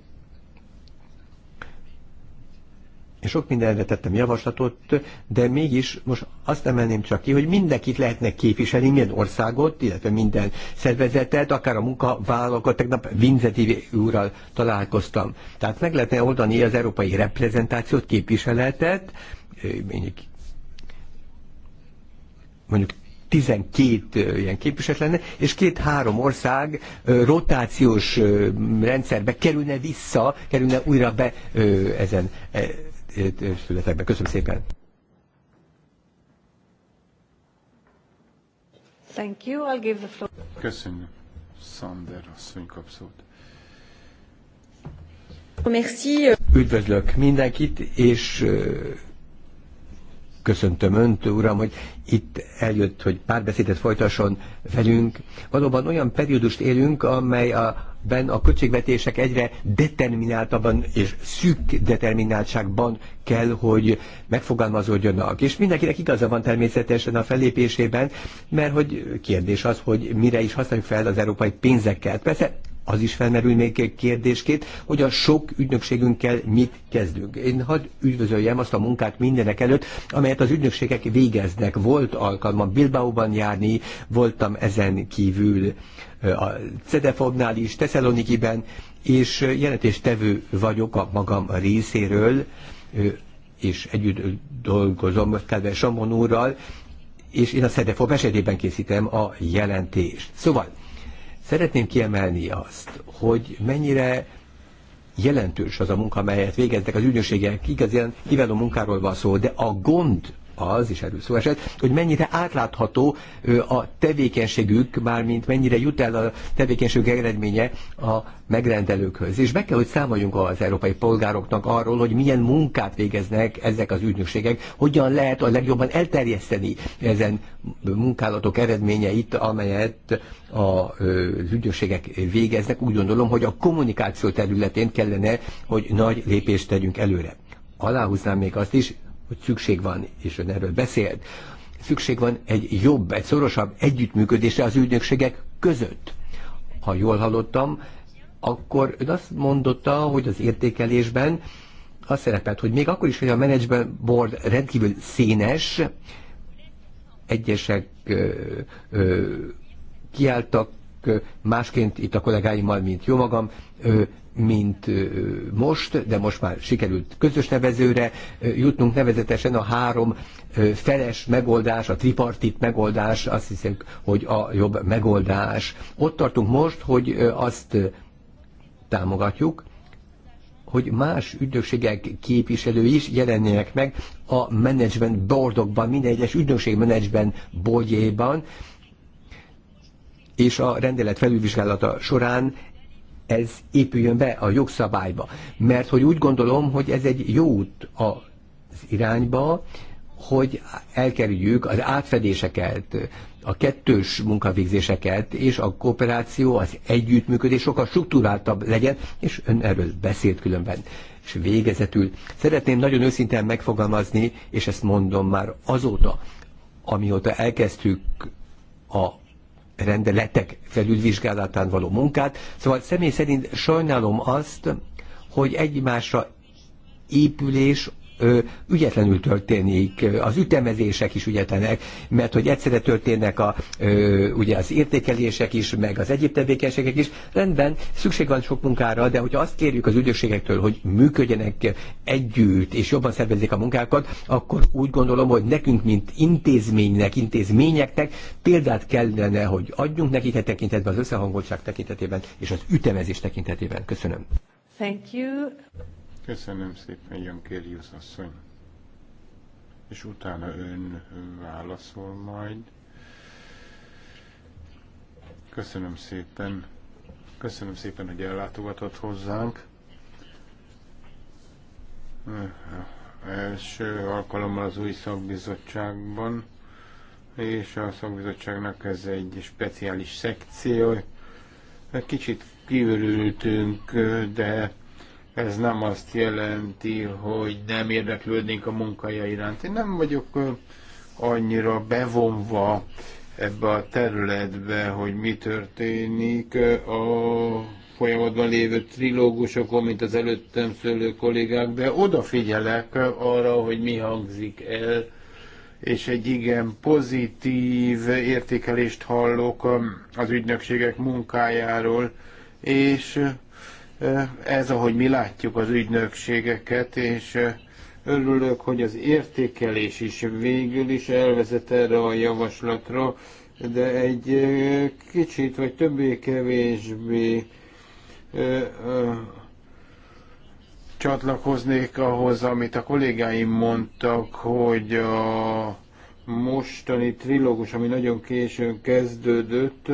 Sok mindenre tettem javaslatot, de mégis most azt emelném csak ki, hogy mindenkit lehetne képviselni, milyen országot, illetve minden szervezetet, akár a munkavállalókat, tegnap Vinzeti úrral találkoztam. Tehát meg lehetne oldani az európai reprezentációt, képviseletet, mondjuk, mondjuk 12 ilyen képviselet lenne, és két-három ország rotációs rendszerbe kerülne vissza, kerülne újra be ezen e, születekbe. Köszönöm szépen! Thank you. I'll give the floor. Köszönöm. Sander asszony kap szót. Merci. Üdvözlök mindenkit, és köszöntöm Önt, Uram, hogy itt eljött, hogy párbeszédet folytasson velünk. Valóban olyan periódust élünk, amely a ben a költségvetések egyre determináltabban és szűk determináltságban kell, hogy megfogalmazódjanak. És mindenkinek igaza van természetesen a fellépésében, mert hogy kérdés az, hogy mire is használjuk fel az európai pénzeket. Persze az is felmerül még kérdésként, hogy a sok ügynökségünkkel mit kezdünk. Én hadd üdvözöljem azt a munkát mindenek előtt, amelyet az ügynökségek végeznek. Volt alkalmam Bilbaóban járni, voltam ezen kívül a Cedefobnál is, Tesszalonikiben, és jelentéstevő vagyok a magam részéről, és együtt dolgozom kedves Samon úrral, és én a Cedefob esetében készítem a jelentést. Szóval szeretném kiemelni azt, hogy mennyire jelentős az a munka, amelyet végeznek az ügynökségek, igazán kiváló munkáról van szó, de a gond az, is erről szó esett, hogy mennyire átlátható a tevékenységük, mármint mennyire jut el a tevékenységük eredménye a megrendelőkhöz. És be kell, hogy számoljunk az európai polgároknak arról, hogy milyen munkát végeznek ezek az ügynökségek, hogyan lehet a legjobban elterjeszteni ezen munkálatok eredményeit, amelyet az ügynökségek végeznek. Úgy gondolom, hogy a kommunikáció területén kellene, hogy nagy lépést tegyünk előre aláhúznám még azt is, hogy szükség van, és ön erről beszélt, szükség van egy jobb, egy szorosabb együttműködésre az ügynökségek között. Ha jól hallottam, akkor ön azt mondotta, hogy az értékelésben az szerepelt, hogy még akkor is, hogy a management board rendkívül színes, egyesek ö, ö, kiálltak másként itt a kollégáimmal, mint jó magam, mint most, de most már sikerült közös nevezőre jutnunk nevezetesen a három feles megoldás, a tripartit megoldás, azt hiszem, hogy a jobb megoldás. Ott tartunk most, hogy azt támogatjuk, hogy más ügynökségek képviselői is jelenjenek meg a management boardokban, minden egyes ügynökség management boardjéban, és a rendelet felülvizsgálata során ez épüljön be a jogszabályba. Mert hogy úgy gondolom, hogy ez egy jó út az irányba, hogy elkerüljük az átfedéseket, a kettős munkavégzéseket, és a kooperáció, az együttműködés sokkal struktúráltabb legyen, és ön erről beszélt különben. És végezetül szeretném nagyon őszintén megfogalmazni, és ezt mondom már azóta, amióta elkezdtük a rendeletek felülvizsgálatán való munkát. Szóval személy szerint sajnálom azt, hogy egymásra épülés ügyetlenül történik, az ütemezések is ügyetlenek, mert hogy egyszerre történnek a, ugye az értékelések is, meg az egyéb tevékenységek is. Rendben, szükség van sok munkára, de hogyha azt kérjük az ügyösségektől, hogy működjenek együtt, és jobban szervezzék a munkákat, akkor úgy gondolom, hogy nekünk, mint intézménynek, intézményeknek példát kellene, hogy adjunk nekik egy tekintetben, az összehangoltság tekintetében és az ütemezés tekintetében. Köszönöm. Thank you. Köszönöm szépen, Jankérius asszony. És utána ön válaszol majd. Köszönöm szépen. Köszönöm szépen, hogy ellátogatott hozzánk. Első alkalommal az új szakbizottságban, és a szakbizottságnak ez egy speciális szekció. Kicsit kiürültünk, de ez nem azt jelenti, hogy nem érdeklődnénk a munkája iránt. Én nem vagyok annyira bevonva ebbe a területbe, hogy mi történik a folyamatban lévő trilógusokon, mint az előttem szőlő kollégák, de odafigyelek arra, hogy mi hangzik el, és egy igen pozitív értékelést hallok az ügynökségek munkájáról, és ez, ahogy mi látjuk az ügynökségeket, és eh, örülök, hogy az értékelés is végül is elvezet erre a javaslatra, de egy eh, kicsit, vagy többé-kevésbé eh, csatlakoznék ahhoz, amit a kollégáim mondtak, hogy a mostani trilógus, ami nagyon későn kezdődött,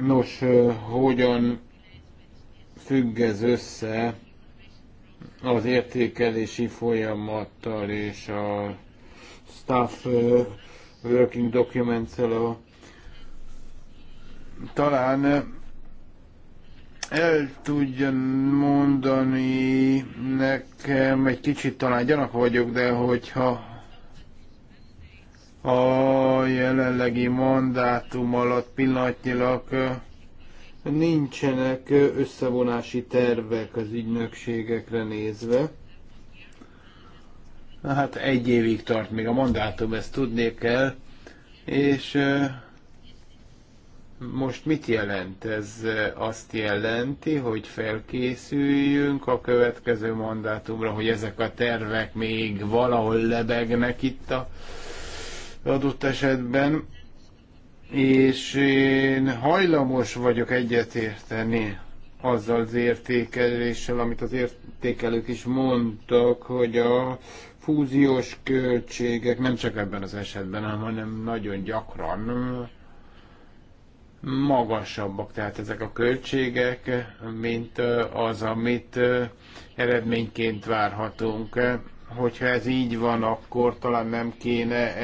nos, hogyan függ ez össze az értékelési folyamattal és a staff working documents -el. Talán el tudja mondani nekem, egy kicsit talán gyanak vagyok, de hogyha a jelenlegi mandátum alatt pillanatnyilag nincsenek összevonási tervek az ügynökségekre nézve. Na hát egy évig tart még a mandátum, ezt tudni kell. És most mit jelent? Ez azt jelenti, hogy felkészüljünk a következő mandátumra, hogy ezek a tervek még valahol lebegnek itt a adott esetben, és én hajlamos vagyok egyetérteni azzal az értékeléssel, amit az értékelők is mondtak, hogy a fúziós költségek nem csak ebben az esetben, hanem nagyon gyakran magasabbak, tehát ezek a költségek, mint az, amit eredményként várhatunk. Hogyha ez így van, akkor talán nem kéne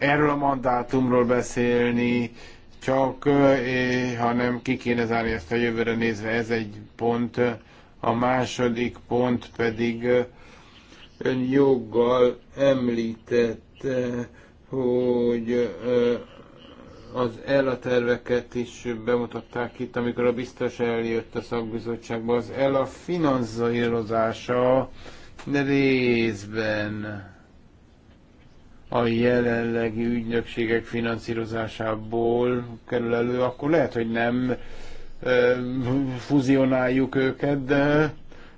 erről a mandátumról beszélni, csak, hanem ki kéne zárni ezt a jövőre nézve, ez egy pont. A második pont pedig ön joggal említette, hogy az ELA terveket is bemutatták itt, amikor a biztos eljött a szakbizottságba. Az ELA finanszírozása részben a jelenlegi ügynökségek finanszírozásából kerül elő, akkor lehet, hogy nem fuzionáljuk őket, de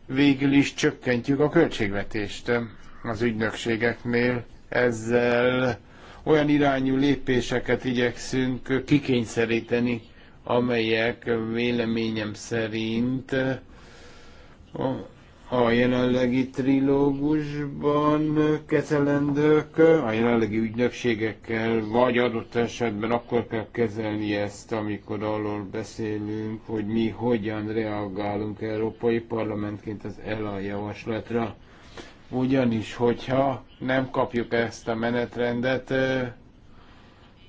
végül is csökkentjük a költségvetést az ügynökségeknél. Ezzel olyan irányú lépéseket igyekszünk kikényszeríteni, amelyek véleményem szerint a jelenlegi trilógusban kezelendők, a jelenlegi ügynökségekkel, vagy adott esetben akkor kell kezelni ezt, amikor arról beszélünk, hogy mi hogyan reagálunk Európai Parlamentként az ELA javaslatra. Ugyanis, hogyha nem kapjuk ezt a menetrendet,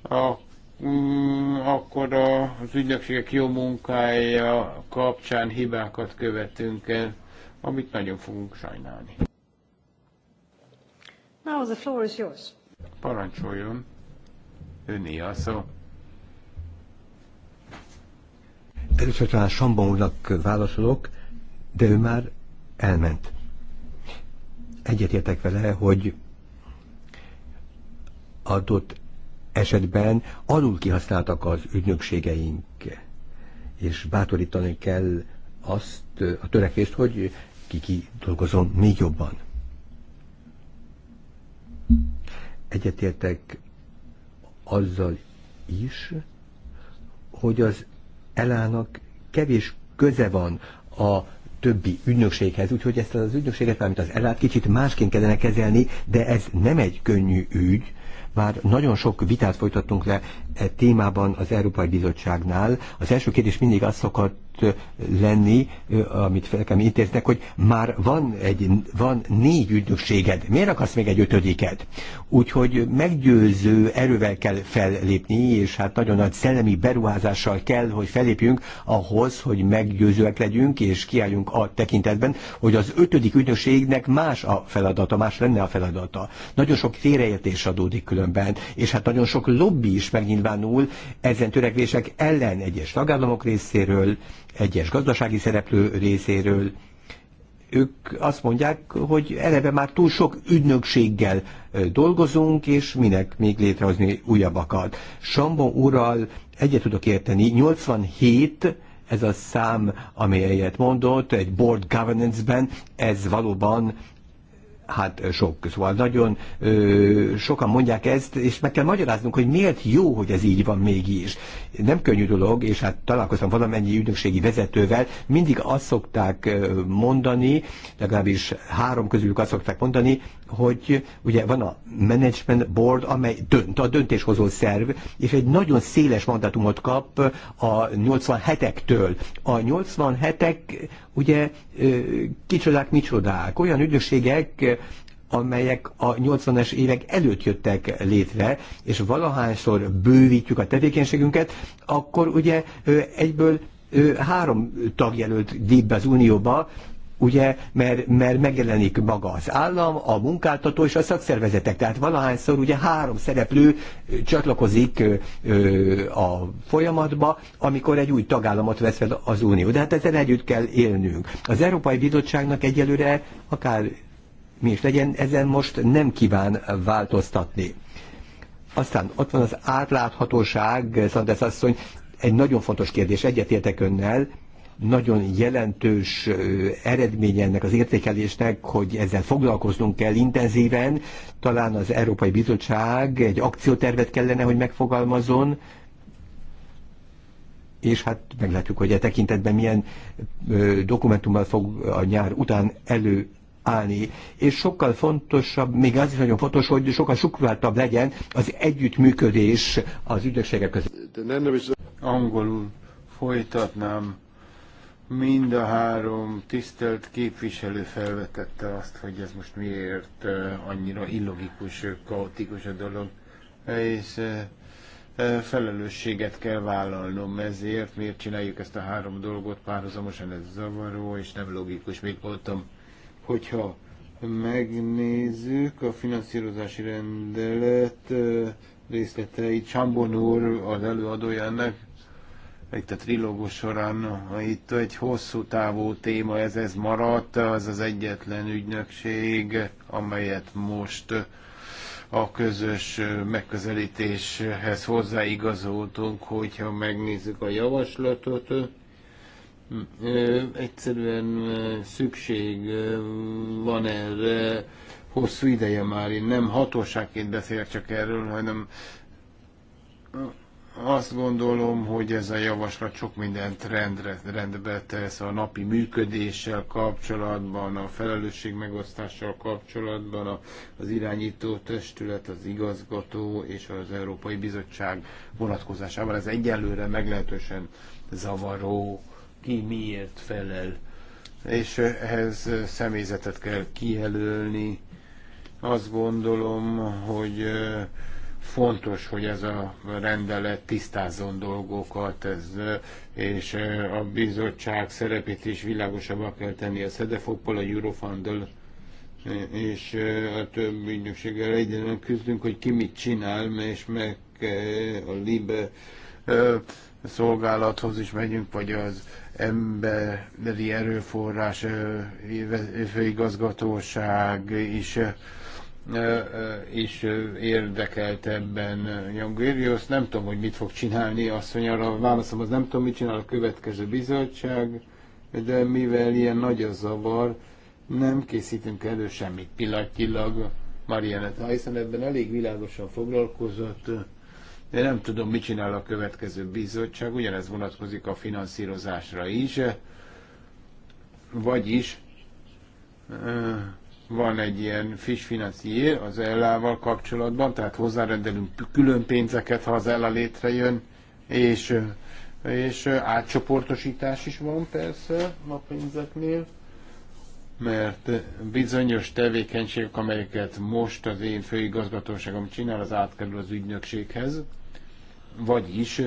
a, mm, akkor az ügynökségek jó munkája kapcsán hibákat követünk el amit nagyon fogunk sajnálni. Now the floor is yours. Parancsoljon, öné a szó. Először talán Sambon úrnak válaszolok, de ő már elment. Egyetértek vele, hogy adott esetben alul kihasználtak az ügynökségeink, és bátorítani kell azt a törekvést, hogy ki dolgozom még jobban. Egyetértek azzal is, hogy az elának kevés köze van a többi ügynökséghez, úgyhogy ezt az ügynökséget, mármint az elát kicsit másként kellene kezelni, de ez nem egy könnyű ügy, már nagyon sok vitát folytattunk le e témában az Európai Bizottságnál. Az első kérdés mindig az szokott lenni, amit fel kell intéznek, hogy már van, egy, van négy ügynökséged, miért akarsz még egy ötödiket? Úgyhogy meggyőző erővel kell fellépni, és hát nagyon nagy szellemi beruházással kell, hogy fellépjünk ahhoz, hogy meggyőzőek legyünk, és kiálljunk a tekintetben, hogy az ötödik ügynökségnek más a feladata, más lenne a feladata. Nagyon sok félreértés adódik különben, és hát nagyon sok lobby is megnyilvánul ezen törekvések ellen egyes tagállamok részéről, egyes gazdasági szereplő részéről. Ők azt mondják, hogy eleve már túl sok ügynökséggel dolgozunk, és minek még létrehozni újabbakat. Sambon úrral egyet tudok érteni, 87 ez a szám, amelyet mondott, egy board governance-ben, ez valóban hát sok. Szóval nagyon ö, sokan mondják ezt, és meg kell magyaráznunk, hogy miért jó, hogy ez így van mégis. Nem könnyű dolog, és hát találkoztam valamennyi ügynökségi vezetővel, mindig azt szokták mondani, legalábbis három közülük azt szokták mondani, hogy ugye van a management board, amely dönt, a döntéshozó szerv, és egy nagyon széles mandátumot kap a 87-ektől. A 87-ek ugye kicsodák, micsodák, olyan ügyösségek, amelyek a 80-es évek előtt jöttek létre, és valahányszor bővítjük a tevékenységünket, akkor ugye egyből három tagjelölt lép be az unióba, ugye, mert, mert megjelenik maga az állam, a munkáltató és a szakszervezetek. Tehát valahányszor ugye három szereplő csatlakozik ö, a folyamatba, amikor egy új tagállamot vesz fel az Unió. De hát ezzel együtt kell élnünk. Az Európai Bizottságnak egyelőre, akár mi is legyen, ezen most nem kíván változtatni. Aztán ott van az átláthatóság, Szandesz asszony, egy nagyon fontos kérdés, egyetértek önnel, nagyon jelentős eredménye ennek az értékelésnek, hogy ezzel foglalkoznunk kell intenzíven. Talán az Európai Bizottság egy akciótervet kellene, hogy megfogalmazzon, és hát meglátjuk, hogy e tekintetben milyen dokumentummal fog a nyár után elő állni. És sokkal fontosabb, még az is nagyon fontos, hogy sokkal sokkal legyen az együttműködés az ügynökségek között. Angolul folytatnám. Mind a három tisztelt képviselő felvetette azt, hogy ez most miért annyira illogikus, kaotikus a dolog, és felelősséget kell vállalnom ezért, miért csináljuk ezt a három dolgot párhuzamosan, ez zavaró és nem logikus, még voltam, hogyha megnézzük a finanszírozási rendelet részleteit, Csambon úr az előadójának, itt a trilógus során, itt egy hosszú távú téma, ez, ez maradt, az az egyetlen ügynökség, amelyet most a közös megközelítéshez hozzáigazoltunk, hogyha megnézzük a javaslatot, egyszerűen szükség van erre, hosszú ideje már, én nem hatóságként beszélek csak erről, hanem azt gondolom, hogy ez a javaslat sok mindent rendre, rendbe tesz a napi működéssel kapcsolatban, a felelősség megosztással kapcsolatban, a, az irányító testület, az igazgató és az Európai Bizottság vonatkozásában. Ez egyelőre meglehetősen zavaró, ki miért felel. És ehhez személyzetet kell kijelölni. Azt gondolom, hogy Fontos, hogy ez a rendelet tisztázzon dolgokat, ez, és a bizottság szerepét is világosabbá kell tenni a szedefop a Eurofunddal, és a több ügynökséggel egyenlően küzdünk, hogy ki mit csinál, és meg a LIBE szolgálathoz is megyünk, vagy az emberi erőforrás főigazgatóság is és érdekelt ebben Jongériusz. Nem tudom, hogy mit fog csinálni, azt mondja, arra válaszom, az nem tudom, mit csinál a következő bizottság, de mivel ilyen nagy a zavar, nem készítünk elő semmit pillanatilag. Marianne hiszen ebben elég világosan foglalkozott, de nem tudom, mit csinál a következő bizottság, ugyanez vonatkozik a finanszírozásra is, vagyis van egy ilyen fish financier az ellával kapcsolatban, tehát hozzárendelünk külön pénzeket, ha az ella létrejön, és, és átcsoportosítás is van persze a pénzeknél, mert bizonyos tevékenységek, amelyeket most az én főigazgatóságom csinál, az átkerül az ügynökséghez, vagyis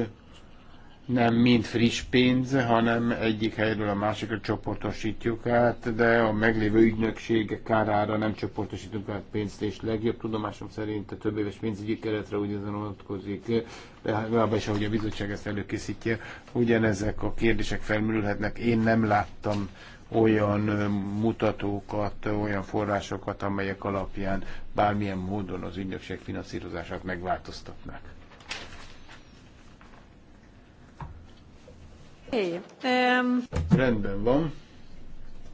nem mind friss pénz, hanem egyik helyről a másikra csoportosítjuk át, de a meglévő ügynökség kárára nem csoportosítunk át pénzt, és legjobb tudomásom szerint a több éves pénzügyi keretre ugyanezen vonatkozik, legalábbis ahogy a bizottság ezt előkészítje, ugyanezek a kérdések felmerülhetnek. Én nem láttam olyan mutatókat, olyan forrásokat, amelyek alapján bármilyen módon az ügynökség finanszírozását megváltoztatnak. Hey, um... Rendben van.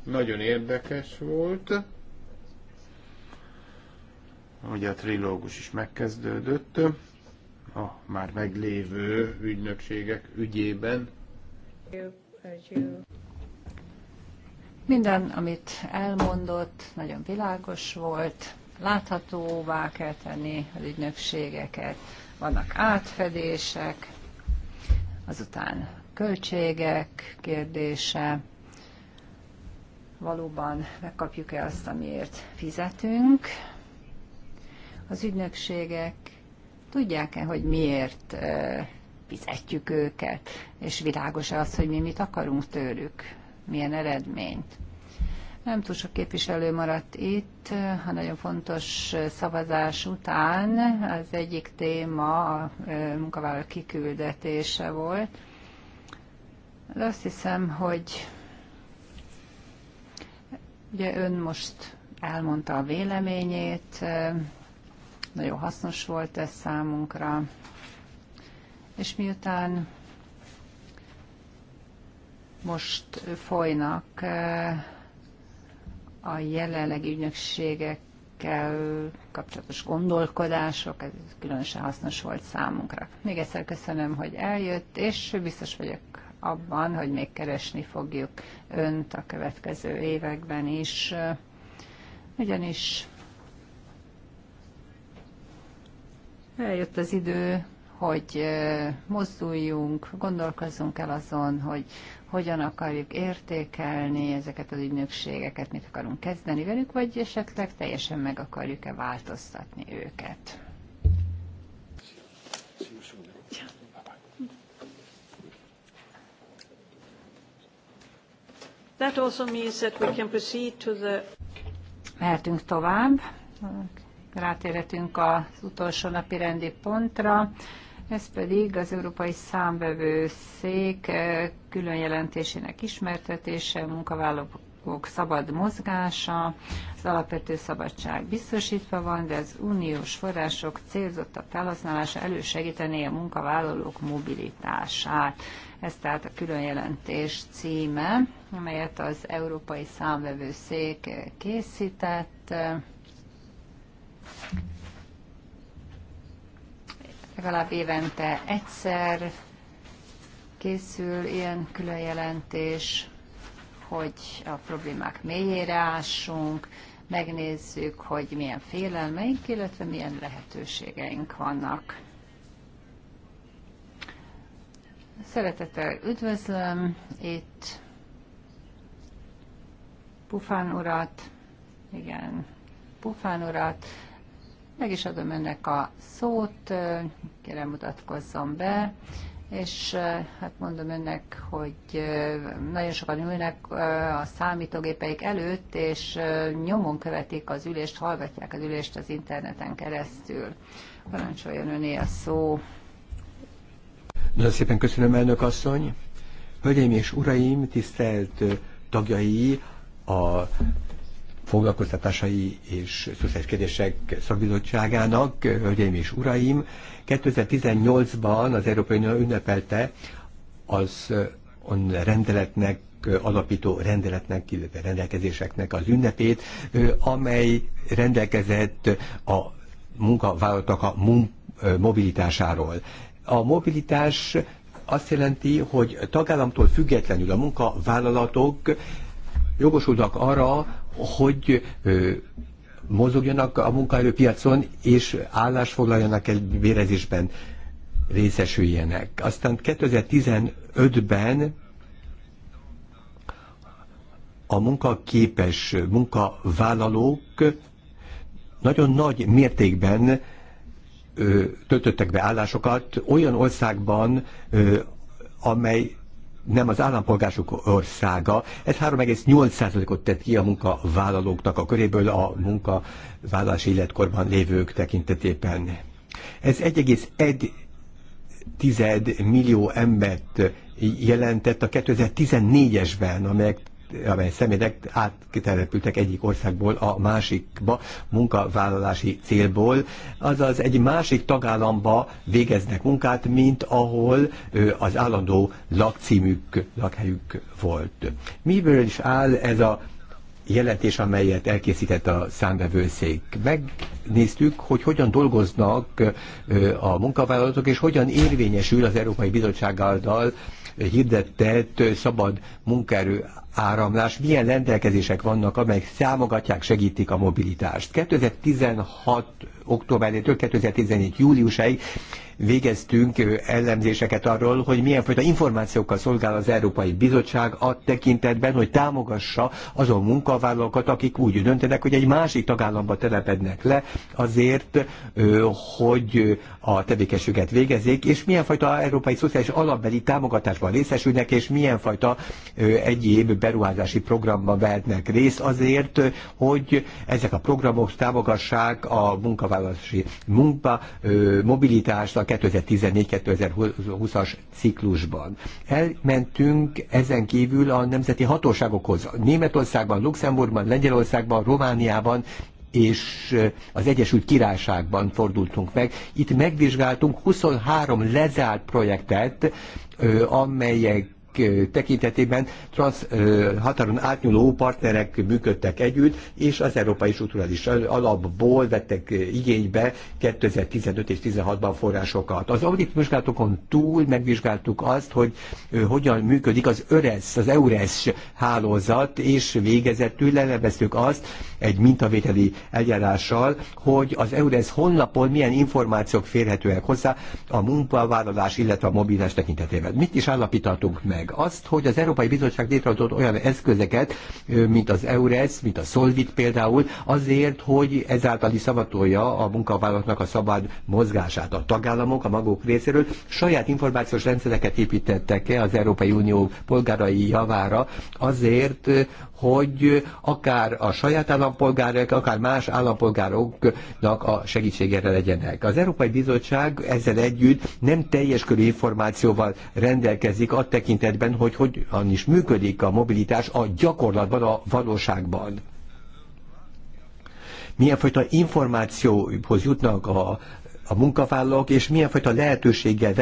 Nagyon érdekes volt. Ugye a trilógus is megkezdődött a már meglévő ügynökségek ügyében. Minden, amit elmondott, nagyon világos volt, láthatóvá kell tenni az ügynökségeket, vannak átfedések, azután költségek kérdése, valóban megkapjuk-e azt, amiért fizetünk. Az ügynökségek tudják-e, hogy miért fizetjük őket, és világos -e az, hogy mi mit akarunk tőlük, milyen eredményt. Nem túl sok képviselő maradt itt, a nagyon fontos szavazás után az egyik téma a munkavállaló kiküldetése volt. De azt hiszem, hogy ugye ön most elmondta a véleményét, nagyon hasznos volt ez számunkra, és miután most folynak a jelenlegi ügynökségekkel kapcsolatos gondolkodások, ez különösen hasznos volt számunkra. Még egyszer köszönöm, hogy eljött, és biztos vagyok abban, hogy még keresni fogjuk önt a következő években is, ugyanis eljött az idő, hogy mozduljunk, gondolkozzunk el azon, hogy hogyan akarjuk értékelni ezeket az ügynökségeket, mit akarunk kezdeni velük, vagy esetleg teljesen meg akarjuk-e változtatni őket. That also means that we can proceed to the... Mehetünk tovább. Rátérhetünk az utolsó napi rendi pontra. Ez pedig az Európai Számvevőszék eh, külön jelentésének ismertetése, munkavállalók szabad mozgása, az alapvető szabadság biztosítva van, de az uniós források a felhasználása elősegítené a munkavállalók mobilitását. Ez tehát a külön jelentés címe amelyet az Európai Számvevőszék készített. Legalább évente egyszer készül ilyen külön jelentés, hogy a problémák mélyére ássunk, megnézzük, hogy milyen félelmeink, illetve milyen lehetőségeink vannak. Szeretettel üdvözlöm itt Pufán urat, igen, Pufán urat, meg is adom önnek a szót, kérem mutatkozzon be, és hát mondom önnek, hogy nagyon sokan ülnek a számítógépeik előtt, és nyomon követik az ülést, hallgatják az ülést az interneten keresztül. Parancsoljon öné a szó. Nagyon szépen köszönöm, elnök asszony. Hölgyeim és uraim, tisztelt tagjai a foglalkoztatásai és szociális kérdések szakbizottságának, hölgyeim és uraim, 2018-ban az Európai Unió ünnepelte az on rendeletnek alapító rendeletnek, illetve rendelkezéseknek az ünnepét, amely rendelkezett a munkavállalatok a mobilitásáról. A mobilitás azt jelenti, hogy tagállamtól függetlenül a munkavállalatok jogosultak arra, hogy mozogjanak a munkaerőpiacon, és állást foglaljanak egy bérezésben részesüljenek. Aztán 2015-ben a munkaképes munkavállalók nagyon nagy mértékben töltöttek be állásokat olyan országban, amely nem az állampolgárok országa. Ez 3,8%-ot tett ki a munkavállalóknak a köréből a munkavállalási életkorban lévők tekintetében. Ez 1,1 millió embert jelentett a 2014-esben, amelyek amely személyek átkiterepültek egyik országból a másikba munkavállalási célból, azaz egy másik tagállamba végeznek munkát, mint ahol az állandó lakcímük, lakhelyük volt. Miből is áll ez a jelentés, amelyet elkészített a számbevőszék. Megnéztük, hogy hogyan dolgoznak a munkavállalatok, és hogyan érvényesül az Európai Bizottság által hirdetett szabad munkaerő áramlás, milyen rendelkezések vannak, amelyek számogatják, segítik a mobilitást. 2016 októberétől 2014 júliusáig végeztünk ellenzéseket arról, hogy milyen fajta információkkal szolgál az Európai Bizottság a tekintetben, hogy támogassa azon munkavállalókat, akik úgy döntenek, hogy egy másik tagállamba telepednek le azért, hogy a tevékenységet végezzék, és milyen fajta európai szociális alapbeli támogatásban részesülnek, és milyen fajta egyéb beruházási programban vehetnek részt azért, hogy ezek a programok támogassák a munkavállalási munka, mobilitást, a 2014-2020-as ciklusban. Elmentünk ezen kívül a nemzeti hatóságokhoz. Németországban, Luxemburgban, Lengyelországban, Romániában és eh, az Egyesült Királyságban fordultunk meg. Itt megvizsgáltunk 23 lezárt projektet, eh, amelyek tekintetében transz, határon átnyúló partnerek működtek együtt, és az Európai Strukturális Alapból vettek igénybe 2015 és 16 ban forrásokat. Az audit vizsgálatokon túl megvizsgáltuk azt, hogy hogyan működik az ÖRESZ, az EURES hálózat, és végezetül leleveztük azt egy mintavételi eljárással, hogy az EURES honlapon milyen információk férhetőek hozzá a munkavállalás, illetve a mobilitás tekintetében. Mit is állapítottunk meg? meg azt, hogy az Európai Bizottság létrehozott olyan eszközeket, mint az EURES, mint a Solvit például, azért, hogy ezáltal is szavatolja a munkavállalatnak a szabad mozgását. A tagállamok a maguk részéről saját információs rendszereket építettek -e az Európai Unió polgárai javára azért, hogy akár a saját állampolgárok, akár más állampolgároknak a segítségére legyenek. Az Európai Bizottság ezzel együtt nem teljes körű információval rendelkezik a tekintetben, életben, hogy hogyan is működik a mobilitás a gyakorlatban, a valóságban milyen fajta információhoz jutnak a, a munkavállalók, és milyen fajta lehetőséggel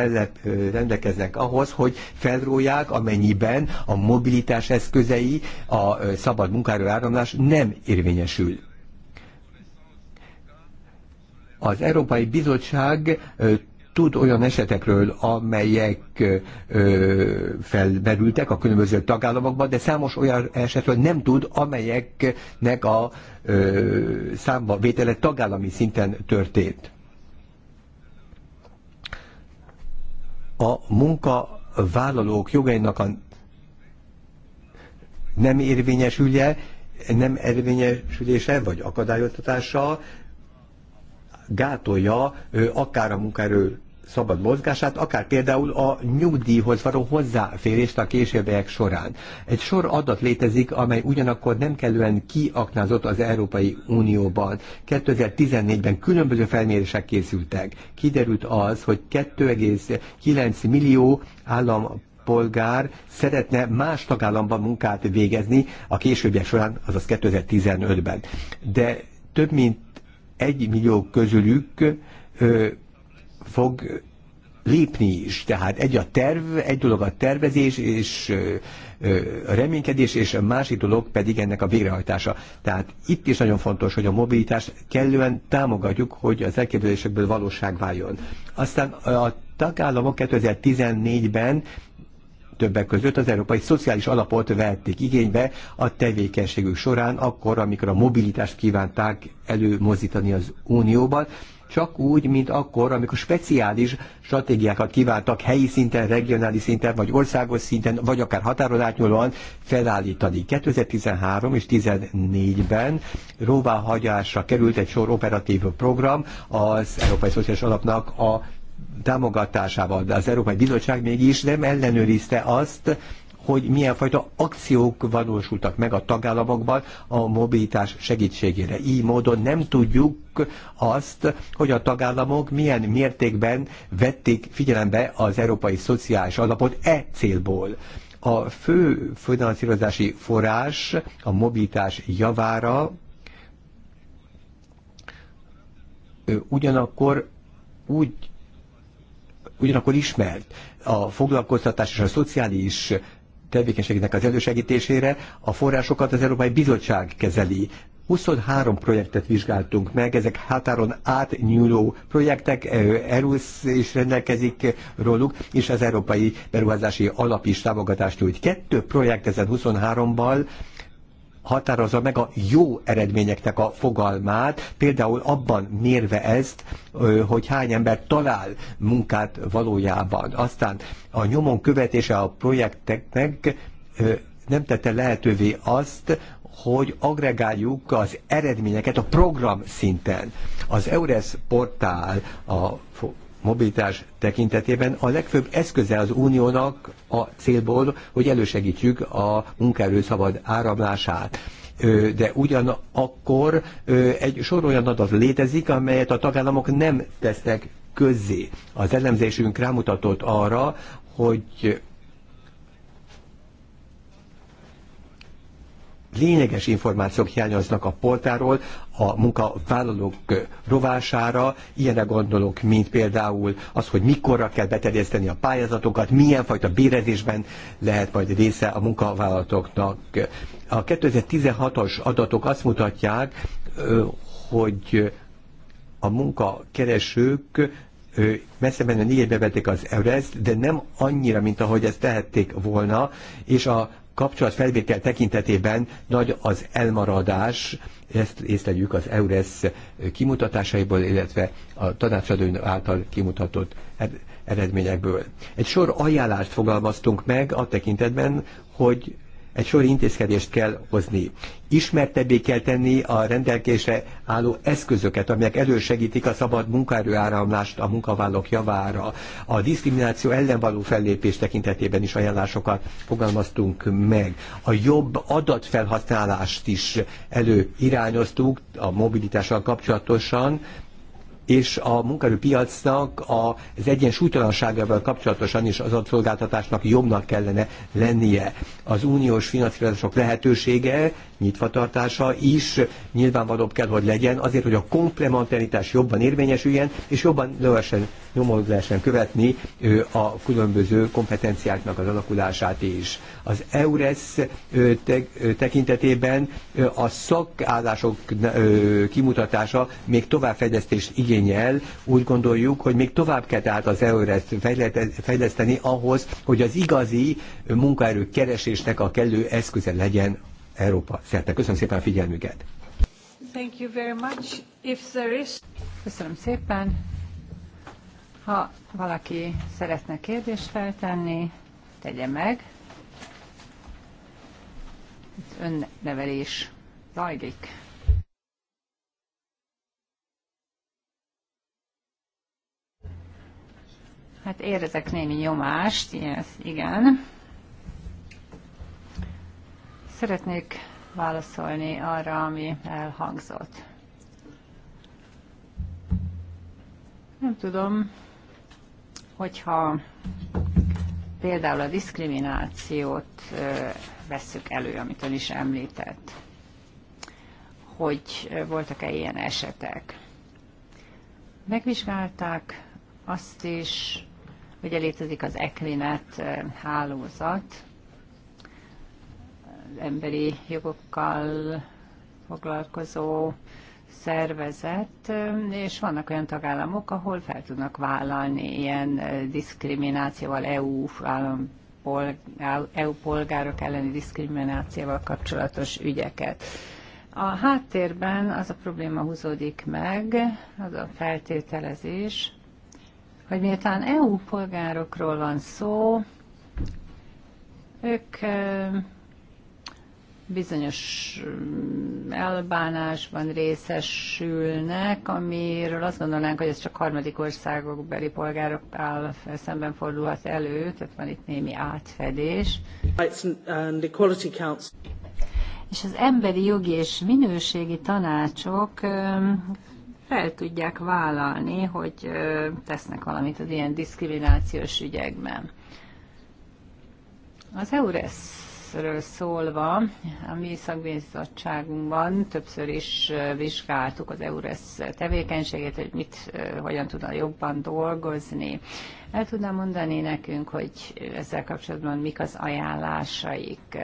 rendelkeznek ahhoz, hogy felrólják, amennyiben a mobilitás eszközei, a szabad munkáról áramlás nem érvényesül. Az Európai Bizottság tud olyan esetekről, amelyek ö, felmerültek a különböző tagállamokban, de számos olyan esetről nem tud, amelyeknek a ö, számba vétele tagállami szinten történt. A munkavállalók jogainak a nem érvényesülje, nem érvényesülése vagy akadályoztatása gátolja akár a munkáról szabad mozgását, akár például a nyugdíjhoz való hozzáférést a későbbiek során. Egy sor adat létezik, amely ugyanakkor nem kellően kiaknázott az Európai Unióban. 2014-ben különböző felmérések készültek. Kiderült az, hogy 2,9 millió állam polgár szeretne más tagállamban munkát végezni a későbbiek során, azaz 2015-ben. De több mint egy millió közülük ö, fog lépni is. Tehát egy a terv, egy dolog a tervezés és a reménykedés, és a másik dolog pedig ennek a végrehajtása. Tehát itt is nagyon fontos, hogy a mobilitást kellően támogatjuk, hogy az elképzelésekből valóság váljon. Aztán a tagállamok 2014-ben többek között az Európai Szociális Alapot vették igénybe a tevékenységük során, akkor, amikor a mobilitást kívánták előmozdítani az Unióban, csak úgy, mint akkor, amikor speciális stratégiákat kiváltak helyi szinten, regionális szinten, vagy országos szinten, vagy akár határon átnyúlóan felállítani. 2013 és 2014-ben róváhagyásra került egy sor operatív program az Európai Szociális Alapnak a támogatásával, de az Európai Bizottság mégis nem ellenőrizte azt, hogy milyen fajta akciók valósultak meg a tagállamokban a mobilitás segítségére. Így módon nem tudjuk azt, hogy a tagállamok milyen mértékben vették figyelembe az európai szociális alapot e célból a fő finanszírozási forrás a mobilitás javára ugyanakkor úgy ugyanakkor ismert a foglalkoztatás és a szociális tevékenységnek az elősegítésére a forrásokat az Európai Bizottság kezeli. 23 projektet vizsgáltunk meg, ezek határon átnyúló projektek, ERUS is rendelkezik róluk, és az Európai Beruházási Alap is támogatást nyújt. Kettő projekt ezen 23-bal határozza meg a jó eredményeknek a fogalmát, például abban mérve ezt, hogy hány ember talál munkát valójában. Aztán a nyomon követése a projekteknek nem tette lehetővé azt, hogy agregáljuk az eredményeket a program szinten. Az EURES portál a mobilitás tekintetében a legfőbb eszköze az uniónak a célból, hogy elősegítjük a munkaerő szabad áramlását de ugyanakkor egy sor olyan adat létezik, amelyet a tagállamok nem tesznek közzé. Az elemzésünk rámutatott arra, hogy lényeges információk hiányoznak a poltáról, a munkavállalók rovására, ilyenre gondolok, mint például az, hogy mikorra kell beterjeszteni a pályázatokat, milyen fajta bérezésben lehet majd része a munkavállalatoknak. A 2016-os adatok azt mutatják, hogy a munkakeresők messze menően négyébe vették az Everest, de nem annyira, mint ahogy ezt tehették volna, és a kapcsolatfelvétel tekintetében nagy az elmaradás, ezt észleljük az EURES kimutatásaiból, illetve a tanácsadó által kimutatott er- eredményekből. Egy sor ajánlást fogalmaztunk meg a tekintetben, hogy egy sor intézkedést kell hozni. Ismertebbé kell tenni a rendelkésre álló eszközöket, amelyek elősegítik a szabad munkaerő áramlást a munkavállalók javára. A diszkrimináció ellen való fellépés tekintetében is ajánlásokat fogalmaztunk meg. A jobb adatfelhasználást is előirányoztuk a mobilitással kapcsolatosan, és a munkaerőpiacnak az egyensúlytalanságával kapcsolatosan is az szolgáltatásnak jobbnak kellene lennie. Az uniós finanszírozások lehetősége, nyitvatartása is nyilvánvalóbb kell, hogy legyen, azért, hogy a komplementaritás jobban érvényesüljen, és jobban lehessen, nyomon lehessen követni a különböző kompetenciáknak az alakulását is. Az EURES tekintetében a szakállások kimutatása még továbbfejlesztést igény igényel. Úgy gondoljuk, hogy még tovább kell tehát az EURES fejleszteni ahhoz, hogy az igazi munkaerő keresésnek a kellő eszköze legyen Európa szerte. Köszönöm szépen a figyelmüket! Thank you very much. If there is... Köszönöm szépen! Ha valaki szeretne kérdést feltenni, tegye meg. Itt önnevelés zajlik. Hát érzek némi nyomást, yes, igen. Szeretnék válaszolni arra, ami elhangzott. Nem tudom, hogyha például a diszkriminációt vesszük elő, amit ön is említett, hogy voltak-e ilyen esetek. Megvizsgálták azt is, Ugye létezik az Equinet hálózat, az emberi jogokkal foglalkozó szervezet, és vannak olyan tagállamok, ahol fel tudnak vállalni ilyen diszkriminációval, EU, állam, EU polgárok elleni diszkriminációval kapcsolatos ügyeket. A háttérben az a probléma húzódik meg, az a feltételezés, hogy miután EU polgárokról van szó, ők bizonyos mm, elbánásban részesülnek, amiről azt gondolnánk, hogy ez csak harmadik országok beli polgárokkal szemben fordulhat elő, tehát van itt némi átfedés. És az emberi jogi és minőségi tanácsok fel tudják vállalni, hogy tesznek valamit az ilyen diszkriminációs ügyekben. Az eures szólva, a mi szakbizottságunkban többször is vizsgáltuk az EURES tevékenységét, hogy mit, hogyan tudna jobban dolgozni. El tudná mondani nekünk, hogy ezzel kapcsolatban mik az ajánlásaik?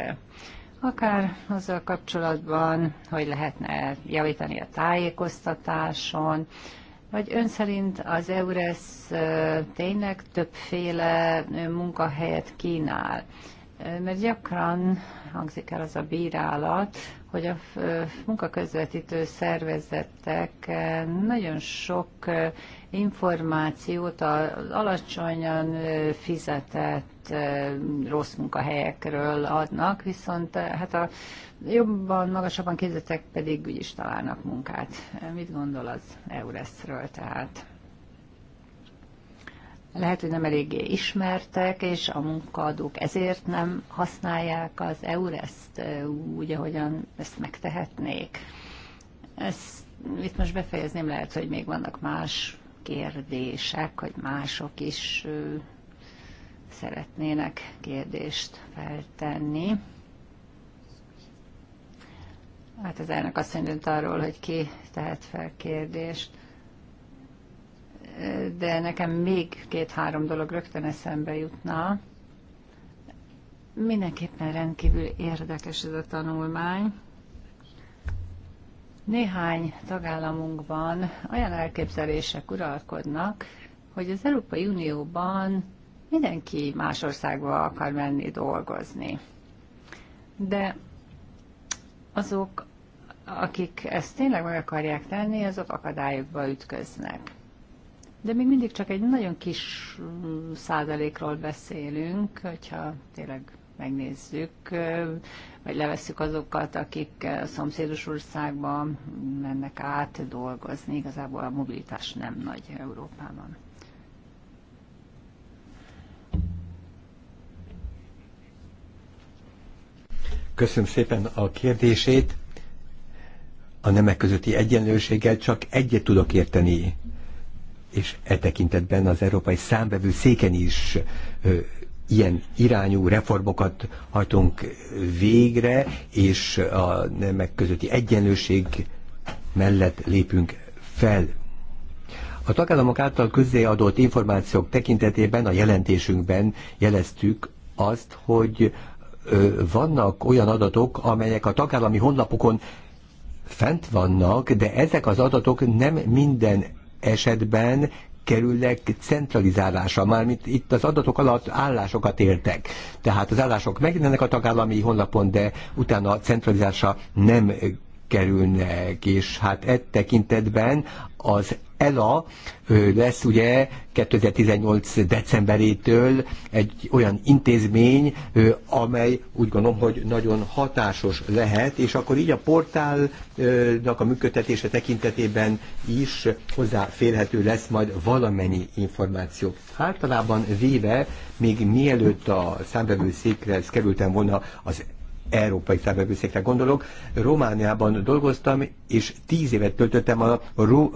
akár azzal kapcsolatban, hogy lehetne javítani a tájékoztatáson, vagy ön szerint az EURES tényleg többféle munkahelyet kínál? Mert gyakran hangzik el az a bírálat, hogy a munkaközvetítő szervezetek nagyon sok információt az alacsonyan fizetett rossz munkahelyekről adnak, viszont hát a jobban, magasabban képzettek pedig úgyis találnak munkát. Mit gondol az Eureszről tehát? lehet, hogy nem eléggé ismertek, és a munkaadók ezért nem használják az EURES-t úgy, ahogyan ezt megtehetnék. Ezt itt most befejezném, lehet, hogy még vannak más kérdések, hogy mások is szeretnének kérdést feltenni. Hát az elnök azt mondja arról, hogy ki tehet fel kérdést de nekem még két-három dolog rögtön eszembe jutna. Mindenképpen rendkívül érdekes ez a tanulmány. Néhány tagállamunkban olyan elképzelések uralkodnak, hogy az Európai Unióban mindenki más országba akar menni dolgozni. De azok, akik ezt tényleg meg akarják tenni, azok akadályokba ütköznek de még mindig csak egy nagyon kis mm, százalékról beszélünk, hogyha tényleg megnézzük, vagy levesszük azokat, akik szomszédos országban mennek át dolgozni. Igazából a mobilitás nem nagy Európában. Köszönöm szépen a kérdését. A nemek közötti egyenlőséggel csak egyet tudok érteni és e tekintetben az Európai Számbevő széken is ö, ilyen irányú reformokat hajtunk végre, és a nemek közötti egyenlőség mellett lépünk fel. A tagállamok által közzéadott információk tekintetében a jelentésünkben jeleztük azt, hogy ö, vannak olyan adatok, amelyek a tagállami honlapokon fent vannak, de ezek az adatok nem minden esetben kerülnek centralizálásra, mármint itt az adatok alatt állásokat értek. Tehát az állások megjelennek a tagállami honlapon, de utána centralizálásra nem kerülnek, és hát e tekintetben az ELA lesz ugye 2018. decemberétől egy olyan intézmény, amely úgy gondolom, hogy nagyon hatásos lehet, és akkor így a portálnak a működtetése tekintetében is hozzáférhető lesz majd valamennyi információ. Általában véve, még mielőtt a számbevőszékre kerültem volna az európai szervezőszékre gondolok. Romániában dolgoztam, és tíz évet töltöttem a ro,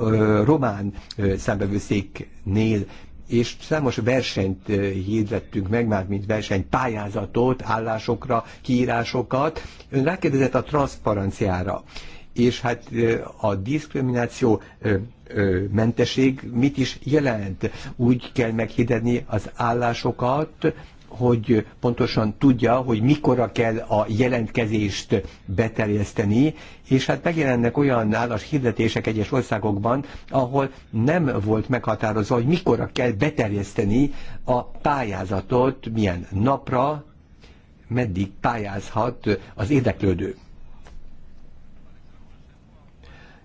román szervezőszéknél, és számos versenyt hirdettünk meg, már mint versenypályázatot, állásokra, kiírásokat. Ön rákérdezett a transzparenciára, és hát a diszkrimináció mentesség mit is jelent. Úgy kell meghirdetni az állásokat, hogy pontosan tudja, hogy mikorra kell a jelentkezést beterjeszteni, és hát megjelennek olyan állas hirdetések egyes országokban, ahol nem volt meghatározva, hogy mikorra kell beterjeszteni a pályázatot, milyen napra, meddig pályázhat az érdeklődő.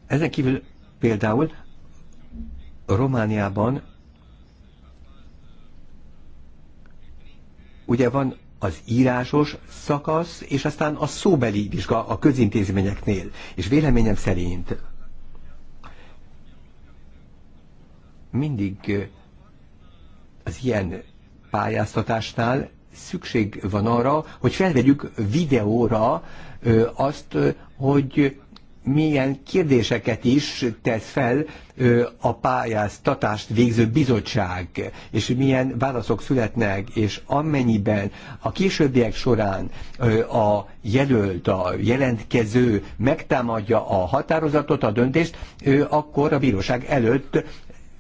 Ezen kívül például Romániában Ugye van az írásos szakasz, és aztán a szóbeli vizsga a közintézményeknél. És véleményem szerint mindig az ilyen pályáztatásnál szükség van arra, hogy felvegyük videóra azt, hogy milyen kérdéseket is tesz fel a pályáztatást végző bizottság, és milyen válaszok születnek, és amennyiben a későbbiek során a jelölt, a jelentkező megtámadja a határozatot, a döntést, akkor a bíróság előtt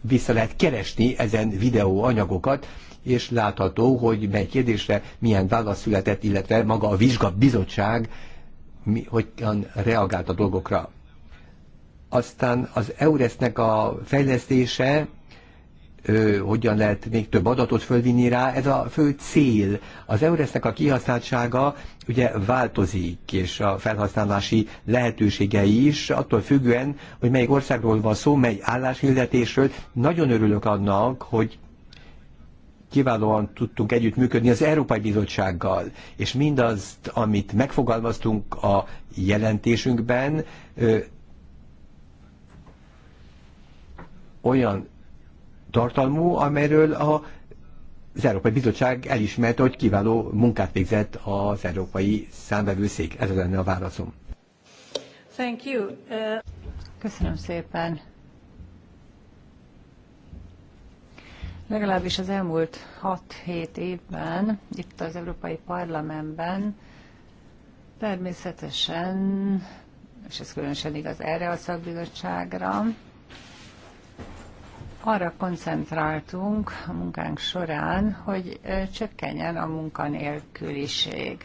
vissza lehet keresni ezen videóanyagokat, és látható, hogy mely kérdésre milyen válasz született, illetve maga a vizsgabizottság bizottság mi, hogyan reagált a dolgokra. Aztán az Euresznek a fejlesztése, ö, hogyan lehet még több adatot fölvinni rá, ez a fő cél. Az Euresznek a kihasználtsága ugye változik, és a felhasználási lehetőségei is, attól függően, hogy melyik országról van szó, mely álláshirdetésről. Nagyon örülök annak, hogy kiválóan tudtunk együttműködni az Európai Bizottsággal, és mindazt, amit megfogalmaztunk a jelentésünkben, ö, olyan tartalmú, amelyről a az Európai Bizottság elismerte, hogy kiváló munkát végzett az Európai Számvevőszék. Ez lenne a válaszom. Thank you. Uh... Köszönöm szépen. Legalábbis az elmúlt 6-7 évben itt az Európai Parlamentben természetesen, és ez különösen igaz erre a szakbizottságra, arra koncentráltunk a munkánk során, hogy csökkenjen a munkanélküliség,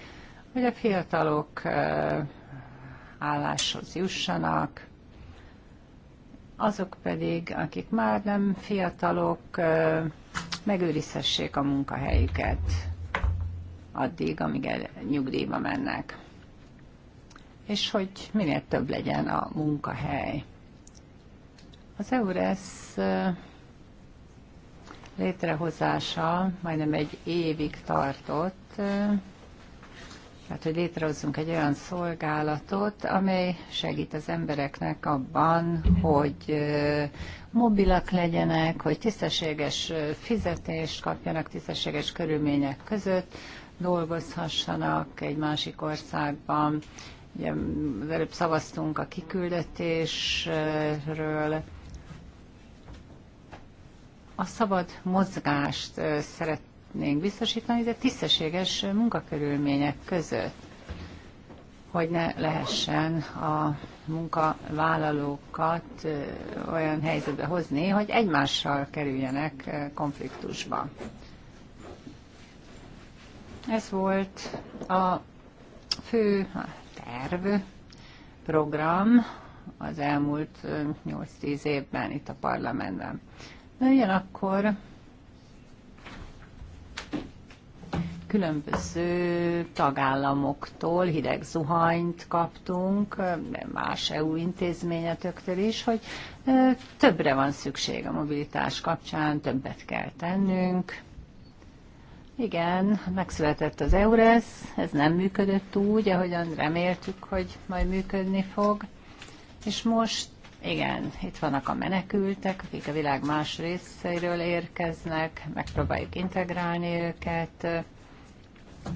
hogy a fiatalok álláshoz jussanak, azok pedig, akik már nem fiatalok, megőrizhessék a munkahelyüket addig, amíg el, nyugdíjba mennek. És hogy minél több legyen a munkahely. Az EURES létrehozása majdnem egy évig tartott, tehát, hogy létrehozzunk egy olyan szolgálatot, amely segít az embereknek abban, hogy mobilak legyenek, hogy tisztességes fizetést kapjanak, tisztességes körülmények között dolgozhassanak egy másik országban. Ugye az előbb szavaztunk a kiküldetésről. A szabad mozgást szeret szeretnénk biztosítani, de tisztességes munkakörülmények között, hogy ne lehessen a munkavállalókat olyan helyzetbe hozni, hogy egymással kerüljenek konfliktusba. Ez volt a fő terv, program az elmúlt 8-10 évben itt a parlamentben. De ugyanakkor különböző tagállamoktól hideg zuhanyt kaptunk, más EU intézményetöktől is, hogy többre van szükség a mobilitás kapcsán, többet kell tennünk. Igen, megszületett az EURES, ez nem működött úgy, ahogyan reméltük, hogy majd működni fog. És most igen, itt vannak a menekültek, akik a világ más részeiről érkeznek, megpróbáljuk integrálni őket,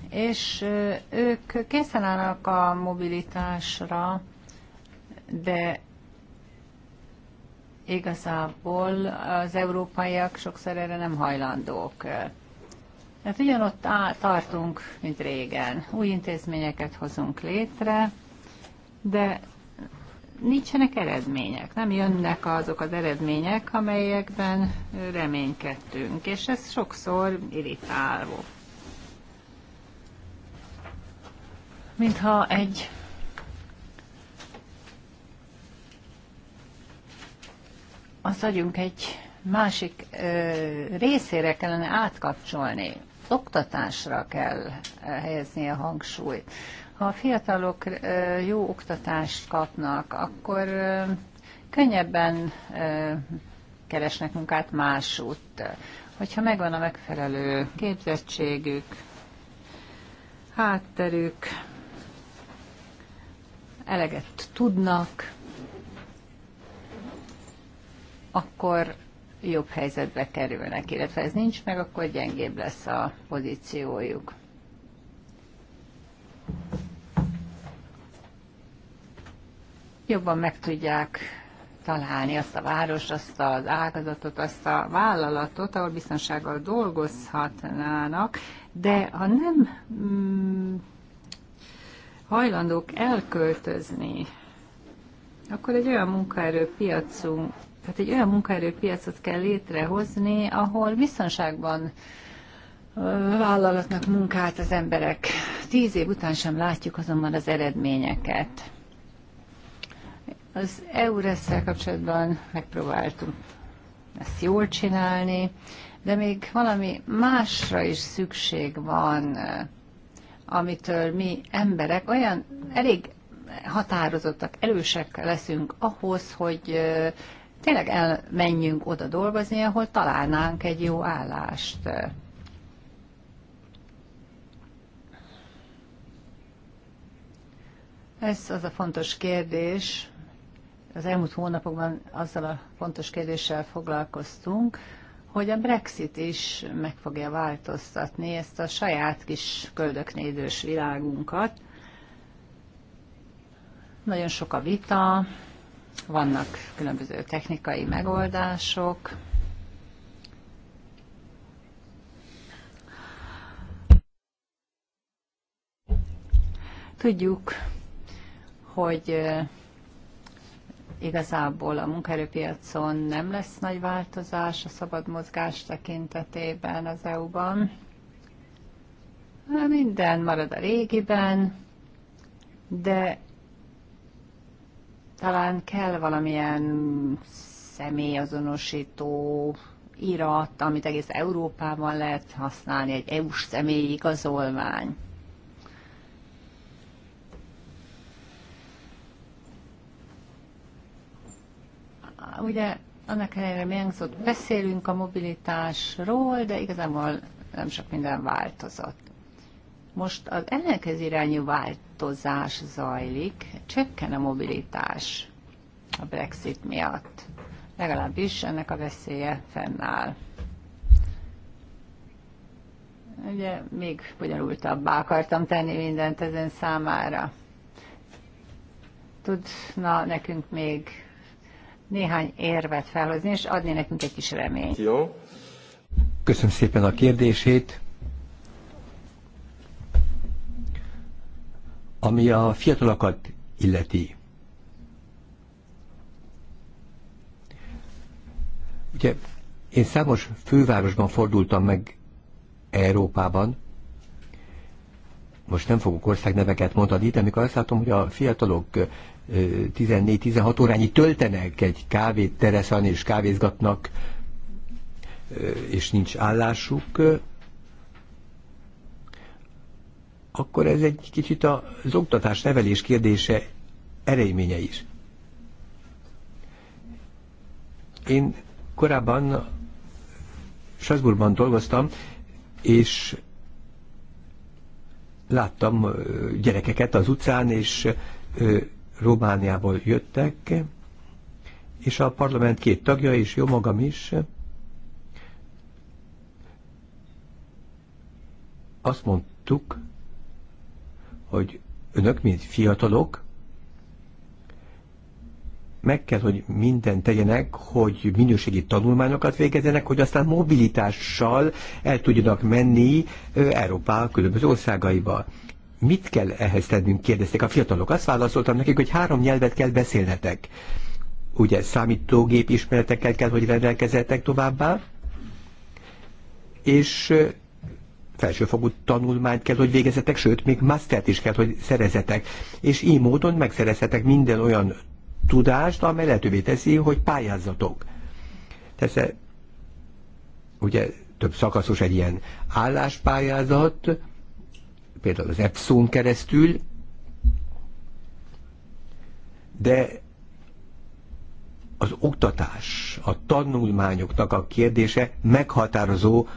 és ők készen állnak a mobilitásra, de igazából az európaiak sokszor erre nem hajlandók. Tehát ugyanott áll, tartunk, mint régen. Új intézményeket hozunk létre, de nincsenek eredmények, nem jönnek azok az eredmények, amelyekben reménykedtünk, és ez sokszor irritáló. mintha egy az agyunk egy másik ö, részére kellene átkapcsolni. Oktatásra kell helyezni a hangsúlyt. Ha a fiatalok ö, jó oktatást kapnak, akkor ö, könnyebben ö, keresnek munkát másút. Hogyha megvan a megfelelő képzettségük, hátterük, eleget tudnak, akkor jobb helyzetbe kerülnek, illetve ez nincs meg, akkor gyengébb lesz a pozíciójuk. Jobban meg tudják találni azt a város, azt az ágazatot, azt a vállalatot, ahol biztonsággal dolgozhatnának, de ha nem mm, hajlandók elköltözni, akkor egy olyan munkaerőpiacunk, tehát egy olyan munkaerőpiacot kell létrehozni, ahol biztonságban vállalatnak munkát az emberek. Tíz év után sem látjuk azonban az eredményeket. Az eu szel kapcsolatban megpróbáltuk ezt jól csinálni, de még valami másra is szükség van amitől mi emberek olyan elég határozottak, elősek leszünk ahhoz, hogy tényleg elmenjünk oda dolgozni, ahol találnánk egy jó állást. Ez az a fontos kérdés, az elmúlt hónapokban azzal a fontos kérdéssel foglalkoztunk, hogy a Brexit is meg fogja változtatni ezt a saját kis köldöknédős világunkat. Nagyon sok a vita, vannak különböző technikai megoldások, tudjuk, hogy igazából a munkaerőpiacon nem lesz nagy változás a szabad mozgás tekintetében az EU-ban. Minden marad a régiben, de talán kell valamilyen személyazonosító irat, amit egész Európában lehet használni, egy EU-s személyi igazolvány. ugye annak ellenére milyen szót beszélünk a mobilitásról, de igazából nem sok minden változott. Most az ellenkező irányú változás zajlik, csökken a mobilitás a Brexit miatt. Legalábbis ennek a veszélye fennáll. Ugye még bonyolultabbá akartam tenni mindent ezen számára. Tudna nekünk még néhány érvet felhozni, és adni nekünk egy kis reményt. Jó. Köszönöm szépen a kérdését. Ami a fiatalokat illeti. Ugye én számos fővárosban fordultam meg Európában, most nem fogok országneveket mondani, de amikor azt látom, hogy a fiatalok 14-16 órányi töltenek egy kávétereszan és kávézgatnak, és nincs állásuk, akkor ez egy kicsit az oktatás nevelés kérdése erejménye is. Én korábban Strasbourgban dolgoztam, és láttam gyerekeket az utcán, és Romániából jöttek, és a parlament két tagja, is jó magam is, azt mondtuk, hogy önök, mint fiatalok, meg kell, hogy mindent tegyenek, hogy minőségi tanulmányokat végezzenek, hogy aztán mobilitással el tudjanak menni Európa különböző országaiba. Mit kell ehhez tennünk, kérdezték a fiatalok. Azt válaszoltam nekik, hogy három nyelvet kell beszélnetek. Ugye számítógép ismeretekkel kell, hogy rendelkezzetek továbbá, és felsőfogú tanulmányt kell, hogy végezetek, sőt, még masztert is kell, hogy szerezetek. És így módon megszerezhetek minden olyan tudást, amely lehetővé teszi, hogy pályázzatok. Persze, ugye több szakaszos egy ilyen álláspályázat, például az Epson keresztül, de az oktatás, a tanulmányoknak a kérdése meghatározó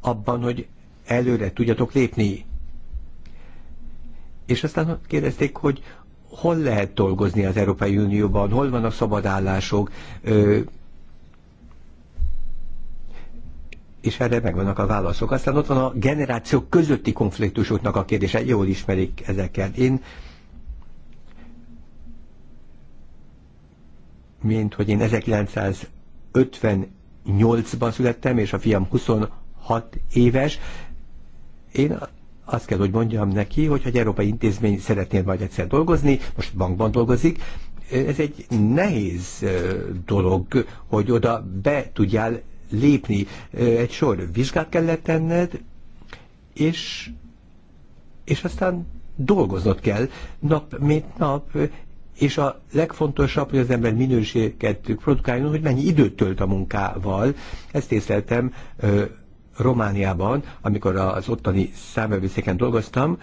abban, hogy előre tudjatok lépni. És aztán kérdezték, hogy hol lehet dolgozni az Európai Unióban, hol van a szabadállások, és erre megvannak a válaszok. Aztán ott van a generációk közötti konfliktusoknak a kérdése, jól ismerik ezeket. Én mint hogy én 1958-ban születtem, és a fiam 26 éves, én azt kell, hogy mondjam neki, hogy egy európai intézmény szeretnél majd egyszer dolgozni, most bankban dolgozik, ez egy nehéz dolog, hogy oda be tudjál lépni. Egy sor vizsgát kellett tenned, és, és aztán dolgoznod kell nap, mint nap, és a legfontosabb, hogy az ember minőséget produkáljon, hogy mennyi időt tölt a munkával. Ezt észleltem ö, Romániában, amikor az ottani számövőszéken dolgoztam,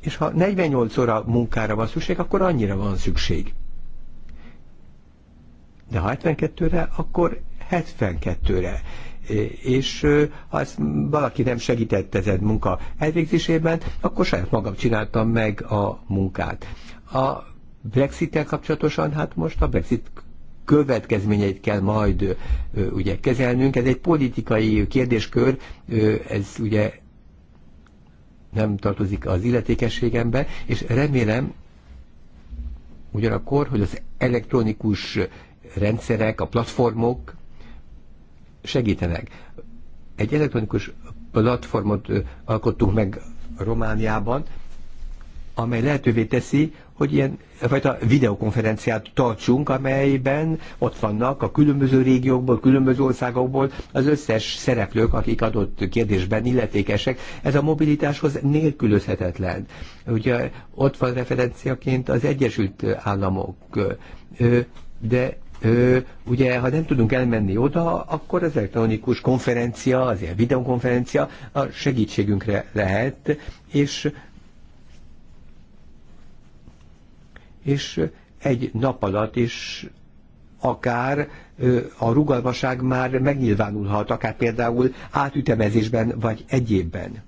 és ha 48 óra munkára van szükség, akkor annyira van szükség. De ha 72-re, akkor 72-re és ha ezt valaki nem segített ezen munka elvégzésében, akkor saját magam csináltam meg a munkát. A Brexit-tel kapcsolatosan, hát most a Brexit következményeit kell majd ugye kezelnünk. Ez egy politikai kérdéskör, ez ugye nem tartozik az illetékességembe, és remélem ugyanakkor, hogy az elektronikus rendszerek, a platformok segítenek. Egy elektronikus platformot alkottunk meg Romániában, amely lehetővé teszi, hogy ilyen fajta videokonferenciát tartsunk, amelyben ott vannak a különböző régiókból, különböző országokból az összes szereplők, akik adott kérdésben illetékesek. Ez a mobilitáshoz nélkülözhetetlen. Ugye ott van referenciaként az Egyesült Államok, de Ö, ugye, ha nem tudunk elmenni oda, akkor az elektronikus konferencia, az ilyen videokonferencia a segítségünkre lehet, és és egy nap alatt is akár a rugalmaság már megnyilvánulhat, akár például átütemezésben vagy egyébben.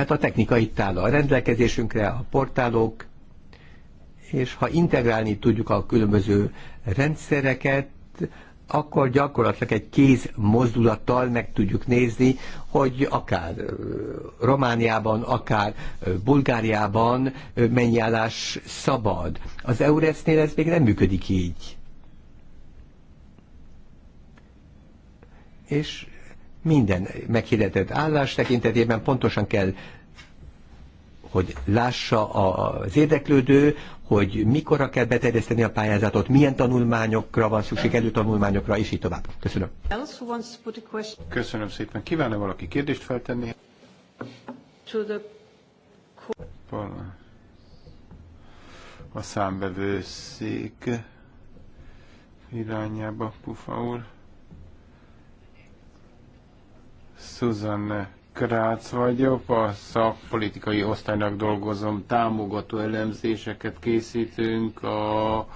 Hát a technika itt áll a rendelkezésünkre, a portálok, és ha integrálni tudjuk a különböző rendszereket, akkor gyakorlatilag egy kéz mozdulattal meg tudjuk nézni, hogy akár Romániában, akár Bulgáriában mennyi állás szabad. Az Euresznél ez még nem működik így. És minden meghirdetett állás tekintetében pontosan kell, hogy lássa az érdeklődő, hogy mikorra kell beterjeszteni a pályázatot, milyen tanulmányokra van szükség, előtanulmányokra, és így tovább. Köszönöm. Köszönöm szépen. Kívánna valaki kérdést feltenni? A számbevőszék irányába, Pufa úr. Susan Krác vagyok, a szakpolitikai osztálynak dolgozom, támogató elemzéseket készítünk a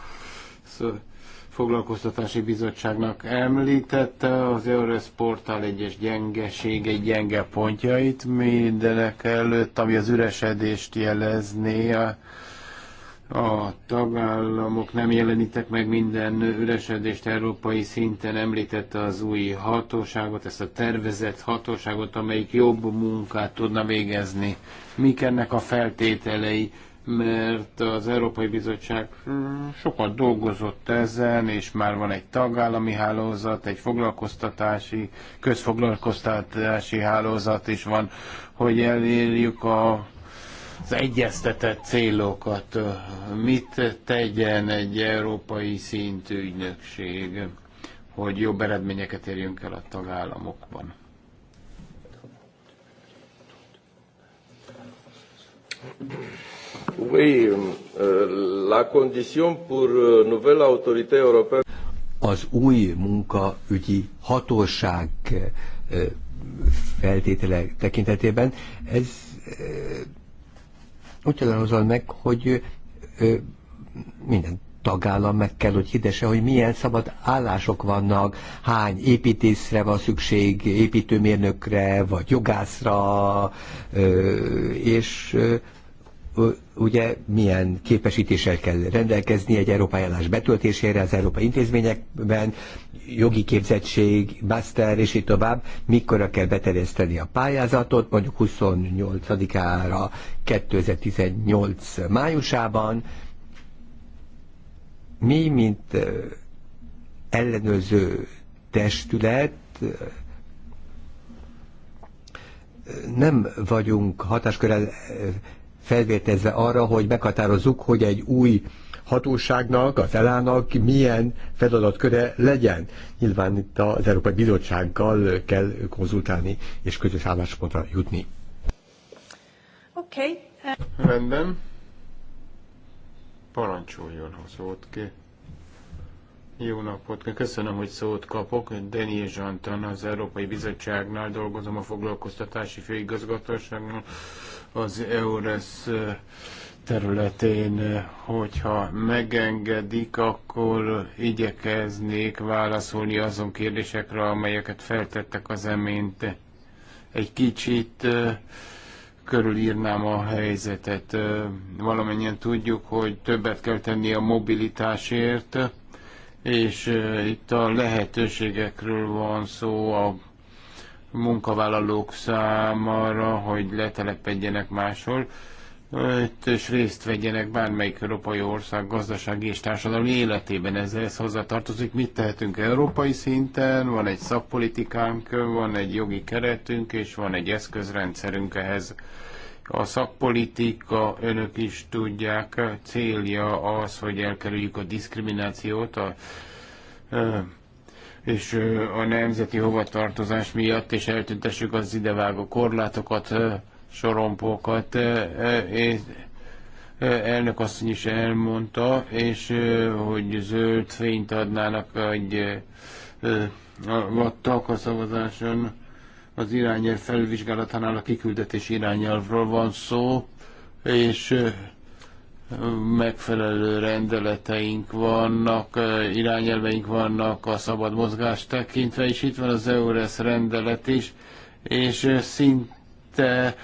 foglalkoztatási bizottságnak említette, az Eures portál egyes gyengeségei, gyenge pontjait mindenek előtt, ami az üresedést jelezné, a tagállamok nem jelenítek meg minden üresedést európai szinten, említette az új hatóságot, ezt a tervezett hatóságot, amelyik jobb munkát tudna végezni. Mik ennek a feltételei? Mert az Európai Bizottság hmm, sokat dolgozott ezen, és már van egy tagállami hálózat, egy foglalkoztatási, közfoglalkoztatási hálózat is van, hogy elérjük a az egyeztetett célokat. Mit tegyen egy európai szintű ügynökség, hogy jobb eredményeket érjünk el a tagállamokban? Euh, euh, az új munkaügyi hatóság euh, feltétele tekintetében ez úgy határozol meg, hogy ö, minden tagállam meg kell, hogy hidese, hogy milyen szabad állások vannak, hány építészre van szükség, építőmérnökre, vagy jogászra, és ugye milyen képesítéssel kell rendelkezni egy európai állás betöltésére az európai intézményekben, jogi képzettség, master és így tovább, mikor kell beterjeszteni a pályázatot, mondjuk 28-ára 2018 májusában. Mi, mint ellenőrző testület, nem vagyunk hatáskörrel felvértezve arra, hogy meghatározzuk, hogy egy új hatóságnak, az elának milyen feladatköre legyen. Nyilván itt az Európai Bizottsággal kell konzultálni és közös álláspontra jutni. Oké. Okay. Eh. Rendben. Parancsoljon, ha szólt ki. Jó napot! Köszönöm, hogy szót kapok. Daniel Zsantan, az Európai Bizottságnál dolgozom a foglalkoztatási főigazgatóságnál, az EURES eh, területén, hogyha megengedik, akkor igyekeznék válaszolni azon kérdésekre, amelyeket feltettek az emént. Egy kicsit körülírnám a helyzetet. Valamennyien tudjuk, hogy többet kell tenni a mobilitásért, és itt a lehetőségekről van szó a munkavállalók számára, hogy letelepedjenek máshol Öt, és részt vegyenek bármelyik európai ország gazdasági és társadalmi életében. Ez hozzá tartozik. Mit tehetünk európai szinten? Van egy szakpolitikánk, van egy jogi keretünk, és van egy eszközrendszerünk ehhez. A szakpolitika, önök is tudják, célja az, hogy elkerüljük a diszkriminációt, a, és a nemzeti hovatartozás miatt, és eltüntessük az idevágó korlátokat, sorompókat, e, e, és e, elnök asszony is elmondta, és hogy zöld fényt adnának egy vattak a szavazáson az irányelv felvizsgálatánál a kiküldetés irányelvről van szó, és megfelelő rendeleteink vannak, irányelveink vannak a szabad mozgást tekintve, és itt van az EURES rendelet is, és szint Eh,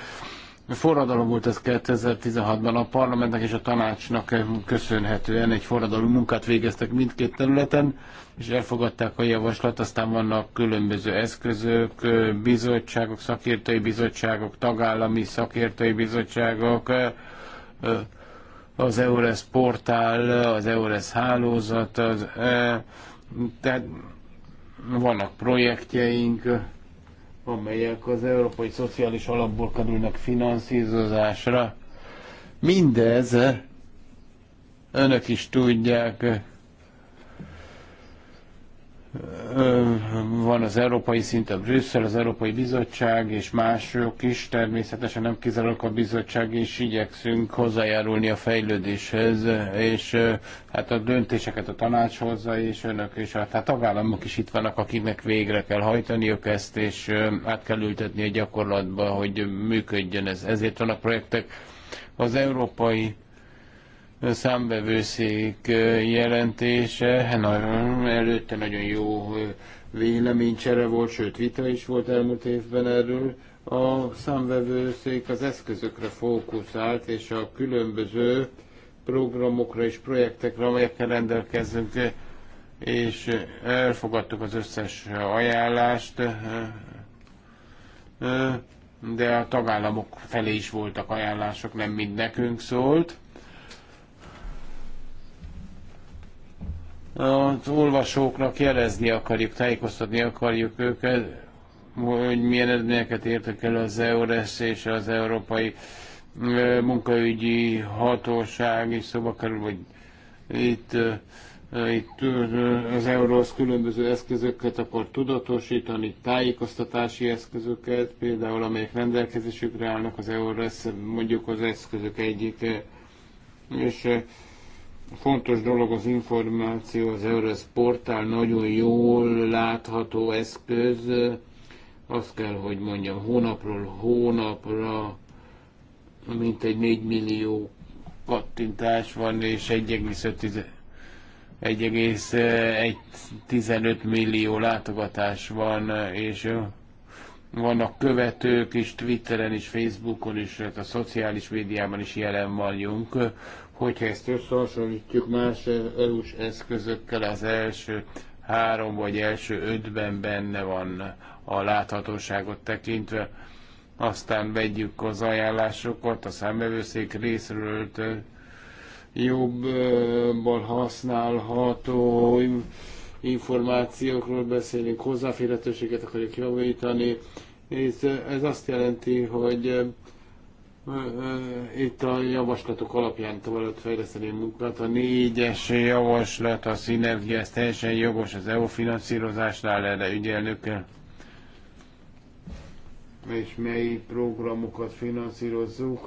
forradalom volt ez 2016-ban a parlamentnek és a tanácsnak köszönhetően egy forradalmi munkát végeztek mindkét területen, és elfogadták a javaslat, aztán vannak különböző eszközök, eh, bizottságok, szakértői bizottságok, tagállami szakértői bizottságok, eh, az EURES portál, az EURES hálózat, az, tehát vannak projektjeink, amelyek az Európai Szociális Alapból kerülnek finanszírozásra. Mindez önök is tudják, van az európai szinten Brüsszel, az Európai Bizottság és mások is, természetesen nem kizárólag a bizottság, és igyekszünk hozzájárulni a fejlődéshez, és hát a döntéseket a tanács hozza, és önök és hát a tagállamok is itt vannak, akiknek végre kell hajtaniuk ezt, és át kell ültetni a gyakorlatba, hogy működjön ez. Ezért vannak projektek. Az európai számbevőszék jelentése. Hát na, előtte nagyon jó véleménycsere volt, sőt vita is volt elmúlt évben erről. A számbevőszék az eszközökre fókuszált, és a különböző programokra és projektekre, amelyekkel rendelkezünk, és elfogadtuk az összes ajánlást, de a tagállamok felé is voltak ajánlások, nem mind nekünk szólt. az olvasóknak jelezni akarjuk, tájékoztatni akarjuk őket, hogy milyen eredményeket értek el az EURES és az Európai Munkaügyi Hatóság is szóba kerül, hogy itt, itt az EUROSZ különböző eszközöket akar tudatosítani, tájékoztatási eszközöket, például amelyek rendelkezésükre állnak az EURES, mondjuk az eszközök egyik, és fontos dolog az információ, az portál nagyon jól látható eszköz. Azt kell, hogy mondjam, hónapról hónapra mintegy 4 millió kattintás van, és 1,15 millió látogatás van, és vannak követők is, Twitteren is, Facebookon is, tehát a szociális médiában is jelen vagyunk. Hogyha ezt összehasonlítjuk más EU-s eszközökkel, az első három vagy első ötben benne van a láthatóságot tekintve. Aztán vegyük az ajánlásokat, a számbevőszék részről jobban használható információkról beszélünk, hozzáférhetőséget akarjuk javítani. Ez, ez azt jelenti, hogy itt a javaslatok alapján tovább fejleszteni a munkát. A négyes javaslat, a szinergia, ez teljesen jogos az EU finanszírozásnál, erre ügyelnök kell. És mely programokat finanszírozzuk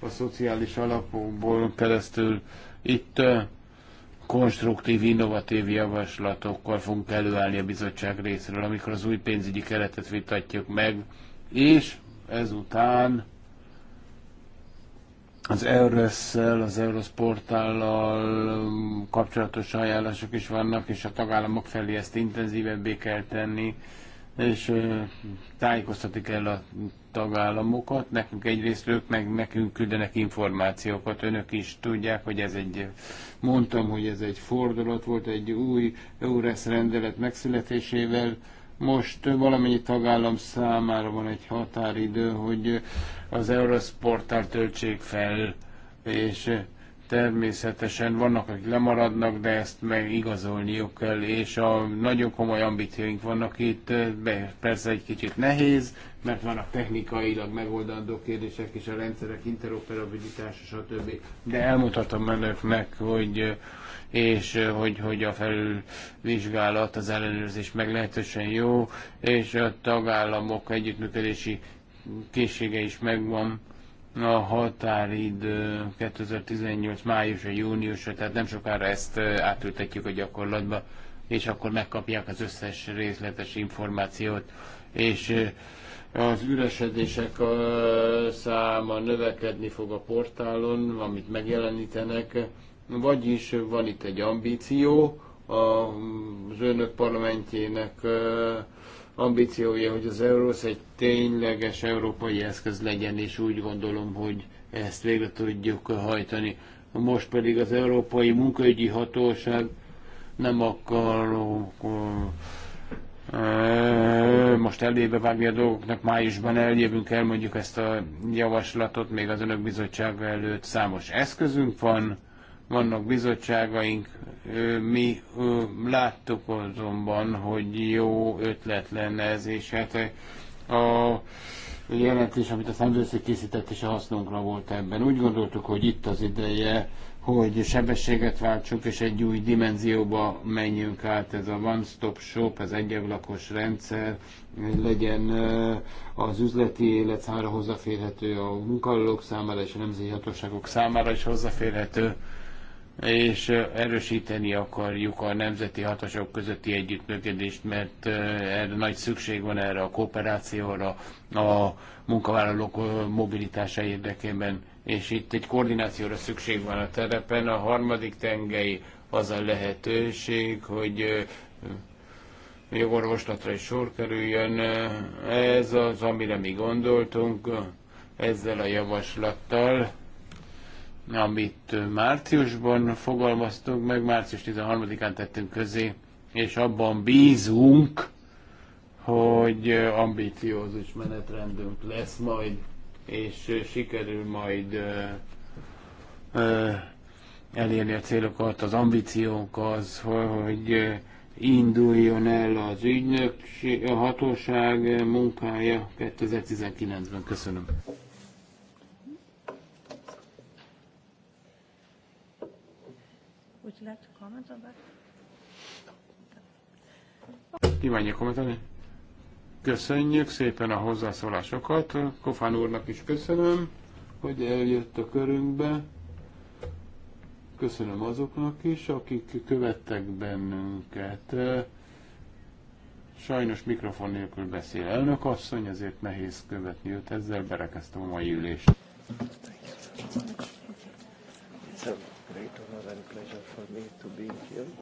a szociális alapokból keresztül. Itt konstruktív, innovatív javaslatokkal fogunk előállni a bizottság részéről, amikor az új pénzügyi keretet vitatjuk meg, és ezután az Eurösszel, az Eurosportállal um, kapcsolatos ajánlások is vannak, és a tagállamok felé ezt intenzívebbé kell tenni, és tájékoztatik el a tagállamokat, nekünk egyrészt ők meg nekünk küldenek információkat, önök is tudják, hogy ez egy, mondtam, hogy ez egy fordulat volt, egy új EURES rendelet megszületésével, most valamennyi tagállam számára van egy határidő, hogy az Eurosporttal töltsék fel, és természetesen vannak, akik lemaradnak, de ezt meg igazolniuk kell, és a nagyon komoly ambícióink vannak itt, de persze egy kicsit nehéz, mert vannak technikailag megoldandó kérdések, és a rendszerek interoperabilitása, stb. De elmutatom önöknek, hogy és hogy, hogy a felülvizsgálat, az ellenőrzés meglehetősen jó, és a tagállamok együttműködési készsége is megvan a határidő 2018 vagy júniusra, tehát nem sokára ezt átültetjük a gyakorlatba, és akkor megkapják az összes részletes információt, és az üresedések száma növekedni fog a portálon, amit megjelenítenek, vagyis van itt egy ambíció az önök parlamentjének ambíciója, hogy az eurósz egy tényleges európai eszköz legyen, és úgy gondolom, hogy ezt végre tudjuk hajtani. Most pedig az Európai Munkaügyi Hatóság nem akar, most elébe vágni a dolgoknak, májusban eljövünk, elmondjuk ezt a javaslatot, még az önök bizottsága előtt számos eszközünk van, vannak bizottságaink, mi láttuk azonban, hogy jó ötlet lenne ez, és hát a jelentés, amit a szemvőszék készített, és a hasznunkra volt ebben. Úgy gondoltuk, hogy itt az ideje, hogy sebességet váltsunk, és egy új dimenzióba menjünk át. Ez a one-stop shop, ez egyablakos rendszer, legyen az üzleti élet számára hozzáférhető, a munkavállalók számára és a nemzeti hatóságok számára is hozzáférhető és erősíteni akarjuk a nemzeti hatások közötti együttműködést, mert erre nagy szükség van erre a kooperációra, a munkavállalók mobilitása érdekében, és itt egy koordinációra szükség van a terepen. A harmadik tengely az a lehetőség, hogy jogorvoslatra is sor kerüljön. Ez az, amire mi gondoltunk ezzel a javaslattal amit márciusban fogalmaztunk meg, március 13-án tettünk közé, és abban bízunk, hogy ambiciózus menetrendünk lesz majd, és sikerül majd elérni a célokat. Az ambíciónk az, hogy induljon el az ügynökség, a hatóság munkája 2019-ben. Köszönöm. Kívánja kommentálni? Köszönjük szépen a hozzászólásokat. Kofán úrnak is köszönöm, hogy eljött a körünkbe. Köszönöm azoknak is, akik követtek bennünket. Sajnos mikrofon nélkül beszél elnök asszony, ezért nehéz követni őt, ezzel berekeztem a mai ülést me to be here.